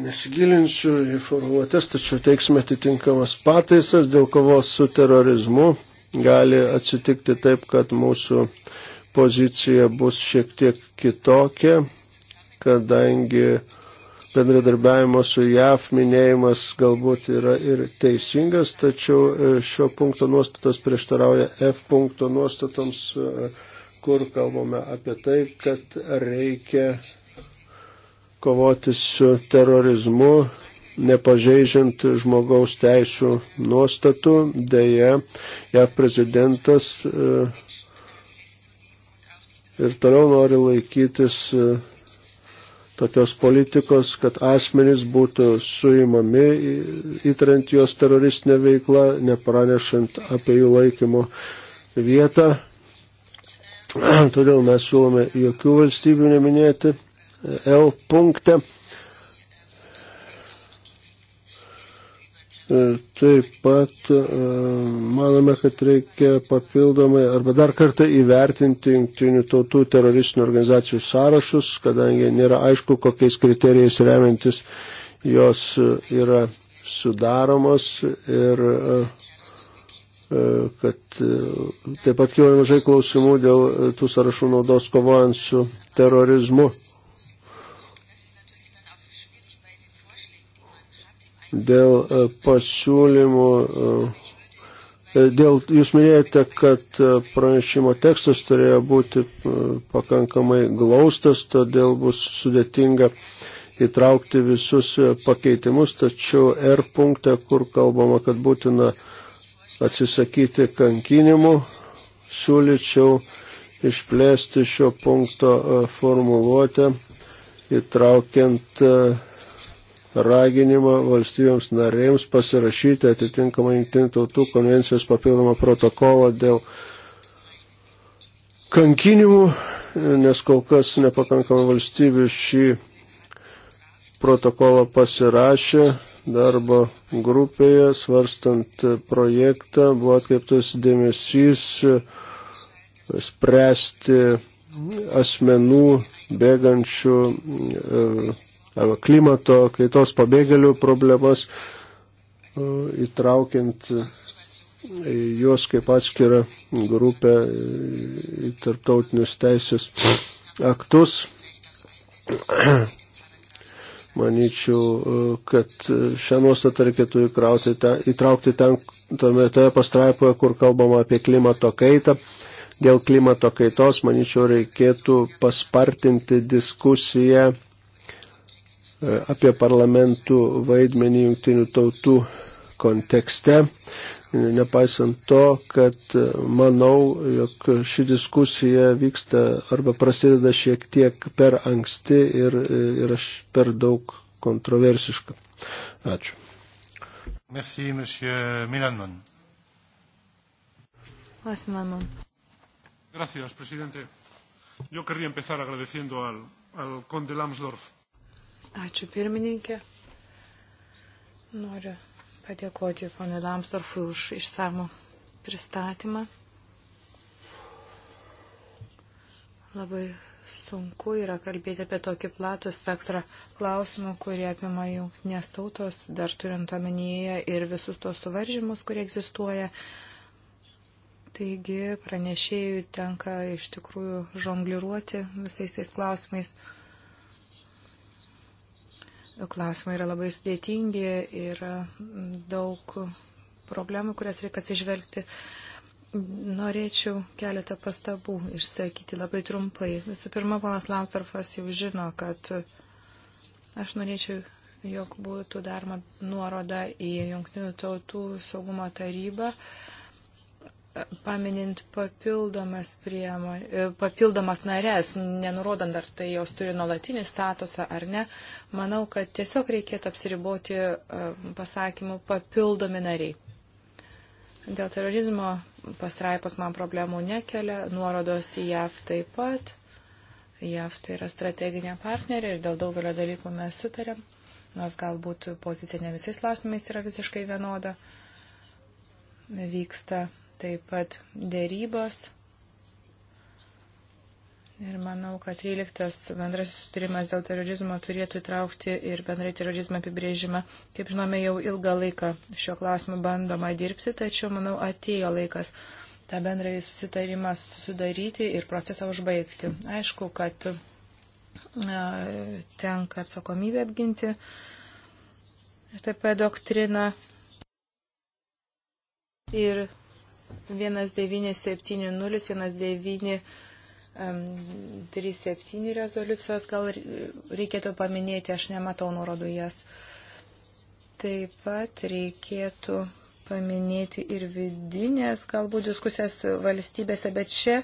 nesigilinsiu į formuluotės, tačiau teiksime atitinkamas pataisas dėl kovos su terorizmu. Gali atsitikti taip, kad mūsų uh, pozicija bus šiek tiek kitokia, kadangi bendradarbiavimo su JAF minėjimas galbūt yra ir teisingas, tačiau e, šio punkto nuostatos prieštarauja F punkto nuostatoms, e, kur kalbame apie tai, kad reikia kovoti su terorizmu, nepažeidžiant žmogaus teisų nuostatų. Deja, JAV prezidentas e, ir toliau nori laikytis e, tokios politikos, kad asmenys būtų suimami, įtariant juos teroristinę veiklą, nepranešant apie jų laikymo vietą. Todėl mes siūlome jokių valstybių neminėti L punkte. E, taip pat e, manome, kad reikia papildomai arba dar kartą įvertinti jungtinių tautų teroristinių organizacijų sąrašus, kadangi nėra aišku, kokiais kriterijais remiantis jos e, yra sudaromos ir kad taip pat kilo nemažai klausimų dėl tų sąrašų naudos kovojant su terorizmu. dėl e, pasiūlymų. E, e, dėl, jūs minėjote, kad pranešimo tekstas turėjo būti pakankamai glaustas, todėl bus sudėtinga įtraukti visus pakeitimus, tačiau R punkte, kur kalbama, kad būtina atsisakyti kankinimų, siūlyčiau išplėsti šio punkto formuluotę, įtraukiant uh, raginimą valstybėms narėms pasirašyti atitinkamą Junktinių tautų konvencijos papildomą protokolą dėl kankinimų, nes kol kas nepakankamai valstybių šį protokolą pasirašė darbo grupėje, svarstant projektą, buvo atkreiptas dėmesys spręsti asmenų bėgančių e, arba klimato kaitos pabėgėlių problemas, e, įtraukiant juos kaip atskirą grupę į tarptautinius teisės aktus. Manyčiau, e, kad šią nuostatą reikėtų įtraukti ten, tame toje pastraipoje, kur kalbama apie klimato kaitą. Dėl klimato kaitos, manyčiau, reikėtų paspartinti diskusiją apie parlamentų vaidmenį jungtinių tautų kontekste. Nepaisant to, kad manau, jog ši diskusija vyksta arba prasideda šiek tiek per anksti ir, ir aš per daug kontroversiška. Ačiū. Merci, monsieur Milanman. Gracias, presidente. Yo querría empezar agradeciendo al, al conde Lambsdorff Ačiū pirmininkė. Noriu padėkoti ponui Lamsdorfui už išsamų pristatymą. Labai sunku yra kalbėti apie tokį platų spektrą klausimų, kurie apima jungtinės tautos, dar turint omenyje ir visus tos suvaržymus, kurie egzistuoja. Taigi pranešėjų tenka iš tikrųjų žongliruoti visais tais klausimais. Klausimai yra labai sudėtingi ir daug problemų, kurias reikia atsižvelgti. Norėčiau keletą pastabų išsakyti labai trumpai. Visų pirma, panas Lamsarfas jau žino, kad aš norėčiau, jog būtų daroma nuoroda į Junktinių tautų saugumo tarybą. Uh, paminint papildomas, priemon, e, papildomas narės, nenurodant ar tai jos turi nuolatinį statusą ar ne, manau, kad tiesiog reikėtų apsiriboti e, pasakymu papildomi nariai. Dėl terorizmo pastraipos man problemų nekelia, nuorodos į JAV taip pat. JAV tai yra strateginė partnerė ir dėl daugelio dalykų mes sutarėm, nors galbūt pozicija ne visais klausimais yra visiškai vienoda. Vyksta taip pat dėrybos. Ir manau, kad 13 bendrasis sutarimas dėl terorizmo turėtų įtraukti ir bendrai terorizmą apibrėžimą. Kaip žinome, jau ilgą laiką šio klausimu bandoma dirbti, tačiau, manau, atėjo laikas tą bendrąjį susitarimą sudaryti ir procesą užbaigti. Aišku, kad e, tenka atsakomybė apginti STP doktriną ir 1970, 1937 rezoliucijos gal reikėtų paminėti, aš nematau nuorodų jas. Taip pat reikėtų paminėti ir vidinės galbūt diskusijas valstybėse, bet čia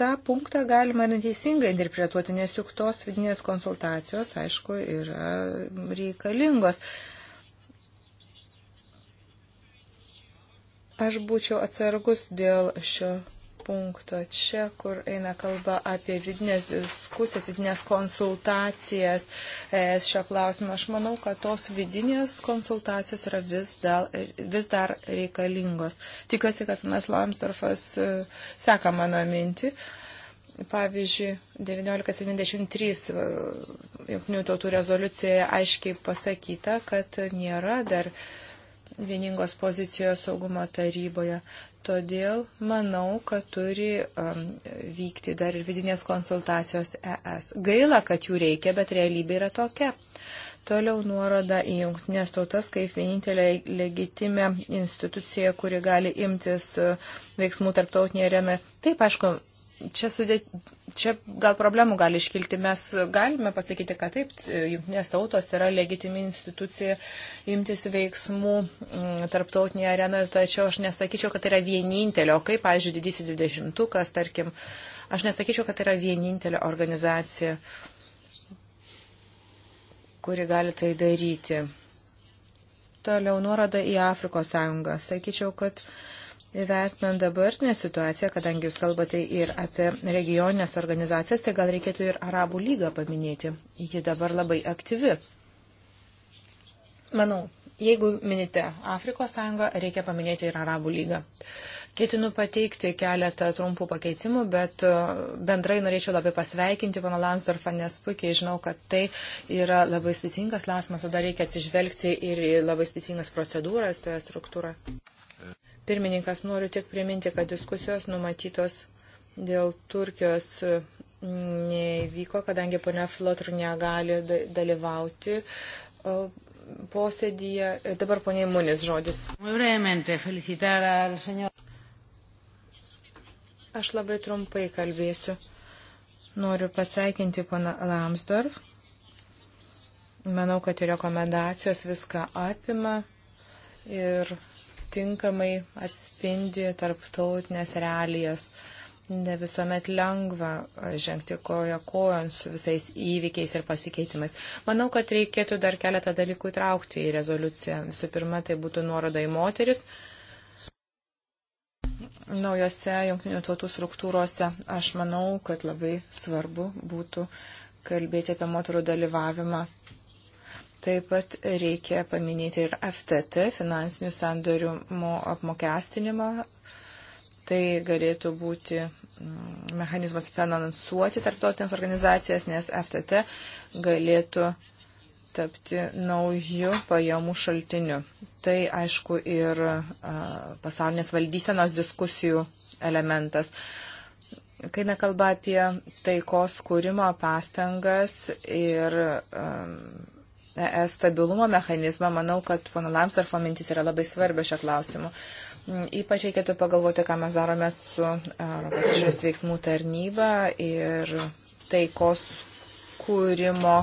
tą punktą galima neteisingai interpretuoti, nes juk tos vidinės konsultacijos, aišku, yra reikalingos. Aš būčiau atsargus dėl šio punkto čia, kur eina kalba apie vidinės diskusijas, vidinės konsultacijas es šio klausimo. Aš manau, kad tos vidinės konsultacijos yra vis dar, vis dar reikalingos. Tikiuosi, kad Nas Lamstorfas e, seka mano mintį. Pavyzdžiui, 1973 e, Junktinių tautų rezoliucijoje aiškiai pasakyta, kad nėra dar uh, vieningos pozicijos saugumo taryboje. Todėl manau, kad turi um, vykti dar ir vidinės konsultacijos ES. Gaila, kad jų reikia, bet realybė yra tokia. Toliau nuoroda į jungtinės tautas kaip vienintelę legitimę instituciją, kuri gali imtis uh, veiksmų tarptautinėje arenoje. Taip, aišku, čia, sudė, čia gal problemų gali iškilti. Mes galime pasakyti, kad taip, jungtinės tautos yra legitimi institucija imtis veiksmų mm, tarptautinėje arenoje, tačiau aš nesakyčiau, kad tai yra vienintelio, kaip, pavyzdžiui, didysis dvidešimtukas, tarkim, aš nesakyčiau, kad tai yra vienintelė organizacija, kuri gali tai daryti. Toliau nuoroda į Afrikos sąjungą. Sakyčiau, kad uh, Vertinant dabartinę situaciją, kadangi jūs kalbate ir apie regioninės organizacijas, tai gal reikėtų ir Arabų lygą paminėti. Ji dabar labai aktyvi. Manau, jeigu minite Afrikos sąjungą, reikia paminėti ir Arabų lygą. Ketinu pateikti keletą trumpų pakeitimų, bet e, bendrai norėčiau labai pasveikinti pana Lansdorfą, nes puikiai žinau, kad tai yra labai sudėtingas klausimas, tada reikia atsižvelgti ir į labai sudėtingas procedūras toje struktūroje. Pirmininkas, noriu tik priminti, kad diskusijos numatytos dėl Turkijos e, nevyko, kadangi ponia Flotr negali dalyvauti e, posėdyje. E, dabar ponia Imunis žodis. Aš labai trumpai kalbėsiu. Noriu pasveikinti pana Lamsdorf. Manau, kad jo rekomendacijos viską apima ir tinkamai atspindi tarptautinės realijas. Ne visuomet lengva žengti koja kojon su visais įvykiais ir pasikeitimais. Manau, kad reikėtų dar keletą dalykų įtraukti į rezoliuciją. Visų pirma, tai būtų nuoroda į moteris naujose jungtinių tautų struktūrose, aš manau, kad labai svarbu būtų kalbėti apie moterų dalyvavimą Taip pat reikia paminėti ir FTT, finansinių sandorių apmokestinimą. Tai galėtų būti mm, mechanizmas finansuoti tarptautinės organizacijas, nes FTT galėtų tapti naujų pajamų šaltiniu. Tai aišku ir a, pasaulinės valdysenos diskusijų elementas. Kai nekalba apie taikos kūrimo pastangas ir a, ES stabilumo mechanizmą, manau, kad pono Lamsdorfo mintis yra labai svarbi šio klausimu. Mm, ypač reikėtų pagalvoti, ką mes darome su Europos išorės veiksmų tarnyba ir taikos kūrimo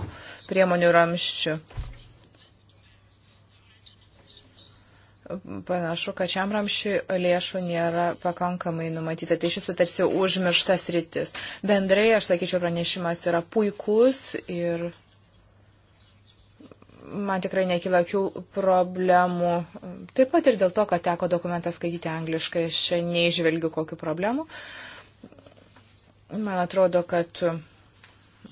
priemonių ramščių. Panašu, kad šiam ramšiui lėšų nėra pakankamai numatyta. Tai šis tarsi užmirštas rytis. Bendrai, aš sakyčiau, pranešimas yra puikus ir man tikrai nekyla jokių problemų. Taip pat ir dėl to, kad teko dokumentą skaityti angliškai, aš čia neižvelgiu kokių problemų. Man atrodo, kad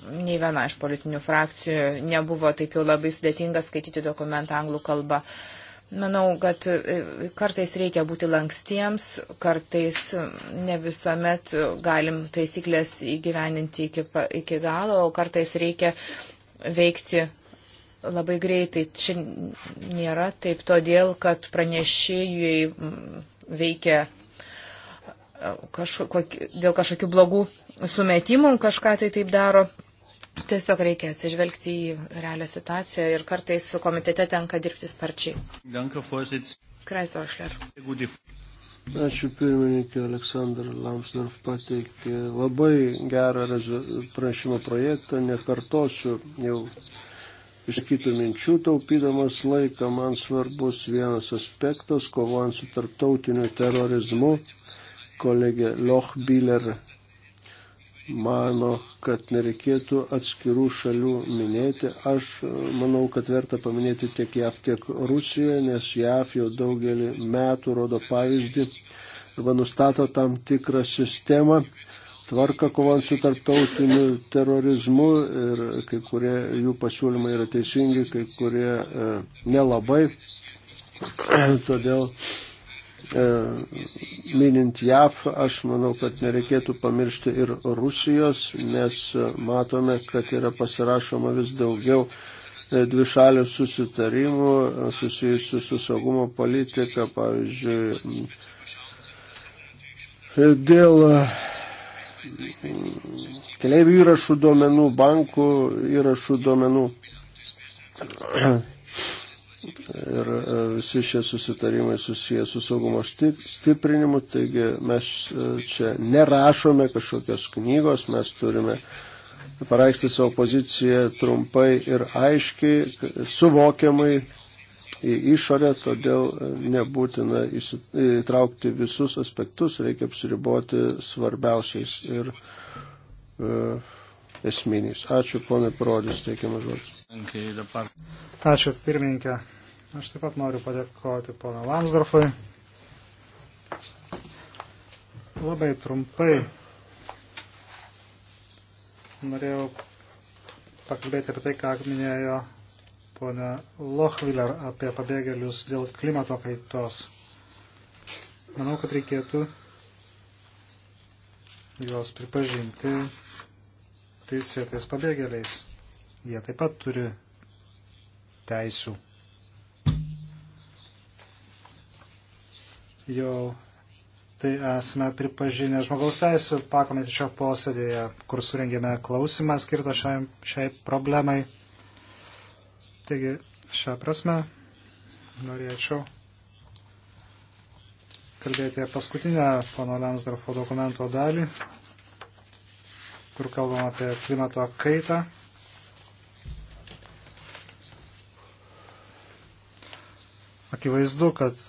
nei viena iš politinių frakcijų nebuvo taip jau labai sudėtinga skaityti dokumentą anglų kalbą. Manau, kad e, kartais reikia būti lankstiems, kartais e, ne visuomet galim taisyklės įgyveninti iki, iki galo, o kartais reikia veikti labai greitai. Čia nėra taip todėl, kad pranešėjai mm, veikia e, kažkokį, dėl kažkokių blogų sumetimų, kažką tai taip daro. Tiesiog reikia atsižvelgti į realią situaciją ir kartais komitete tenka dirbti sparčiai. Kraiso Ašler. Ačiū pirmininkė Aleksandr Lamsdorf pateikė labai gerą prašymo projektą, nekartosiu jau iškytų minčių, taupydamas laiką, man svarbus vienas aspektas, kovojant su tarptautiniu terorizmu. Kolegė Lochbiller mano, kad nereikėtų atskirų šalių minėti. Aš e, manau, kad verta paminėti tiek JAV, tiek Rusiją, nes JAV jau daugelį metų rodo pavyzdį arba nustato tam tikrą sistemą tvarką kovant su tarptautiniu terorizmu ir kai kurie jų pasiūlymai yra teisingi, kai kurie e, nelabai. Todėl e, minint JAV, aš manau, kad nereikėtų pamiršti ir Rusijos, nes e, matome, kad yra pasirašoma vis daugiau e, dvišalių susitarimų e, susijusių su saugumo politika, pavyzdžiui, dėl keliaivių įrašų duomenų, bankų įrašų duomenų. Ir e, visi šie susitarimai susijęs su saugumo stiprinimu, taigi mes e, čia nerašome kažkokios knygos, mes turime pareikšti savo poziciją trumpai ir aiškiai, suvokiamai į išorę, todėl nebūtina įtraukti visus aspektus, reikia apsiriboti svarbiausiais ir e, esminiais. Ačiū, ponai Parodys, teikiamas žodis. Ačiū, pirmininkė. Aš taip pat noriu padėkoti pono Lamsdorfui. Labai trumpai norėjau pakalbėti apie tai, ką minėjo ponia Lochviller apie pabėgėlius dėl klimato kaitos. Manau, kad reikėtų juos pripažinti teisėtais pabėgėliais. Jie taip pat turi teisų. Jau tai esame pripažinę žmogaus teisų pakomitečio posėdėje, kur surengėme klausimą skirtą šiai, šiai problemai. Taigi, šią prasme norėčiau kalbėti apie paskutinę pono Lemsdorfo dokumento dalį, kur kalbam apie klimato kaitą. Akivaizdu, kad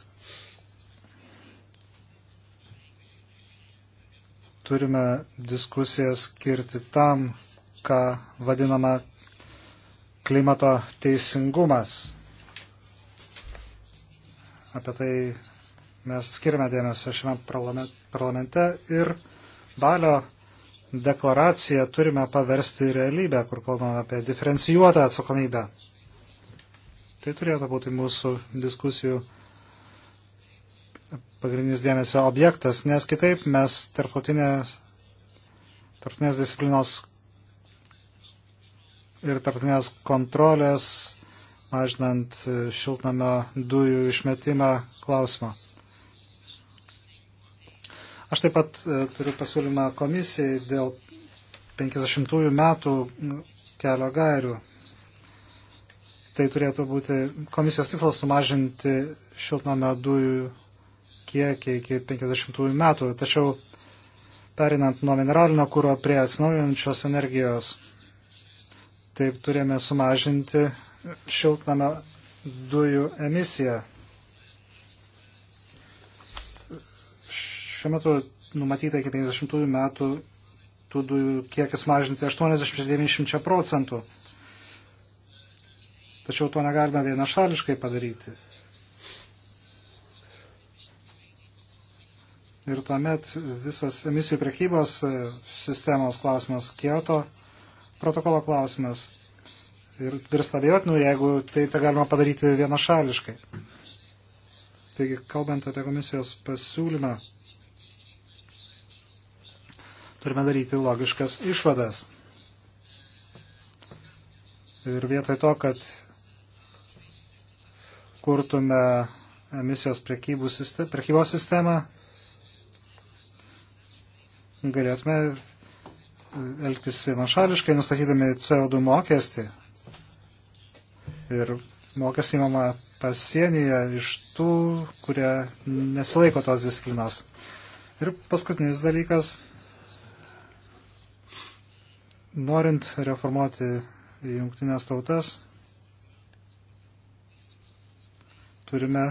turime diskusiją skirti tam, ką vadinama klimato teisingumas. Apie tai mes skirime dėmesio šiame parlamente ir balio deklaraciją turime paversti realybę, kur kalbame apie diferencijuotą atsakomybę. Tai turėtų būti mūsų diskusijų pagrindinis dėmesio objektas, nes kitaip mes tarptautinės disciplinos ir tarptautinės kontrolės, mažinant šiltnamio dujų išmetimą klausimą. Aš taip pat e, turiu pasiūlymą komisijai dėl 50-ųjų metų kelio gairių. Tai turėtų būti komisijos tikslas sumažinti šiltnamio dujų kiekį iki 50-ųjų metų. Tačiau perinant nuo mineralinio kūro prie atsinaujančios energijos, Taip turėjome sumažinti šiltnamio dujų emisiją. Šiuo metu numatyta iki 50 metų tų dujų kiekis mažinti 80-90 procentų. Tačiau to negalime vienašališkai padaryti. Ir tuomet visas emisijų prekybos sistemos klausimas Kyoto protokolo klausimas ir virsta abejotinu, jeigu tai tą galima padaryti vienašališkai. Taigi, kalbant apie komisijos pasiūlymą, turime daryti logiškas išvadas. Ir vietoj to, kad kurtume emisijos sistemą, prekybos sistemą, galėtume elgtis vienašališkai, nustatydami CO2 mokestį. Ir mokestį įmama pasienyje iš tų, kurie nesilaiko tos disciplinos. Ir paskutinis dalykas. Norint reformuoti jungtinės tautas, turime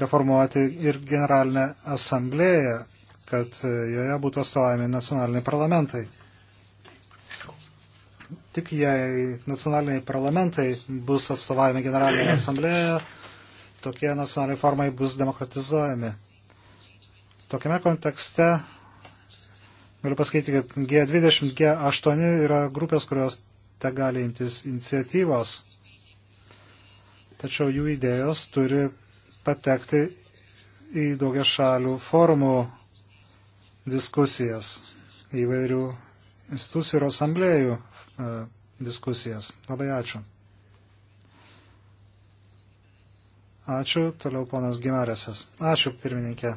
reformuoti ir generalinę asamblėją, kad e, joje būtų atstovami nacionaliniai parlamentai. Tik jei nacionaliniai parlamentai bus atstovavimi generalinėje asamblėje, tokie nacionaliniai formai bus demokratizuojami. Tokiame kontekste galiu pasakyti, kad G20, G8 yra grupės, kurios te gali imtis iniciatyvos, tačiau jų idėjos turi patekti į daugia šalių forumų diskusijas, įvairių institucijų ir asamblėjų e, diskusijas. Labai ačiū. Ačiū, toliau ponas Gimaresas. Ačiū, pirmininkė.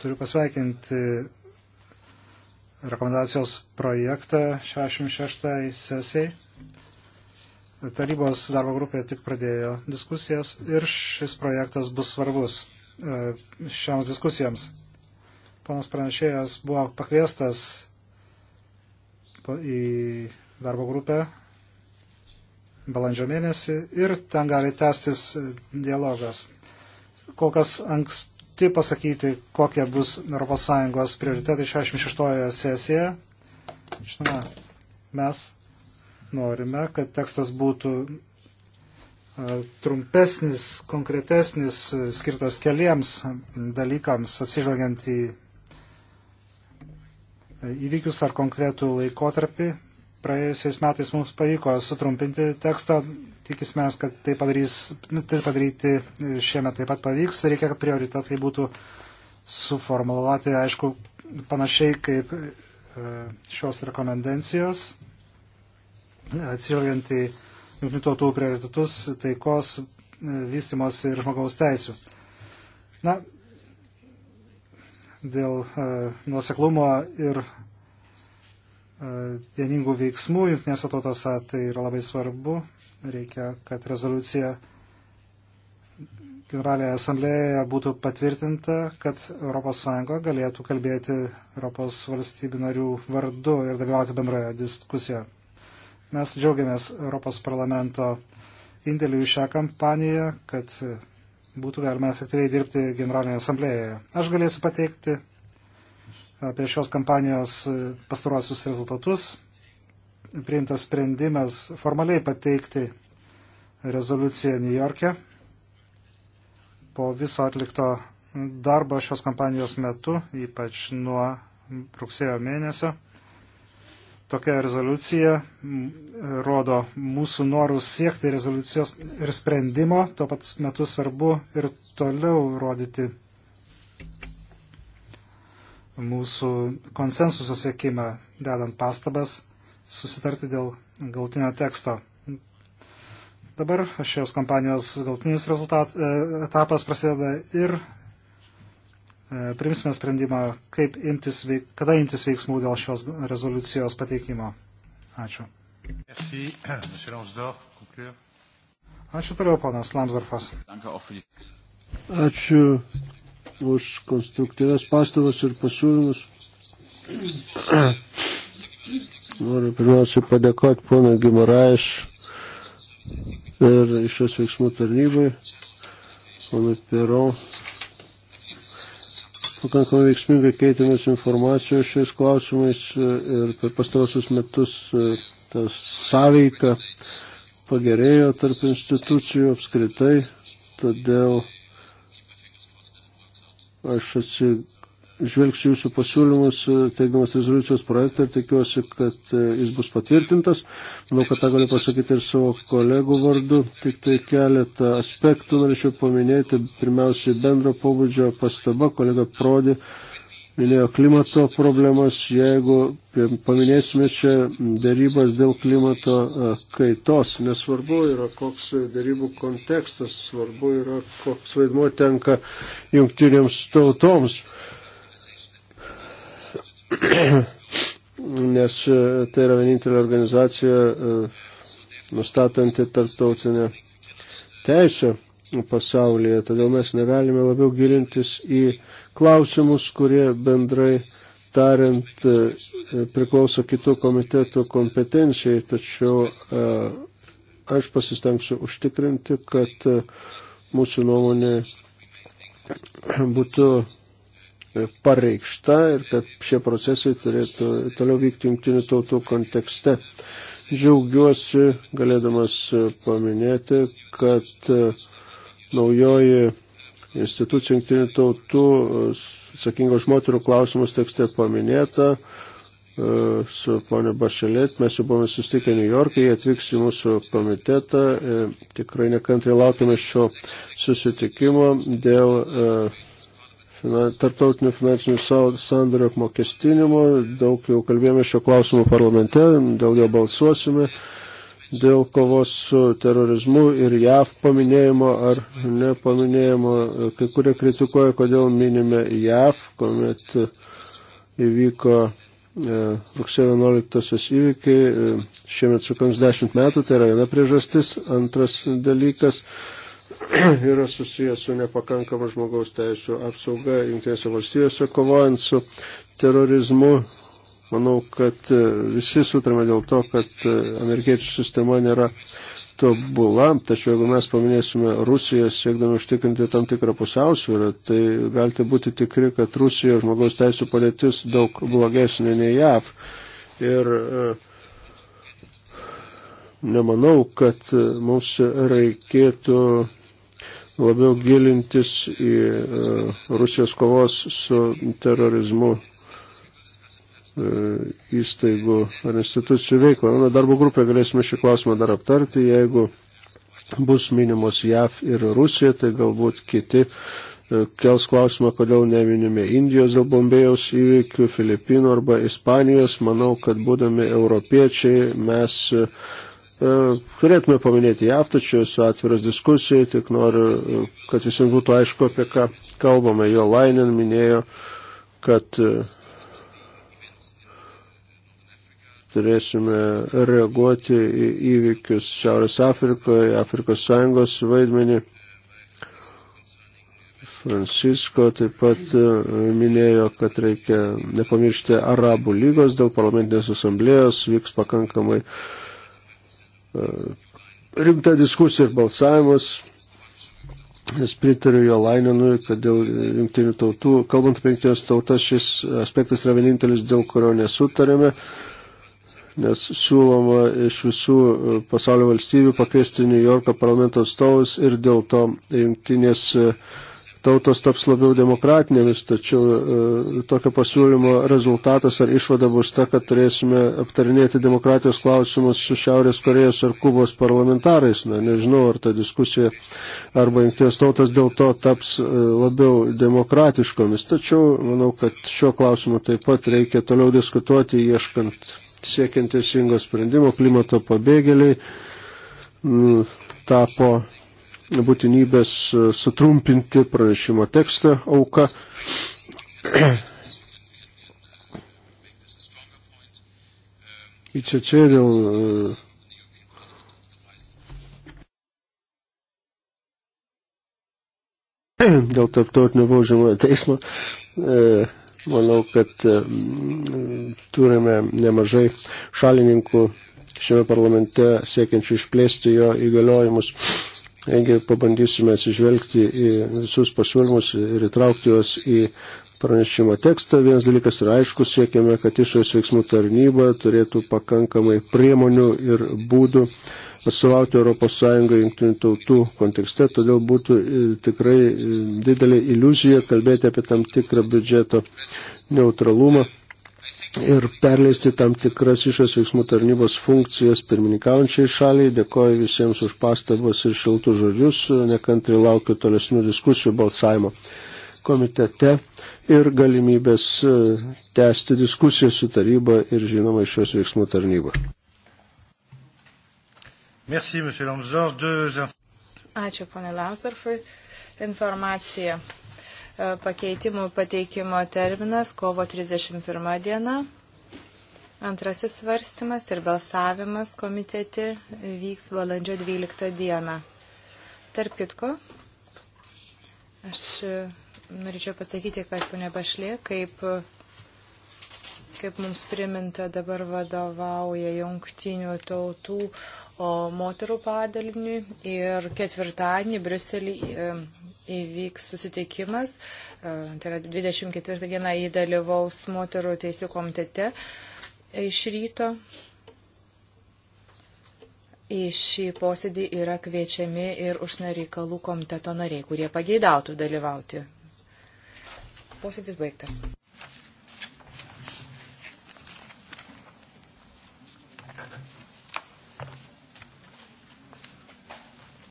Turiu pasveikinti rekomendacijos projektą 66 sesijai. Tarybos darbo grupė tik pradėjo diskusijas ir šis projektas bus svarbus e, šioms diskusijams. Panas pranešėjas buvo pakviestas į darbo grupę balandžio mėnesį ir ten gali tęstis dialogas. Kol kas anksti pasakyti, kokie bus ES prioritetai 66 sesijoje. Žinoma, mes Norime, kad tekstas būtų e, trumpesnis, konkretesnis, e, skirtas keliems dalykams, atsižvelgiant į e, įvykius ar konkretų laikotarpį. Praėjusiais metais mums pavyko sutrumpinti tekstą, tikisime, kad tai, padarys, nu, tai padaryti šiemet taip pat pavyks. Reikia, kad prioritetai būtų suformuluoti, aišku, panašiai kaip šios rekomendacijos atsižvelgiant į jungtinių tautų prioritetus taikos, e, vystimos ir žmogaus teisų. Na, dėl uh, nuoseklumo ir e, vieningų veiksmų jungtinėse tautose, tai yra labai svarbu. Reikia, kad rezoliucija Generalinėje asamblėje būtų patvirtinta, kad ES galėtų kalbėti Europos valstybių narių vardu ir dalyvauti bendroje diskusijoje. Mes džiaugiamės Europos parlamento indėliu į šią kampaniją, kad būtų galima efektyviai dirbti Generalinėje asamblėjoje. Aš galėsiu pateikti apie šios kampanijos pastaruosius rezultatus. Priimtas sprendimas formaliai pateikti rezoliuciją New York'e po viso atlikto darbo šios kampanijos metu, ypač nuo rugsėjo mėnesio. Tokia rezoliucija rodo mūsų norus siekti rezoliucijos ir sprendimo, tuo pat metu svarbu ir toliau rodyti mūsų konsensuso siekimą, dedant pastabas, susitarti dėl galtinio teksto. Dabar šios kampanijos galtinis e, etapas prasideda ir E, primsime sprendimą, kaip imtis, veik, kada imtis veiksmų dėl šios rezoliucijos pateikimo. Ačiū. Merci, Ačiū toliau, ponas Lamsdorfas. Ačiū už konstruktyves pastabas ir pasiūlymus. Noriu pirmiausia padėkoti ponui Gimaraiš ir iš šios veiksmų tarnybai, ponui Pero pakankamai veiksmingai keitėmės informacijos šiais klausimais e, ir per pastarosius metus e, ta sąveika pagerėjo tarp institucijų apskritai, todėl aš atsigailiu žvelgsiu jūsų pasiūlymus, e, teikdamas rezoliucijos projektą ir tikiuosi, kad e, jis bus patvirtintas. Manau, kad tą galiu pasakyti ir savo kolegų vardu. Tik tai keletą aspektų norėčiau paminėti. Pirmiausiai bendro pobūdžio pastaba, kolega Prodi minėjo klimato problemas. Jeigu paminėsime čia dėrybas dėl klimato e, kaitos, nesvarbu yra, koks dėrybų kontekstas, svarbu yra, koks vaidmuo tenka jungtinėms tautoms nes e, tai yra vienintelė organizacija e, nustatanti tarptautinę teisę pasaulyje. Todėl mes negalime labiau gilintis į klausimus, kurie bendrai tariant e, priklauso kitų komitetų kompetencijai, tačiau aš pasistengsiu užtikrinti, kad mūsų nuomonė būtų pareikšta ir kad šie procesai turėtų toliau vykti jungtinių tautų kontekste. Džiaugiuosi galėdamas paminėti, kad e, naujoji institucija jungtinių tautų e, atsakingo už moterų klausimus tekste paminėta e, su ponė Bašelėt. Mes jau buvome sustikę New York'e, jie atvyks į mūsų komitetą. Tikrai nekantrai laukime šio susitikimo dėl tarptautinių finansinių sandorio apmokestinimo. Daug jau kalbėjome šio klausimu parlamente, dėl jo balsuosime. Dėl kovos su terorizmu ir JAV paminėjimo ar nepaminėjimo, kai kurie kritikuoja, kodėl minime JAV, kuomet įvyko e, rugsėjo 11-osios įvykiai, e, šiemet sukams 10 metų, tai yra viena priežastis. Antras dalykas, yra susijęs su nepakankama žmogaus teisų apsauga Junktinėse valstijose, kovojant su terorizmu. Manau, kad e, visi sutarėme dėl to, kad e, amerikiečių sistema nėra tobula, tačiau jeigu mes paminėsime Rusiją siekdami užtikrinti tam tikrą pusiausvyrą, tai galite būti tikri, kad Rusija žmogaus teisų padėtis daug blogesnė nei JAV. Ir e, nemanau, kad mums reikėtų labiau gilintis į e, Rusijos kovos su terorizmu e, įstaigų ar institucijų veiklą. Na, darbo grupė galėsime šį klausimą dar aptarti. Jeigu bus minimos JAV ir Rusija, tai galbūt kiti e, kels klausimą, kodėl neminime Indijos dėl Bombėjaus įvykių, Filipinų arba Ispanijos. Manau, kad būdami europiečiai mes uh, E, turėtume paminėti JAV, tačiau esu atviras diskusijai, tik noriu, e, kad visiems būtų aišku, apie ką kalbame. Jo Lainin minėjo, kad e, turėsime reaguoti į įvykius Šiaurės Afrikoje, Afrikos Sąjungos vaidmenį. Francisko taip pat minėjo, kad reikia nepamiršti Arabų lygos dėl parlamentinės asamblėjos, vyks pakankamai uh, E, rimta diskusija ir balsavimas. Nes pritariu jo Laininui, kad dėl jungtinių tautų, kalbant apie jungtinės tautas, šis aspektas yra vienintelis, dėl kurio nesutarėme, nes siūloma iš visų pasaulio valstybių pakviesti New Yorko parlamento atstovus ir dėl to jungtinės tautos taps labiau demokratinėmis, tačiau e, tokio pasiūlymo rezultatas ar išvada bus ta, kad turėsime aptarinėti demokratijos klausimus su Šiaurės Korejos ar Kubos parlamentarais. Na, nežinau, ar ta diskusija arba jungtinės tautos dėl to taps e, labiau demokratiškomis. Tačiau manau, kad šiuo klausimu taip pat reikia toliau diskutuoti, ieškant siekiant teisingo sprendimo. Klimato pabėgėliai tapo būtinybės e, sutrumpinti pranešimo tekstą auka. ICC dėl e, dėl tarptautinio baudžiamojo teismo. E, manau, kad turime nemažai šalininkų šiame parlamente siekiančių išplėsti jo įgaliojimus Taigi pabandysime atsižvelgti į visus pasiūlymus ir įtraukti juos į pranešimo tekstą. Vienas dalykas yra aiškus, siekiame, kad išorės veiksmų tarnyba turėtų pakankamai priemonių ir būdų atstovauti ES jungtinių tautų kontekste, todėl būtų e, tikrai e, didelė iliuzija kalbėti apie tam tikrą biudžeto neutralumą ir perleisti tam tikras išės veiksmų tarnybos funkcijas pirmininkaujančiai šaliai. Dėkoju visiems už pastabas ir šiltų žodžius. Nekantri laukiu tolesnių diskusijų balsavimo komitete ir galimybės e, tęsti diskusiją su taryba ir žinoma išės veiksmų tarnyba. Merci, Ačiū, ponė Lamsdorfui. Informacija E, pakeitimų pateikimo terminas kovo 31 diena. Antrasis svarstymas ir balsavimas komitete vyks valandžio 12 dieną. Tarp kitko, aš e, norėčiau pasakyti, kad ponia Bašlė, kaip, kaip mums priminta, dabar vadovauja jungtinių tautų moterų padaliniui ir ketvirtadienį Briuselį e, įvyks susitikimas, e, tai yra 24 dieną įdalyvaus moterų teisų komitete iš ryto. Į šį posėdį yra kviečiami ir užsienio reikalų komiteto nariai, kurie pageidautų dalyvauti. Posėdis baigtas.